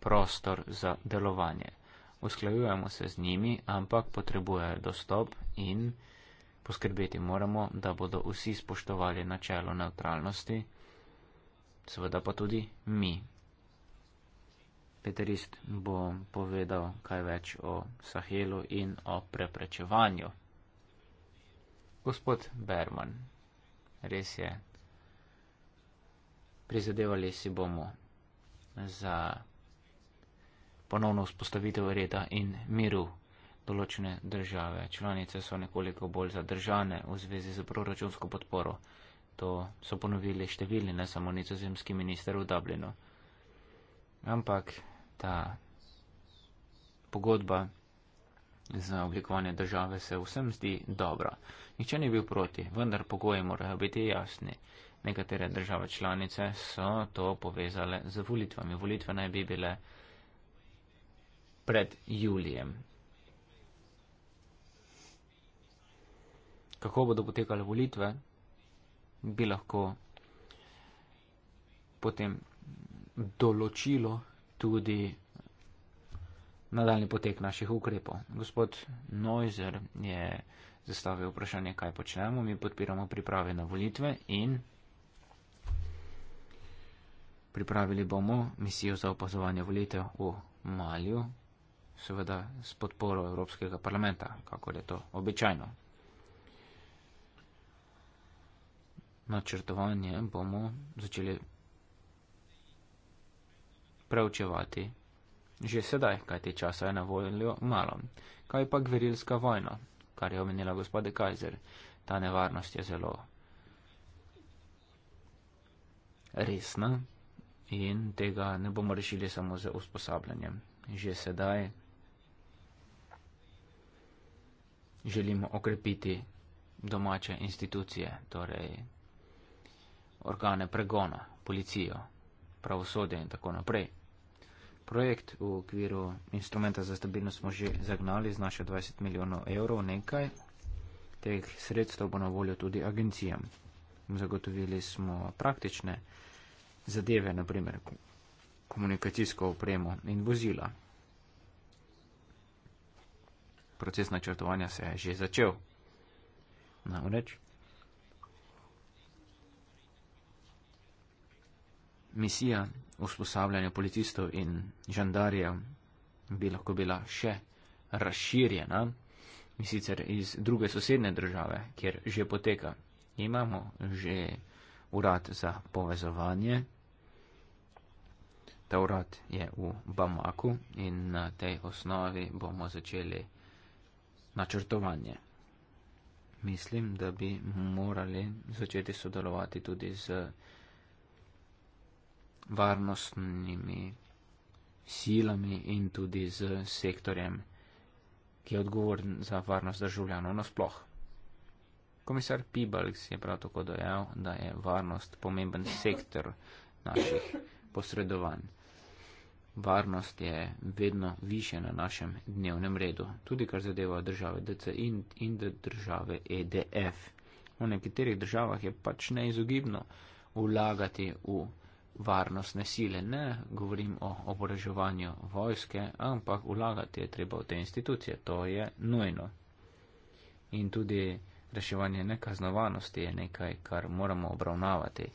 prostor za delovanje. Usklajujemo se z njimi, ampak potrebujejo dostop in poskrbeti moramo, da bodo vsi spoštovali načelo neutralnosti seveda pa tudi mi. Peterist bo povedal kaj več o Sahelu in o preprečevanju. Gospod Berman, res je, prizadevali si bomo za ponovno vzpostavitev reda in miru. Določene države članice so nekoliko bolj zadržane v zvezi z proračunsko podporo. To so ponovili številni, ne samo nizozemski minister v Dublinu. Ampak ta pogodba za oblikovanje države se vsem zdi dobra. Nihče ni bil proti, vendar pogoji morajo biti jasni. Nekatere države članice so to povezale z volitvami. Volitve naj bi bile pred julijem. Kako bodo potekale volitve? bi lahko potem določilo tudi nadaljni potek naših ukrepov. Gospod Neuser je zastavil vprašanje, kaj počnemo. Mi podpiramo priprave na volitve in pripravili bomo misijo za opazovanje volitev v Malju, seveda s podporo Evropskega parlamenta, kako je to običajno. načrtovanje bomo začeli preučevati že sedaj, kajti časa je na voljo malo. Kaj pa gverilska vojna, kar je omenila gospode Kajzer? Ta nevarnost je zelo resna in tega ne bomo rešili samo z usposabljanjem. Že sedaj želimo okrepiti domače institucije, torej organe pregona, policijo, pravosodje in tako naprej. Projekt v okviru instrumenta za stabilnost smo že zagnali, znaša 20 milijonov evrov, nekaj teh sredstev bo na voljo tudi agencijam. Zagotovili smo praktične zadeve, naprimer komunikacijsko opremo in vozila. Proces načrtovanja se je že začel. Namreč. No, misija usposabljanja policistov in žandarjev bi lahko bila še razširjena, in sicer iz druge sosedne države, kjer že poteka. Imamo že urad za povezovanje. Ta urad je v Bamaku in na tej osnovi bomo začeli načrtovanje. Mislim, da bi morali začeti sodelovati tudi z varnostnimi silami in tudi z sektorjem, ki je odgovoren za varnost državljanov nasploh. Komisar Pibalks je prav tako dojel, da je varnost pomemben sektor naših posredovanj. Varnost je vedno više na našem dnevnem redu, tudi kar zadeva države DC in, in države EDF. V nekaterih državah je pač neizogibno vlagati v varnostne sile. Ne govorim o oboroževanju vojske, ampak vlagati je treba v te institucije. To je nujno. In tudi reševanje nekaznovanosti je nekaj, kar moramo obravnavati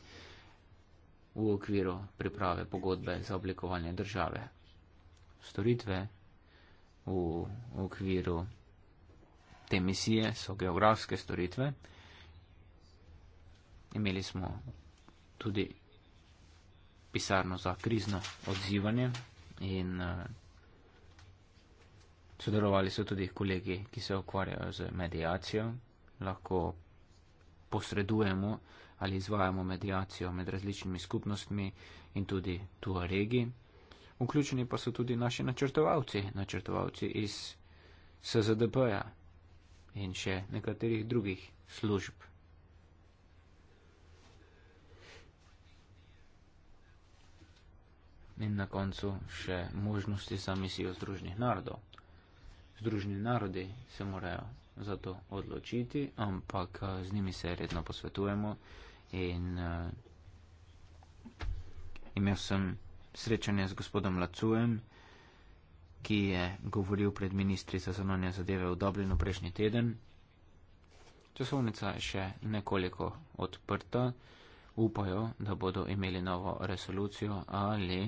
v okviru priprave pogodbe za oblikovanje države. Storitve v okviru te misije so geografske storitve. Imeli smo tudi pisarno za krizno odzivanje in uh, sodelovali so tudi kolegi, ki se ukvarjajo z medijacijo. Lahko posredujemo ali izvajamo medijacijo med različnimi skupnostmi in tudi tu v regiji. Vključeni pa so tudi naši načrtovalci, načrtovalci iz SZDP-ja in še nekaterih drugih služb. in na koncu še možnosti za misijo Združenih narodov. Združeni narodi se morajo za to odločiti, ampak eh, z njimi se redno posvetujemo in uh, imel sem srečanje z gospodom Lacujem, ki je govoril pred ministri za zanonje zadeve v Dublinu prejšnji teden. Časovnica je še nekoliko odprta. Upajo, da bodo imeli novo resolucijo ali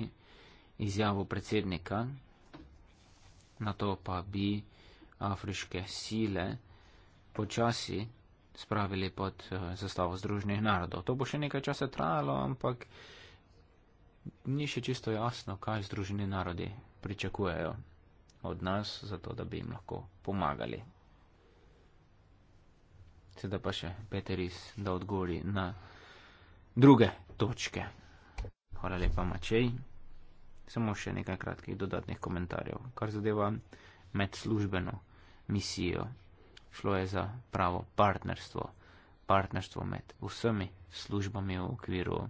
izjavo predsednika, na to pa bi afriške sile počasi spravili pod eh, zastavo Združenih narodov. To bo še nekaj časa trajalo, ampak ni še čisto jasno, kaj Združeni narodi pričakujejo od nas, zato da bi jim lahko pomagali. Sedaj pa še Peteris, da odgovori na druge točke. Hvala lepa, Mačej samo še nekaj kratkih dodatnih komentarjev. Kar zadeva medslužbeno misijo, šlo je za pravo partnerstvo, partnerstvo med vsemi službami v okviru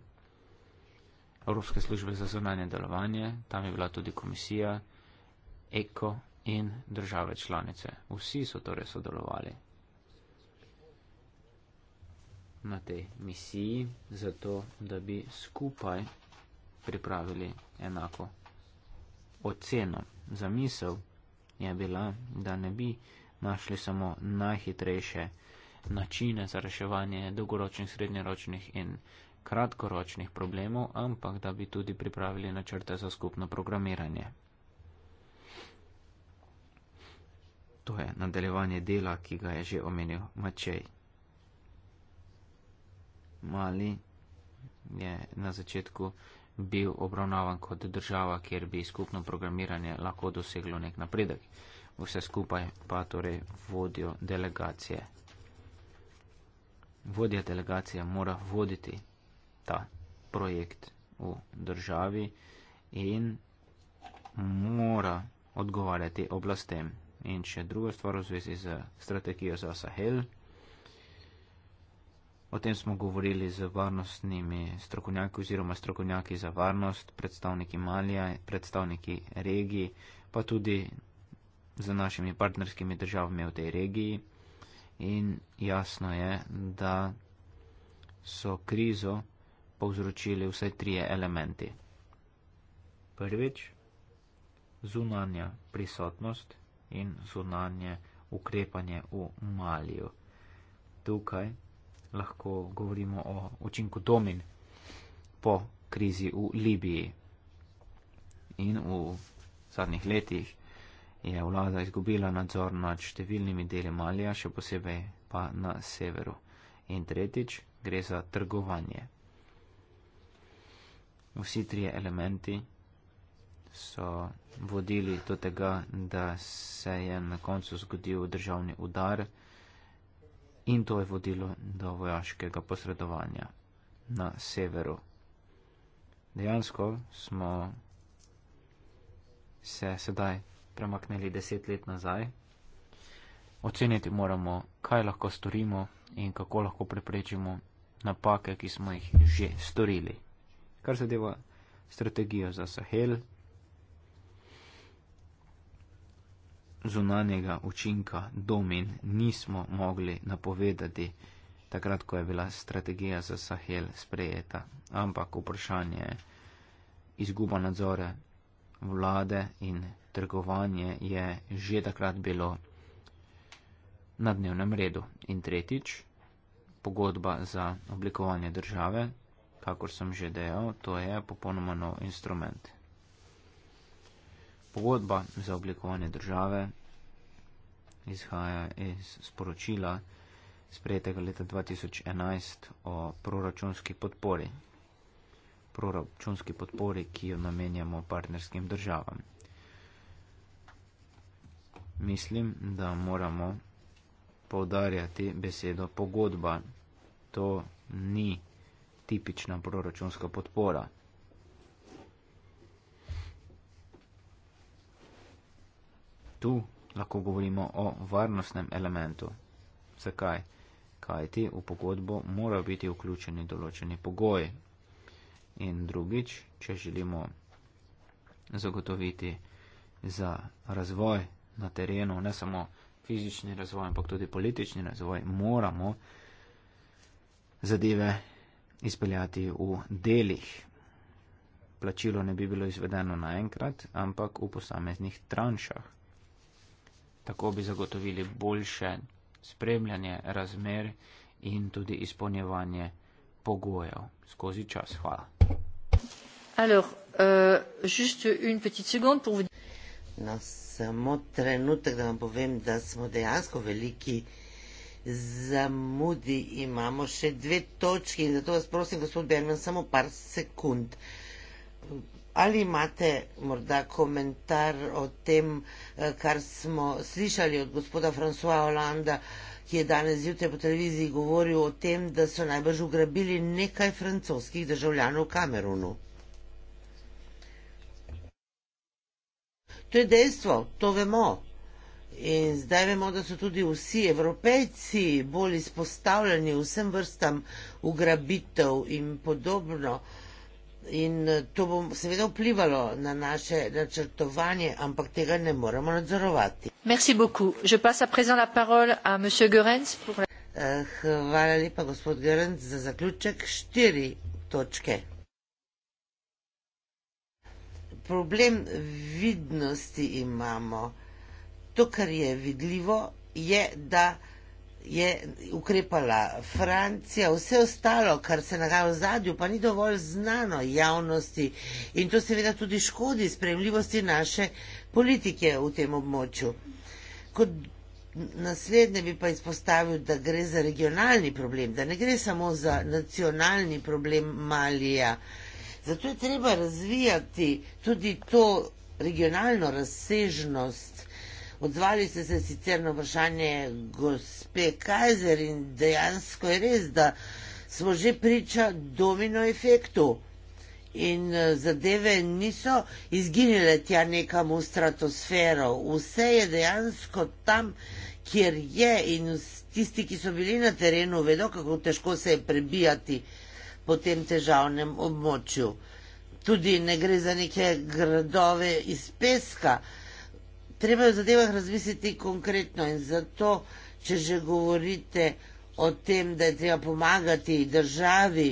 Evropske službe za zunanje delovanje, tam je bila tudi komisija, eko in države članice. Vsi so torej sodelovali. Na tej misiji, zato da bi skupaj pripravili enako oceno. Zamisel je bila, da ne bi našli samo najhitrejše načine za reševanje dolgoročnih, srednjeročnih in kratkoročnih problemov, ampak da bi tudi pripravili načrte za skupno programiranje. To je nadaljevanje dela, ki ga je že omenil Mačej. Mali je na začetku bil obravnavan kot država, kjer bi skupno programiranje lahko doseglo nek napredek. Vse skupaj pa torej vodijo delegacije. Vodja delegacije mora voditi ta projekt v državi in mora odgovarjati oblastem. In še druga stvar v zvezi z strategijo za Sahel, O tem smo govorili z varnostnimi strokovnjaki oziroma strokovnjaki za varnost, predstavniki Malija, predstavniki regiji, pa tudi z našimi partnerskimi državami v tej regiji. In jasno je, da so krizo povzročili vse trije elementi. Prvič, zunanja prisotnost in zunanje ukrepanje v Maliju. Tukaj lahko govorimo o učinku domin po krizi v Libiji. In v zadnjih letih je vlada izgubila nadzor nad številnimi deli Malija, še posebej pa na severu. In tretjič, gre za trgovanje. Vsi trije elementi so vodili do tega, da se je na koncu zgodil državni udar in to je vodilo do vojaškega posredovanja na severu. Dejansko smo se sedaj premaknili deset let nazaj. Oceniti moramo, kaj lahko storimo in kako lahko preprečimo napake, ki smo jih že storili. Kar zadeva strategijo za Sahel, zunanjega učinka domin nismo mogli napovedati takrat, ko je bila strategija za Sahel sprejeta. Ampak vprašanje je, izguba nadzore vlade in trgovanje je že takrat bilo na dnevnem redu. In tretjič, pogodba za oblikovanje države, kakor sem že dejal, to je popolnoma nov instrument pogodba za oblikovanje države izhaja iz sporočila sprejetega leta 2011 o proračunski podpori. Proračunski podpori, ki jo namenjamo partnerskim državam. Mislim, da moramo povdarjati besedo pogodba. To ni tipična proračunska podpora. tu lahko govorimo o varnostnem elementu. Zakaj? Kaj ti v pogodbo morajo biti vključeni določeni pogoji. In drugič, če želimo zagotoviti za razvoj na terenu, ne samo fizični razvoj, ampak tudi politični razvoj, moramo zadeve izpeljati v delih. Plačilo ne bi bilo izvedeno naenkrat, ampak v posameznih tranšah. Tako bi zagotovili boljše spremljanje razmer in tudi izpolnjevanje pogojev skozi čas. Hvala.
Euh, no, samo trenutek, da vam povem, da smo dejansko veliki zamudi. Imamo še dve točki in zato vas prosim, gospod Berman, samo par sekund. Ali imate morda komentar o tem, eh, kar smo slišali od gospoda Francoa Hollanda, ki je danes zjutraj po televiziji govoril o tem, da so najbrž ugrabili nekaj francoskih državljanov v Kamerunu? To je dejstvo, to vemo. In zdaj vemo, da so tudi vsi evropejci bolj izpostavljeni vsem vrstam ugrabitev in podobno. Uh, In eh, to bo seveda vplivalo na naše načrtovanje, ampak tega ne moremo nadzorovati. Eh, hvala lepa, gospod Gerenc, za zaključek. Štiri točke. Problem vidnosti imamo. To, kar je vidljivo, je, da je ukrepala Francija, vse ostalo, kar se nagaja v zadju, pa ni dovolj znano javnosti in to seveda tudi škodi spremljivosti naše politike v tem območju. Kot naslednje bi pa izpostavil, da gre za regionalni problem, da ne gre samo za nacionalni problem Malija. Zato je treba razvijati tudi to regionalno razsežnost Odzvali ste se sicer na vprašanje gospe Kajzer in dejansko je res, da smo že priča domino efektu in eh, zadeve niso izginile tja nekam v stratosfero. Vse je dejansko tam, kjer je in tisti, ki so bili na terenu, vedo, kako težko se je prebijati po tem težavnem območju. Tudi ne gre za neke gradove iz peska, treba je v zadevah razmisliti konkretno in zato, če že govorite o tem, da je treba pomagati državi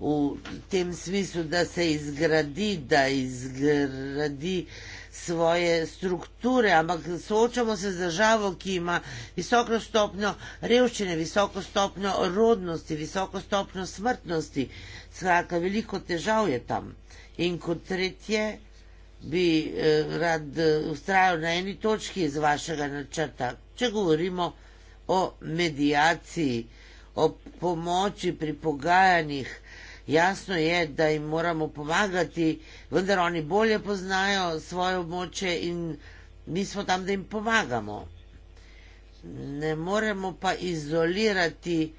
v tem smislu, da se izgradi, da izgradi svoje strukture, ampak soočamo se z državo, ki ima visoko stopnjo revščine, visoko stopnjo rodnosti, visoko stopnjo smrtnosti. Skratka, veliko težav je tam. In kot tretje, bi eh, rad ustrajal eh, na eni točki iz vašega načrta. Če govorimo o medijaciji, o pomoči pri pogajanjih, jasno je, da jim moramo pomagati, vendar oni bolje poznajo svoje območje in mi smo tam, da jim pomagamo. Ne moremo pa izolirati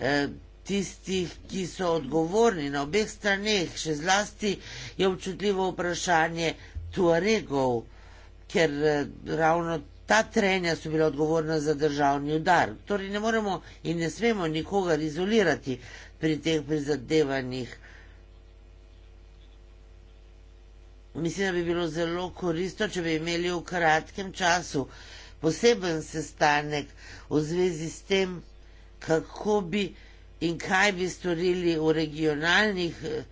eh, tistih, ki so odgovorni na obeh straneh, še zlasti je občutljivo vprašanje tuaregov, ker eh, ravno ta trenja so bila odgovorna za državni udar. Torej ne moremo in ne smemo nikogar izolirati pri teh prizadevanjih. Mislim, da bi bilo zelo koristno, če bi imeli v kratkem času poseben sestanek v zvezi s tem, kako bi in kaj bi storili v regionalnih eh,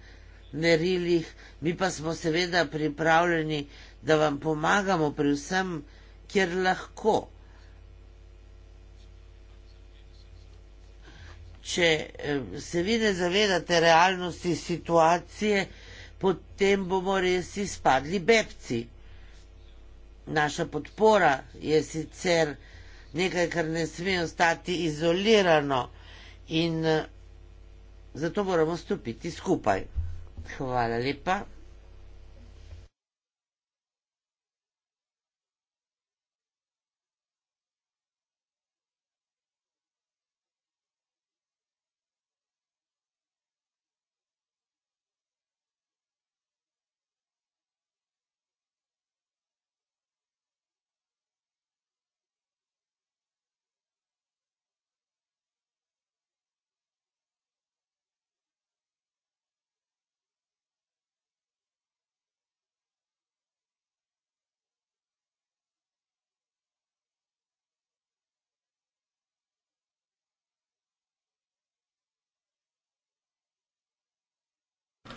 merilih, mi pa smo seveda pripravljeni, da vam pomagamo pri vsem, kjer lahko. Če eh, se vi ne zavedate realnosti situacije, potem bomo res izpadli bebci. Naša podpora je sicer nekaj, kar ne sme ostati izolirano. In eh, zato moramo stopiti skupaj. Hvala lepa.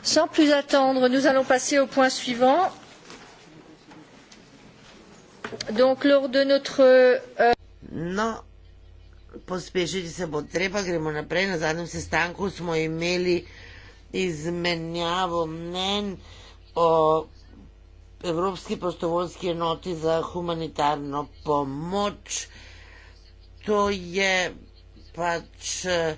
sans plus attendre nous allons passer au point suivant
donc lors de notre euh... non pospešiti se bo treba, gremo naprej. Na zadnjem sestanku smo imeli izmenjavo mnen o Evropski prostovoljski enoti za humanitarno pomoč. To je pač eh,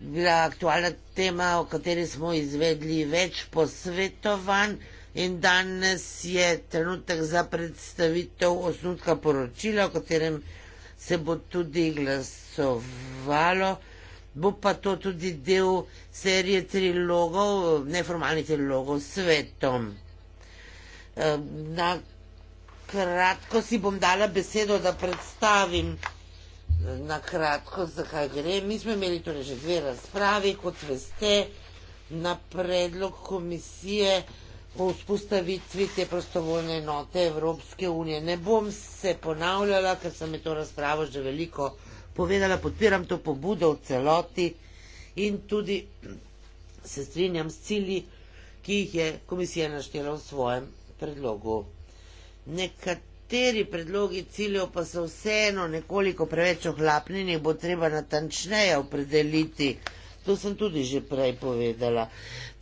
bila aktualna tema, o kateri smo izvedli več posvetovanj in danes je trenutek za predstavitev osnutka poročila, o katerem se bo tudi glasovalo. Bo pa to tudi del serije trilogov, neformalnih trilogov s svetom. Ehm, na kratko si bom dala besedo, da predstavim na kratko, zakaj gre. Mi smo imeli torej že dve razpravi, kot veste, na predlog komisije o vzpostavitvi te prostovoljne enote Evropske unije. Ne bom se ponavljala, ker sem je to razpravo že veliko povedala, podpiram to pobudo v celoti in tudi se strinjam s cili, ki jih je komisija naštela v svojem predlogu. Nekat nekateri predlogi ciljev pa so vseeno nekoliko preveč ohlapnjeni, bo treba natančneje opredeliti. To sem tudi že prej povedala.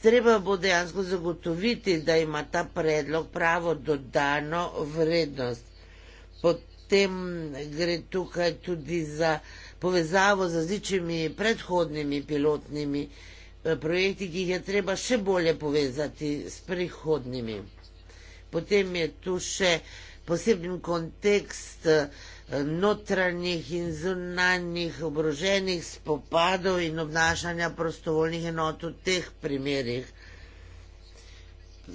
Treba bo dejansko zagotoviti, da ima ta predlog pravo dodano vrednost. Potem gre tukaj tudi za povezavo z različnimi predhodnimi pilotnimi eh, projekti, ki jih je treba še bolje povezati s prihodnimi. Potem je tu še poseben kontekst eh, notranjih in zunanjih oboroženih spopadov in obnašanja prostovoljnih enot v teh primerih.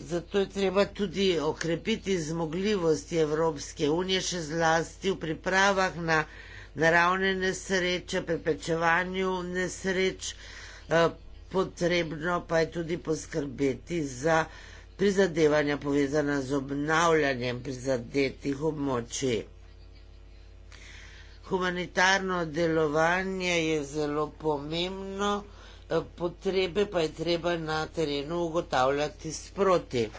Zato je treba tudi okrepiti zmogljivosti Evropske unije, še zlasti v pripravah na naravne nesreče, preprečevanju nesreč, eh, potrebno pa je tudi poskrbeti za prizadevanja povezana z obnavljanjem prizadetih območij. Humanitarno delovanje je zelo pomembno, eh, potrebe pa je treba na terenu ugotavljati sproti.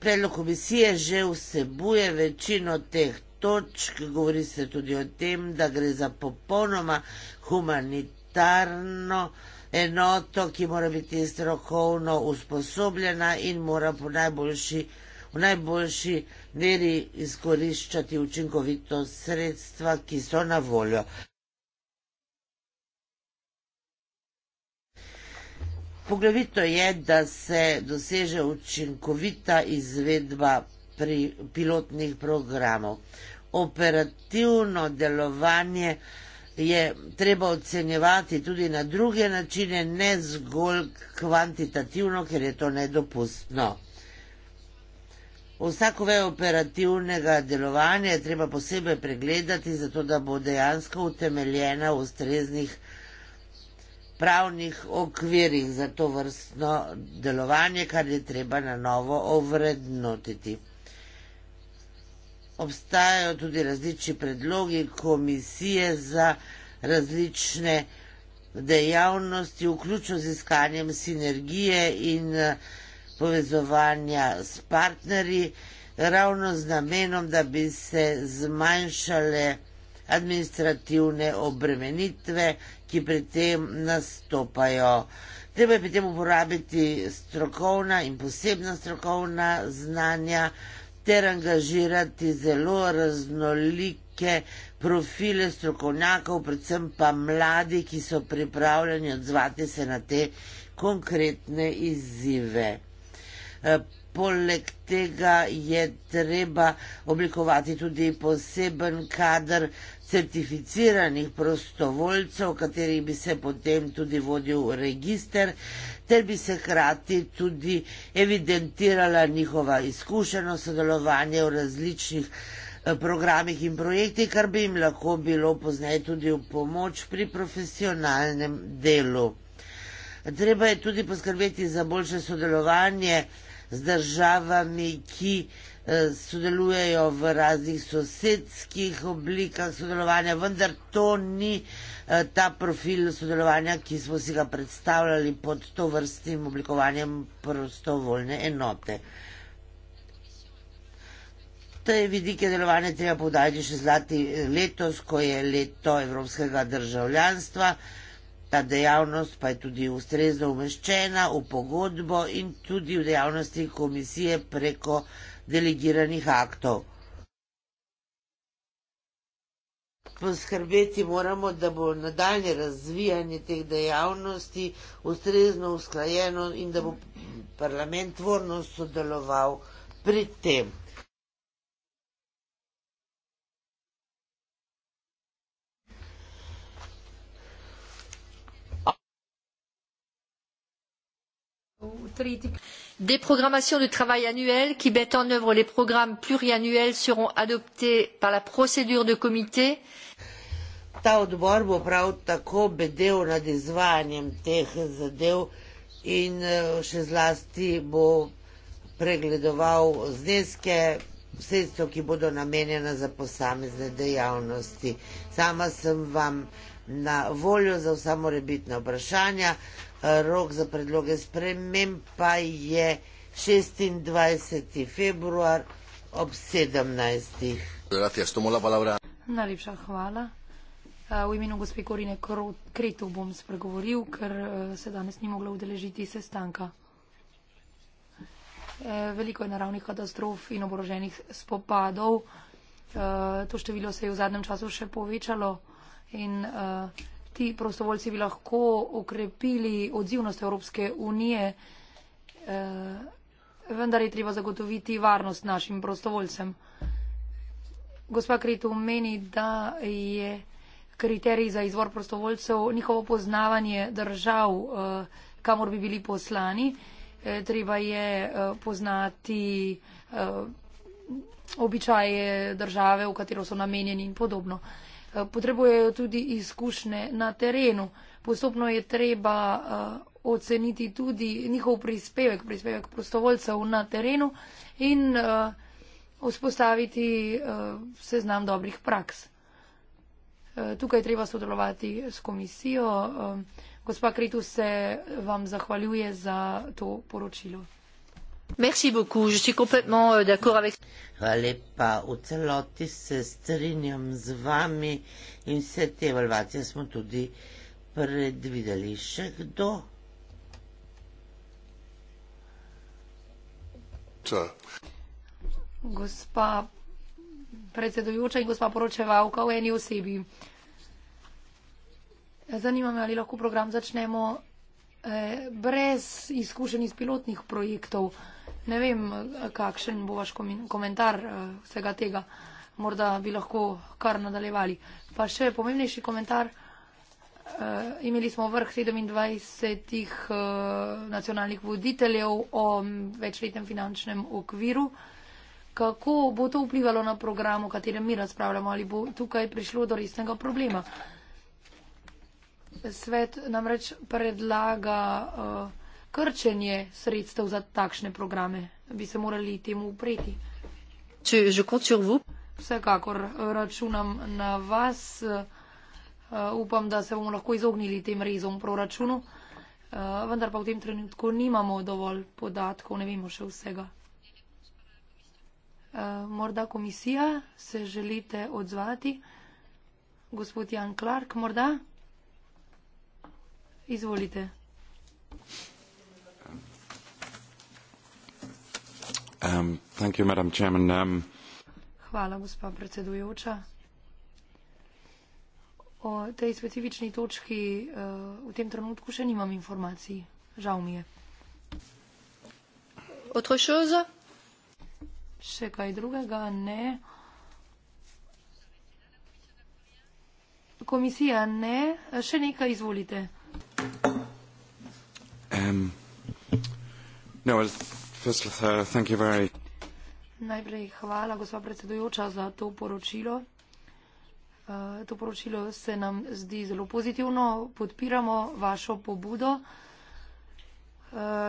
Predlog komisije že vsebuje večino teh točk, govori se tudi o tem, da gre za popolnoma humanitarno delovanje, enoto, ki mora biti strokovno usposobljena in mora v najboljši, v najboljši meri izkoriščati učinkovito sredstva, ki so na voljo. Poglavito je, da se doseže učinkovita izvedba pri pilotnih programov. Operativno delovanje je treba ocenjevati tudi na druge načine, ne zgolj kvantitativno, ker je to nedopustno. Vsako vejo operativnega delovanja je treba posebej pregledati, zato da bo dejansko utemeljena v ustreznih pravnih okvirih za to vrstno delovanje, kar je treba na novo ovrednotiti obstajajo tudi različni predlogi komisije za različne dejavnosti, vključno z iskanjem sinergije in eh, povezovanja s partnerji, ravno z namenom, da bi se zmanjšale administrativne obremenitve, ki pri tem nastopajo. Treba je pri tem uporabiti strokovna in posebna strokovna znanja, ter angažirati zelo raznolike profile strokovnjakov, predvsem pa mladi, ki so pripravljeni odzvati se na te konkretne izzive. Eh, poleg tega je treba oblikovati tudi poseben kader, certificiranih prostovoljcev, katerih bi se potem tudi vodil v register, ter bi se hkrati tudi evidentirala njihova izkušenost sodelovanja v različnih eh, programih in projektih, kar bi jim lahko bilo pozneje tudi v pomoč pri profesionalnem delu. Treba je tudi poskrbeti za boljše sodelovanje z državami, ki Eh, sodelujejo v raznih sosedskih oblikah sodelovanja, vendar to ni eh, ta profil sodelovanja, ki smo si ga predstavljali pod to vrstnim oblikovanjem prostovoljne enote. Te vidike delovanja treba povdajati še zlati eh, letos, ko je leto evropskega državljanstva. Ta dejavnost pa je tudi ustrezno umeščena v pogodbo in tudi v dejavnosti komisije preko delegiranih aktov. Poskrbeti moramo, da bo nadaljne razvijanje teh dejavnosti ustrezno usklajeno in da bo parlament tvorno sodeloval pri tem.
Tretji des programmations de travail annuelles qui mettent en œuvre les programmes pluriannuels seront adoptées par la
procédure de comité. Ta odbor bo prav tako bedel nad izvajanjem teh zadev in eh, še zlasti bo pregledoval zneske sredstev, ki bodo namenjena za posamezne dejavnosti. Sama sem vam na voljo za vsa morebitna vprašanja rok za predloge sprememb pa je 26. februar ob 17. Gracias, tomo la palabra.
Najlepša hvala. Eh, v imenu gospe Korine Kretov bom spregovoril, ker eh, se danes ni mogla udeležiti sestanka. Eh, veliko je naravnih katastrof in oboroženih spopadov. To število se je v zadnjem času še povečalo in ti prostovoljci bi lahko okrepili odzivnost Evropske unije, eh, vendar je treba zagotoviti varnost našim prostovoljcem. Gospa Kritu meni, da je kriterij za izvor prostovoljcev njihovo poznavanje držav, eh, kamor bi bili poslani. Eh, treba je eh, poznati eh, običaje države, v katero so namenjeni in podobno. Eh, Eh, potrebujejo tudi izkušnje na terenu. Postopno je treba uh, oceniti tudi njihov prispevek, prispevek prostovoljcev na terenu in uh, vzpostaviti uh, seznam dobrih praks. Uh, tukaj treba sodelovati s komisijo. Uh, gospa Kritu se vam zahvaljuje za to poročilo.
Merci beaucoup, je suis complètement euh, d'accord avec.
Lepa, v celoti se strinjam z vami in vse te evalvacije smo tudi predvideli. Še kdo? Če.
Gospa predsedujoča in gospa poročevalka v eni osebi. Zanima me, ali lahko program začnemo eh, brez izkušenj iz pilotnih projektov. Ne vem, kakšen bo vaš komentar eh, vsega tega. Morda bi lahko kar nadaljevali. Pa še pomembnejši komentar. Eh, imeli smo vrh 27 eh, nacionalnih voditeljev o mm, večletnem finančnem okviru. Kako bo to vplivalo na program, o katerem mi razpravljamo, ali bo tukaj prišlo do resnega problema? Svet namreč predlaga. Uh, krčenje sredstev za takšne programe. Bi se morali temu upreti.
Če že kot če vup.
Vsekakor računam na vas. Eh, upam, da se bomo lahko izognili tem rezom v proračunu. Eh, vendar pa v tem trenutku nimamo dovolj podatkov, ne vemo še vsega. Eh, morda komisija, se želite odzvati? Gospod Jan Clark, morda? Izvolite. Thank
you. Um, um,
o tej specifični točki uh, v tem trenutku še nimam informacij. Žal mi je. Autre chose? Še kaj drugega? Ne. Komisija ne. Še nekaj izvolite.
Um, no, as
Najprej hvala, gospod predsedujoča, za to poročilo. Eh, to poročilo se nam zdi zelo pozitivno. Podpiramo vašo pobudo. Eh,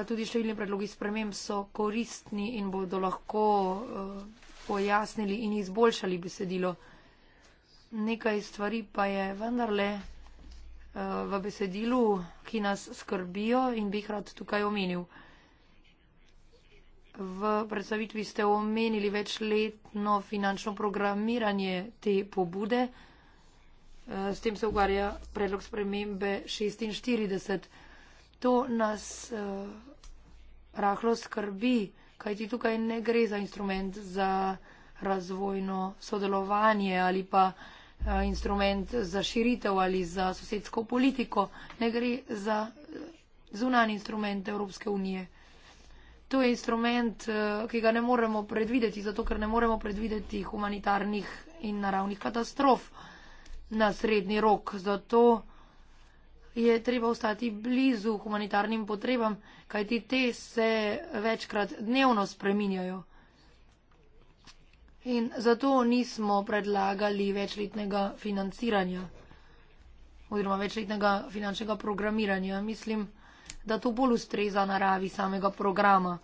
tudi številni predlogi sprememb so koristni in bodo lahko eh, pojasnili in izboljšali besedilo. Nekaj stvari pa je vendarle v besedilu, ki nas skrbijo in bi jih rad tukaj omenil. V predstavitvi ste omenili večletno finančno programiranje te pobude. E, s tem se ugvarja predlog spremembe 46. To nas uh, rahlo skrbi, kajti tukaj ne gre za instrument za razvojno sodelovanje ali pa uh, instrument za širitev ali za sosedsko politiko. Ne gre za zunani instrument Evropske unije. To je instrument, eh, ki ga ne moremo predvideti, zato ker ne moremo predvideti humanitarnih in naravnih katastrof na srednji rok. Zato je treba ostati blizu humanitarnim potrebam, kajti te se večkrat dnevno spreminjajo. In zato nismo predlagali večletnega financiranja oziroma večletnega finančnega programiranja. Mislim, da to bolj ustreza naravi samega programa.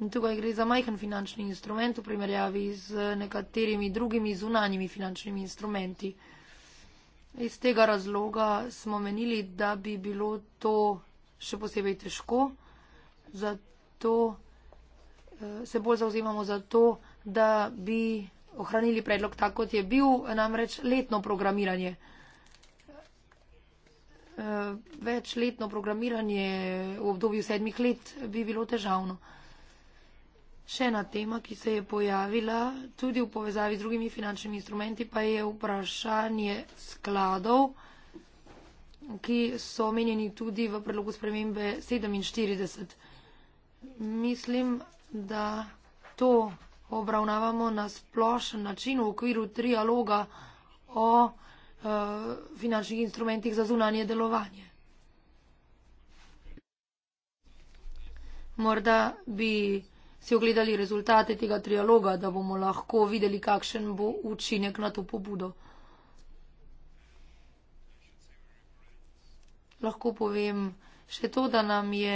In tukaj gre za majhen finančni instrument v primerjavi z nekaterimi drugimi zunanjimi finančnimi instrumenti. Iz tega razloga smo menili, da bi bilo to še posebej težko, zato eh, se bolj zauzemamo za to, da bi ohranili predlog tako, kot je bil, namreč letno programiranje. Eh, večletno programiranje v obdobju sedmih let bi bilo težavno. Še ena tema, ki se je pojavila tudi v povezavi z drugimi finančnimi instrumenti, pa je vprašanje skladov, ki so omenjeni tudi v predlogu spremembe 47. Mislim, da to obravnavamo na splošen način v okviru trialoga o uh, finančnih instrumentih za zunanje delovanje. Morda bi si ogledali rezultate tega trialoga, da bomo lahko videli, kakšen bo učinek na to pobudo. Lahko povem še to, da nam je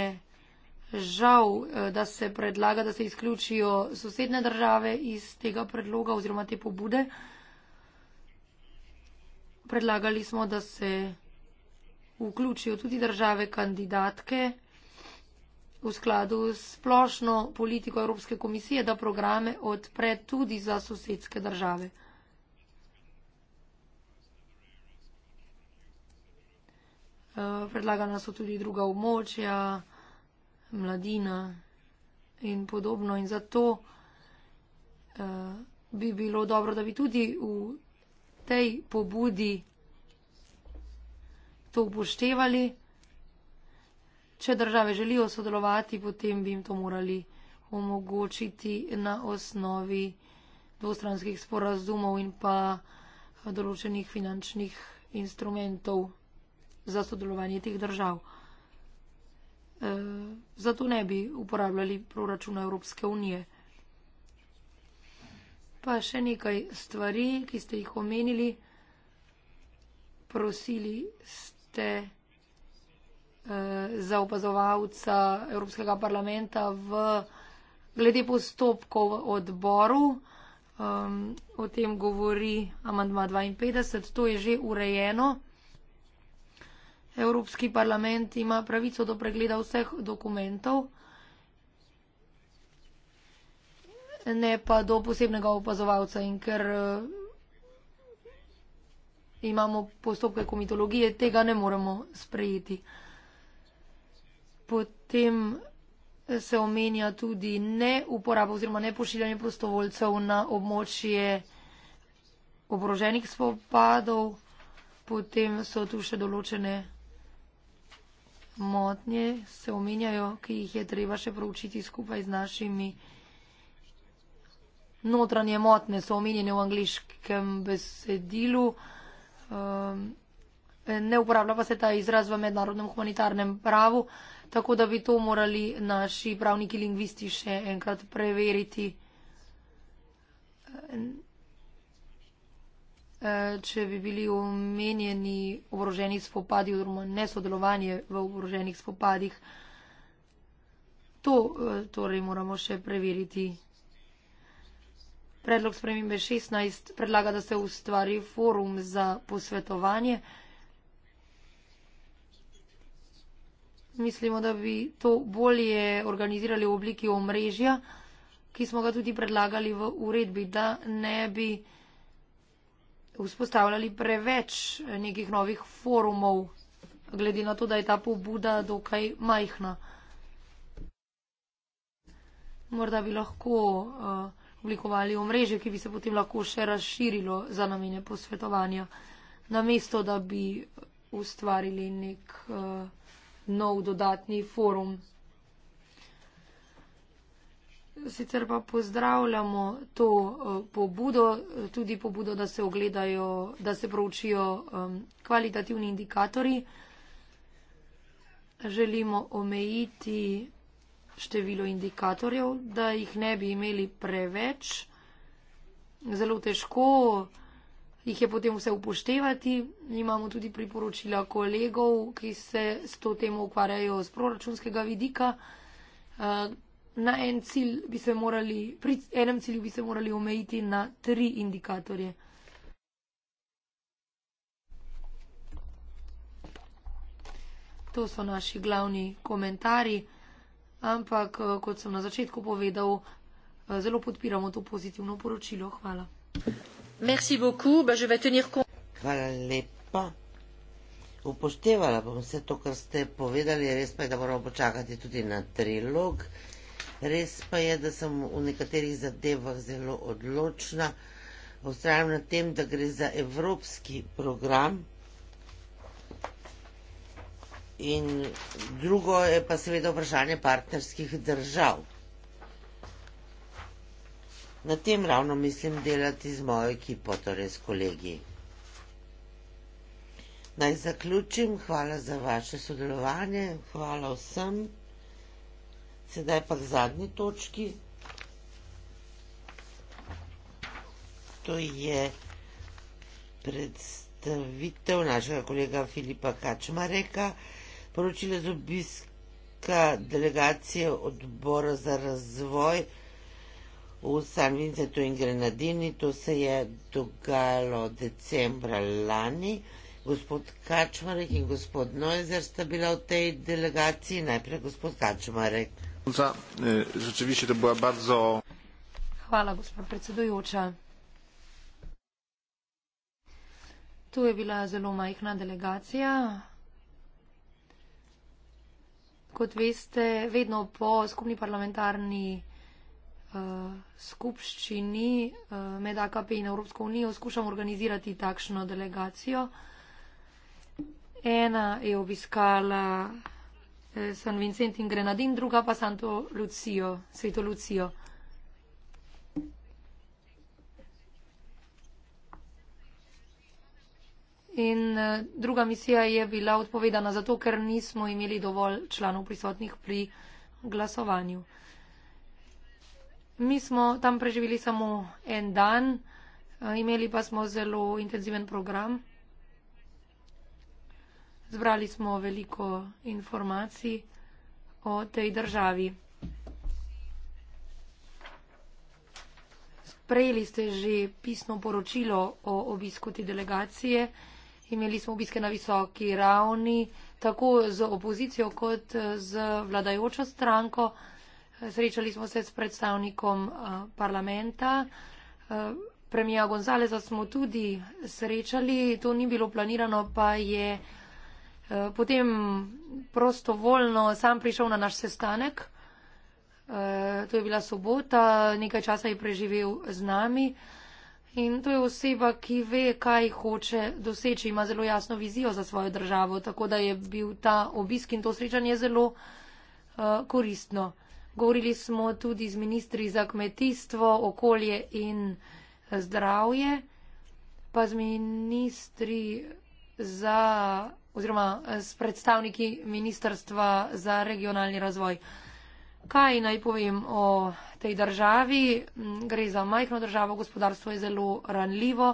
žal, eh, da se predlaga, da se izključijo sosedne države iz tega predloga oziroma te pobude predlagali smo, da se vključijo tudi države kandidatke v skladu s splošno politiko Evropske komisije, da programe odpre tudi za sosedske države. Eh, predlagana so tudi druga območja, mladina in podobno. In zato eh, bi bilo dobro, da bi tudi v tej pobudi to upoštevali. Če države želijo sodelovati, potem bi jim to morali omogočiti na osnovi dvostranskih sporazumov in pa določenih finančnih instrumentov za sodelovanje teh držav. E, zato ne bi uporabljali proračuna Evropske unije. Pa še nekaj stvari, ki ste jih omenili. Prosili ste eh, za opazovalca Evropskega parlamenta v glede postopkov v odboru. Um, o tem govori amandma 52. To je že urejeno. Evropski parlament ima pravico do pregleda vseh dokumentov. ne pa do posebnega opazovalca. In ker uh, imamo postopke komitologije, tega ne moremo sprejeti. Potem eh, se omenja tudi ne uporabo oziroma ne pošiljanje prostovoljcev na območje oboroženih spopadov. Potem so tu še določene motnje, se omenjajo, ki jih je treba še proučiti skupaj z našimi notranje motne so omenjene v angliškem besedilu. Um, ne uporablja pa se ta izraz v mednarodnem humanitarnem pravu, tako da bi to morali naši pravniki lingvisti še enkrat preveriti. Ehm, ehm, če bi bili omenjeni oboroženi spopadi oziroma nesodelovanje v oboroženih spopadih, to eh, torej moramo še preveriti. Predlog spremembe 16 predlaga, da se ustvari forum za posvetovanje. Mislimo, da bi to bolje organizirali v obliki omrežja, ki smo ga tudi predlagali v uredbi, da ne bi vzpostavljali preveč nekih novih forumov, glede na to, da je ta pobuda dokaj majhna. Morda bi lahko uh, oblikovali omrežje, ki bi se potem lahko še razširilo za namene posvetovanja, namesto da bi ustvarili nek uh, nov dodatni forum. Sicer pa pozdravljamo to uh, pobudo, tudi pobudo, da se ogledajo, da se proučijo um, kvalitativni indikatori. Želimo omejiti število indikatorjev, da jih ne bi imeli preveč. Zelo težko jih je potem vse upoštevati. Imamo tudi priporočila kolegov, ki se s to temo ukvarjajo z proračunskega vidika. Eh, na en cilj bi se morali, pri enem cilju bi se morali omejiti na tri indikatorje. To so naši glavni komentarji. Ampak, eh, kot sem na začetku povedal, eh, zelo podpiramo to pozitivno poročilo.
Hvala. Merci beaucoup, ben je vais tenir compte.
Hvala lepa. Upoštevala bom vse to, kar ste povedali, res pa je, da moramo počakati tudi na trilog. Res pa je, da sem v nekaterih zadevah zelo odločna. Ostrajam na tem, da gre za evropski program. In drugo je pa seveda vprašanje partnerskih držav. Na tem ravno mislim delati z mojo ekipo, torej s kolegi. Naj zaključim, hvala za vaše sodelovanje, hvala vsem. Sedaj pa k zadnji točki. To je predstavitev našega kolega Filipa Kačmareka poročila z obiska delegacije odbora za razvoj v San Vincentu in Grenadini. To se je dogajalo decembra lani. Gospod Kačmarek in gospod Nojzer sta bila v tej delegaciji. Najprej gospod Kačmarek.
E,
Hvala, gospod predsedujoča. Tu je bila zelo majhna delegacija, Kot veste, vedno po skupni parlamentarni uh, skupščini uh, med AKP in Evropsko unijo skušamo organizirati takšno delegacijo. Ena je obiskala eh, San Vincent in Grenadin, druga pa Santo Lucijo, Sveto Lucijo. In eh, druga misija je bila odpovedana zato, ker nismo imeli dovolj članov prisotnih pri glasovanju. Mi smo tam preživeli samo en dan, eh, imeli pa smo zelo intenziven program. Zbrali smo veliko informacij o tej državi. Prejeli ste že pisno poročilo o obisku te delegacije. Imeli smo obiske na visoki ravni, tako z opozicijo kot eh, z vladajočo stranko. Eh, srečali smo se s predstavnikom eh, parlamenta. Premija Gonzaleza smo tudi srečali, to ni bilo planirano, pa je potem prostovoljno sam prišel na naš sestanek. To je bila sobota, nekaj časa je preživel z nami. In to je oseba, ki ve, kaj hoče doseči, ima zelo jasno vizijo za svojo državo, tako da je bil ta obisk in to srečanje zelo uh, koristno. Govorili smo tudi z ministri za kmetijstvo, okolje in eh, zdravje, pa z ministri za oziroma eh, s predstavniki Ministrstva za regionalni razvoj kaj naj povem o tej državi. Mm, gre za majhno državo, gospodarstvo je zelo ranljivo.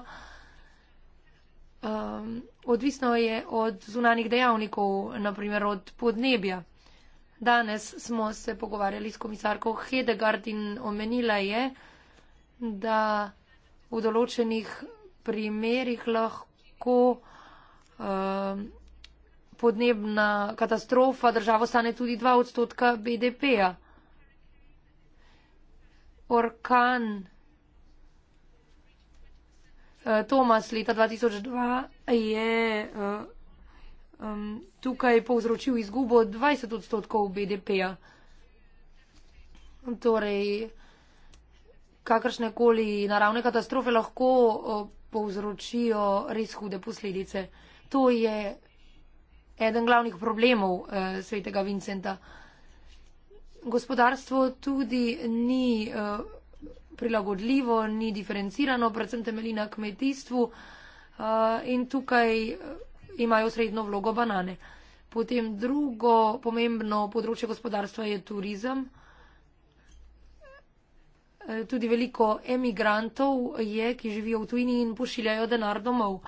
Um, odvisno je od zunanih dejavnikov, naprimer od podnebja. Danes smo se pogovarjali s komisarko Hedegard in omenila je, da v določenih primerjih lahko um, podnebna katastrofa državo stane tudi 2 odstotka BDP-a orkan eh, Tomas leta 2002 je eh, tukaj povzročil izgubo 20 odstotkov BDP-ja. Torej, kakršne koli naravne katastrofe lahko eh, povzročijo res hude posledice. To je eden glavnih problemov svetega Vincenta Vincenta gospodarstvo tudi ni eh, prilagodljivo, ni diferencirano, predvsem temelji na kmetijstvu eh, in tukaj eh, imajo srednjo vlogo banane. Potem drugo pomembno področje gospodarstva je turizem. Tudi veliko emigrantov je, ki živijo v tujini in pošiljajo denar domov.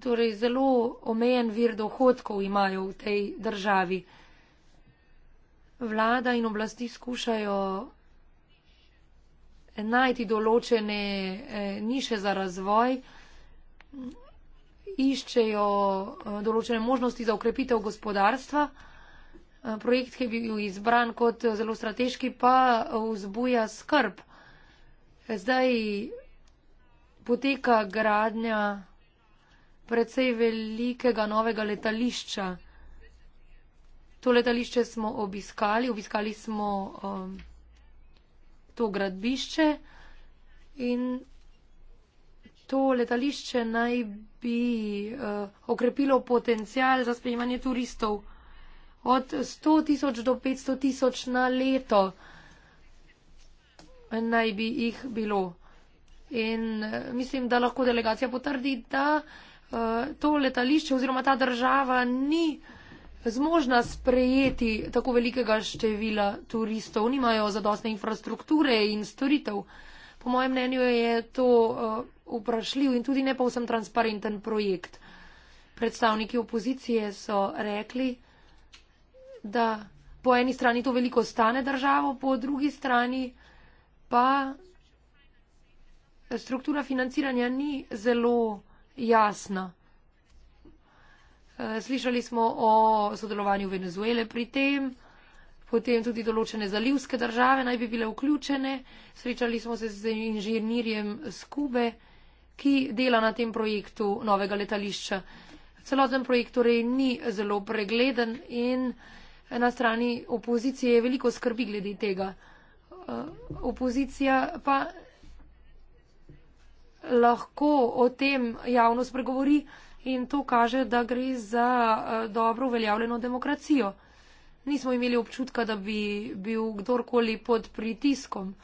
torej zelo omejen vir dohodkov imajo v tej državi. Vlada in oblasti skušajo najti določene eh, niše za razvoj, iščejo eh, določene možnosti za ukrepitev gospodarstva. Eh, projekt, ki je bil izbran kot zelo strateški, pa vzbuja skrb. Zdaj poteka gradnja precej velikega novega letališča. To letališče smo obiskali, obiskali smo um, to gradbišče in to letališče naj bi uh, okrepilo potencial za sprejemanje turistov od 100 tisoč do 500 tisoč na leto naj bi jih bilo. In uh, mislim, da lahko delegacija potrdi, da Eh, to letališče oziroma ta država ni zmožna sprejeti tako velikega števila turistov, nimajo zadostne infrastrukture in storitev. Po mojem mnenju je to uh, vprašljiv in tudi ne povsem transparenten projekt. Predstavniki opozicije so rekli, da po eni strani to veliko stane državo, po drugi strani pa struktura financiranja ni zelo jasna. Eh, slišali smo o sodelovanju Venezuele pri tem, potem tudi določene zalivske države naj bi bile vključene. Srečali smo se z inženirjem Skube, ki dela na tem projektu novega letališča. Celoten projekt torej ni zelo pregleden in na strani opozicije je veliko skrbi glede tega. Eh, opozicija pa lahko o tem javno spregovori in to kaže, da gre za eh, dobro uveljavljeno demokracijo. Nismo imeli občutka, da bi bil kdorkoli pod pritiskom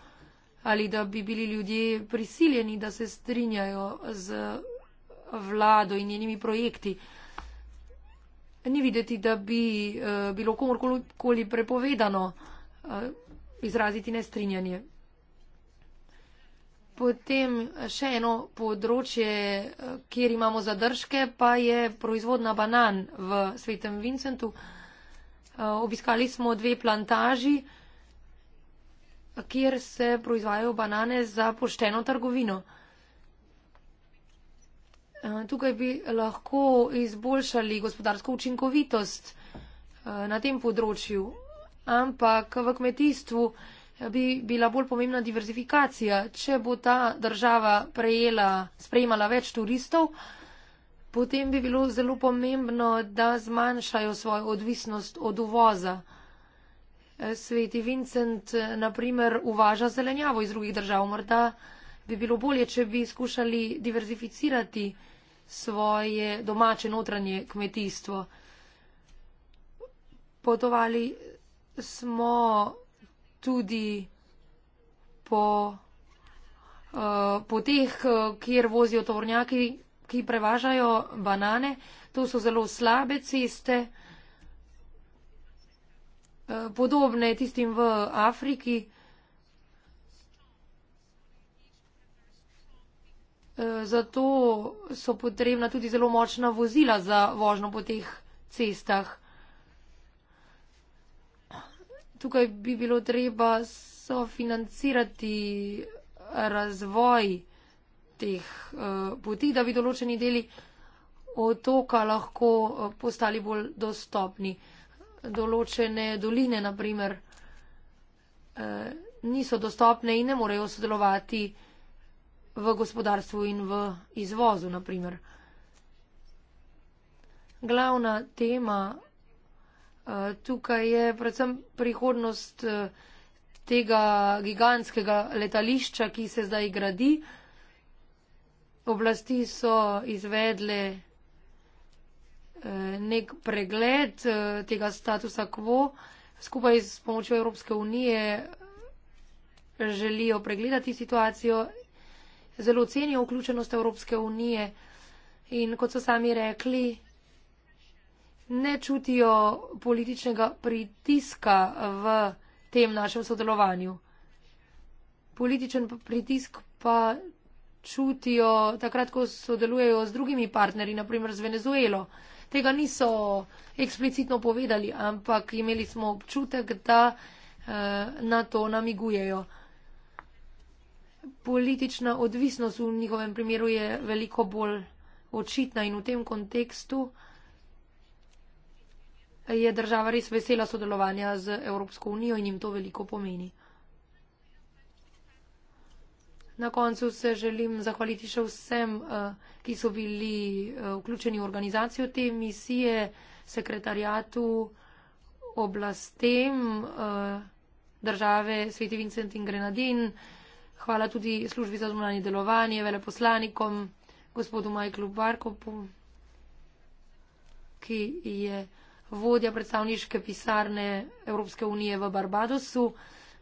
ali da bi bili ljudje prisiljeni, da se strinjajo z vlado in njenimi projekti. Ni videti, da bi eh, bilo komorkoli prepovedano eh, izraziti nestrinjanje. Potem še eno področje, eh, kjer imamo zadržke, pa je proizvodna banan v Svetem Vincentu. Eh, obiskali smo dve plantaži, kjer se proizvajajo banane za pošteno trgovino. Eh, tukaj bi lahko izboljšali gospodarsko učinkovitost na tem področju, ampak v kmetijstvu bi bila bolj pomembna diverzifikacija. Če bo ta država prejela, sprejemala več turistov, potem bi bilo zelo pomembno, da zmanjšajo svojo odvisnost od uvoza. Eh, Sveti Vincent, naprimer, uvaža zelenjavo iz drugih držav. Morda bi bilo bolje, če bi skušali diverzificirati svoje domače notranje kmetijstvo. Potovali smo tudi po, uh, po teh, eh, kjer vozijo tovornjaki, ki prevažajo banane. To so zelo slabe ceste, uh, podobne tistim v Afriki. Zato so potrebna tudi zelo močna vozila za vožno po teh cestah tukaj bi bilo treba sofinancirati razvoj teh uh, poti, da bi določeni deli otoka lahko uh, postali bolj dostopni. Določene doline, naprimer, uh, eh, niso dostopne in ne morejo sodelovati v gospodarstvu in v izvozu, naprimer. Glavna tema Tukaj je predvsem prihodnost e, tega gigantskega letališča, ki se zdaj gradi. Oblasti so izvedle e, nek pregled e, tega statusa quo. Skupaj s pomočjo Evropske unije želijo pregledati situacijo. Zelo cenijo vključenost Evropske unije in kot so sami rekli, ne čutijo političnega pritiska v tem našem sodelovanju. Političen pritisk pa čutijo takrat, ko sodelujejo z drugimi partnerji, naprimer z Venezuelo. Tega niso eksplicitno povedali, ampak imeli smo občutek, da eh, na to namigujejo. Politična odvisnost v njihovem primeru je veliko bolj očitna in v tem kontekstu eh, je država res vesela sodelovanja z Evropsko unijo in jim to veliko pomeni. Na koncu se želim zahvaliti še vsem, eh, ki so bili eh, vključeni v organizacijo te misije, sekretarjatu, oblastem eh, države Sveti Vincent in Grenadin. Hvala tudi službi za zunanje delovanje, veleposlanikom, gospodu Majklu Barkopu, ki je vodja predstavniške pisarne Evropske unije v Barbadosu.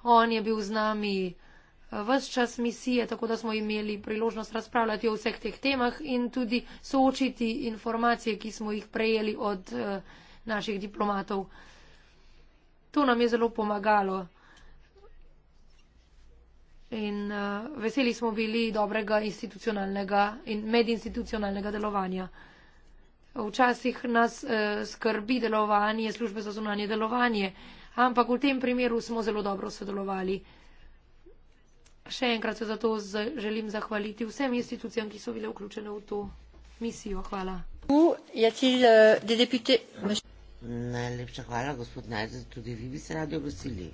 On je bil z nami eh, vse čas misije, tako da smo imeli priložnost razpravljati o vseh teh temah in tudi soočiti informacije, ki smo jih prejeli od eh, naših diplomatov. To nam je zelo pomagalo. In uh, veseli smo bili dobrega institucionalnega in medinstitucionalnega delovanja. Včasih nas eh, skrbi delovanje službe za zunanje delovanje, ampak v tem primeru smo zelo dobro sodelovali. Še enkrat se zato želim zahvaliti vsem institucijam, ki so bile vključene v to
misijo. Hvala. Euh,
Najlepša hvala, gospod Najzer, tudi vi bi se radi obrosili.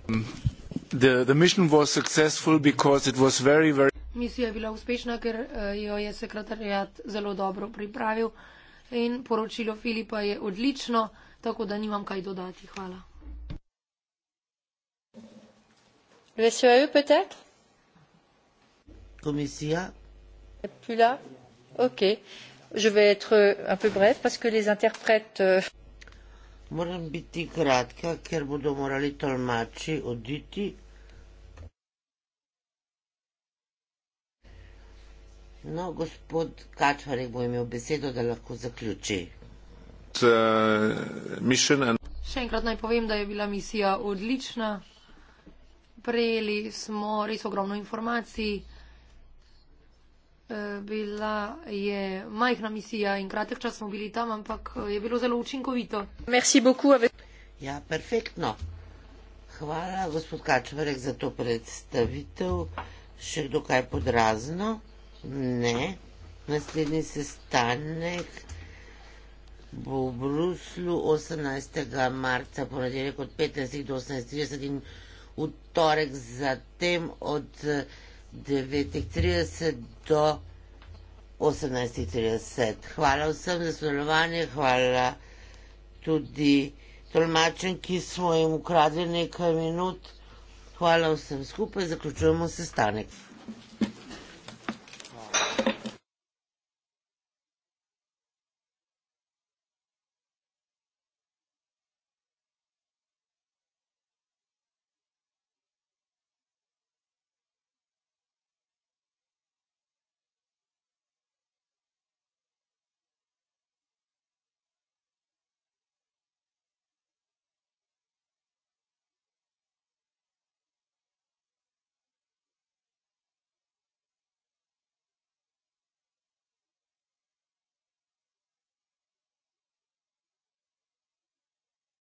Misija je bila uspešna, ker eh, jo je sekretarjat zelo dobro pripravil in poročilo Filipa je odlično, tako da nimam kaj dodati. Hvala.
Monsieur a eu peut-être
Commissia.
Plus là Ok. Je
vais être un peu bref parce que les interprètes. Euh, Moram biti kratka, ker bodo morali tolmači oditi. No, gospod Kačvarek bo imel besedo, da lahko zaključi. Uh, Še enkrat naj
povem, da je bila misija odlična. Prejeli smo res ogromno informacij. Eh, bila je majhna misija in kratek čas smo bili tam, ampak je bilo zelo učinkovito.
Ja, perfektno. Hvala, gospod Kačvarek, za to predstavitev. Še kdo kaj podrazno? Ne. Naslednji sestanek bo v Bruslu 18. marca, ponedeljek od 15. do 18.30 in v torek zatem od 9.30 do 18.30. Hvala vsem za sodelovanje, hvala tudi tolmačen, ki smo jim ukradli nekaj minut. Hvala vsem skupaj, zaključujemo sestanek.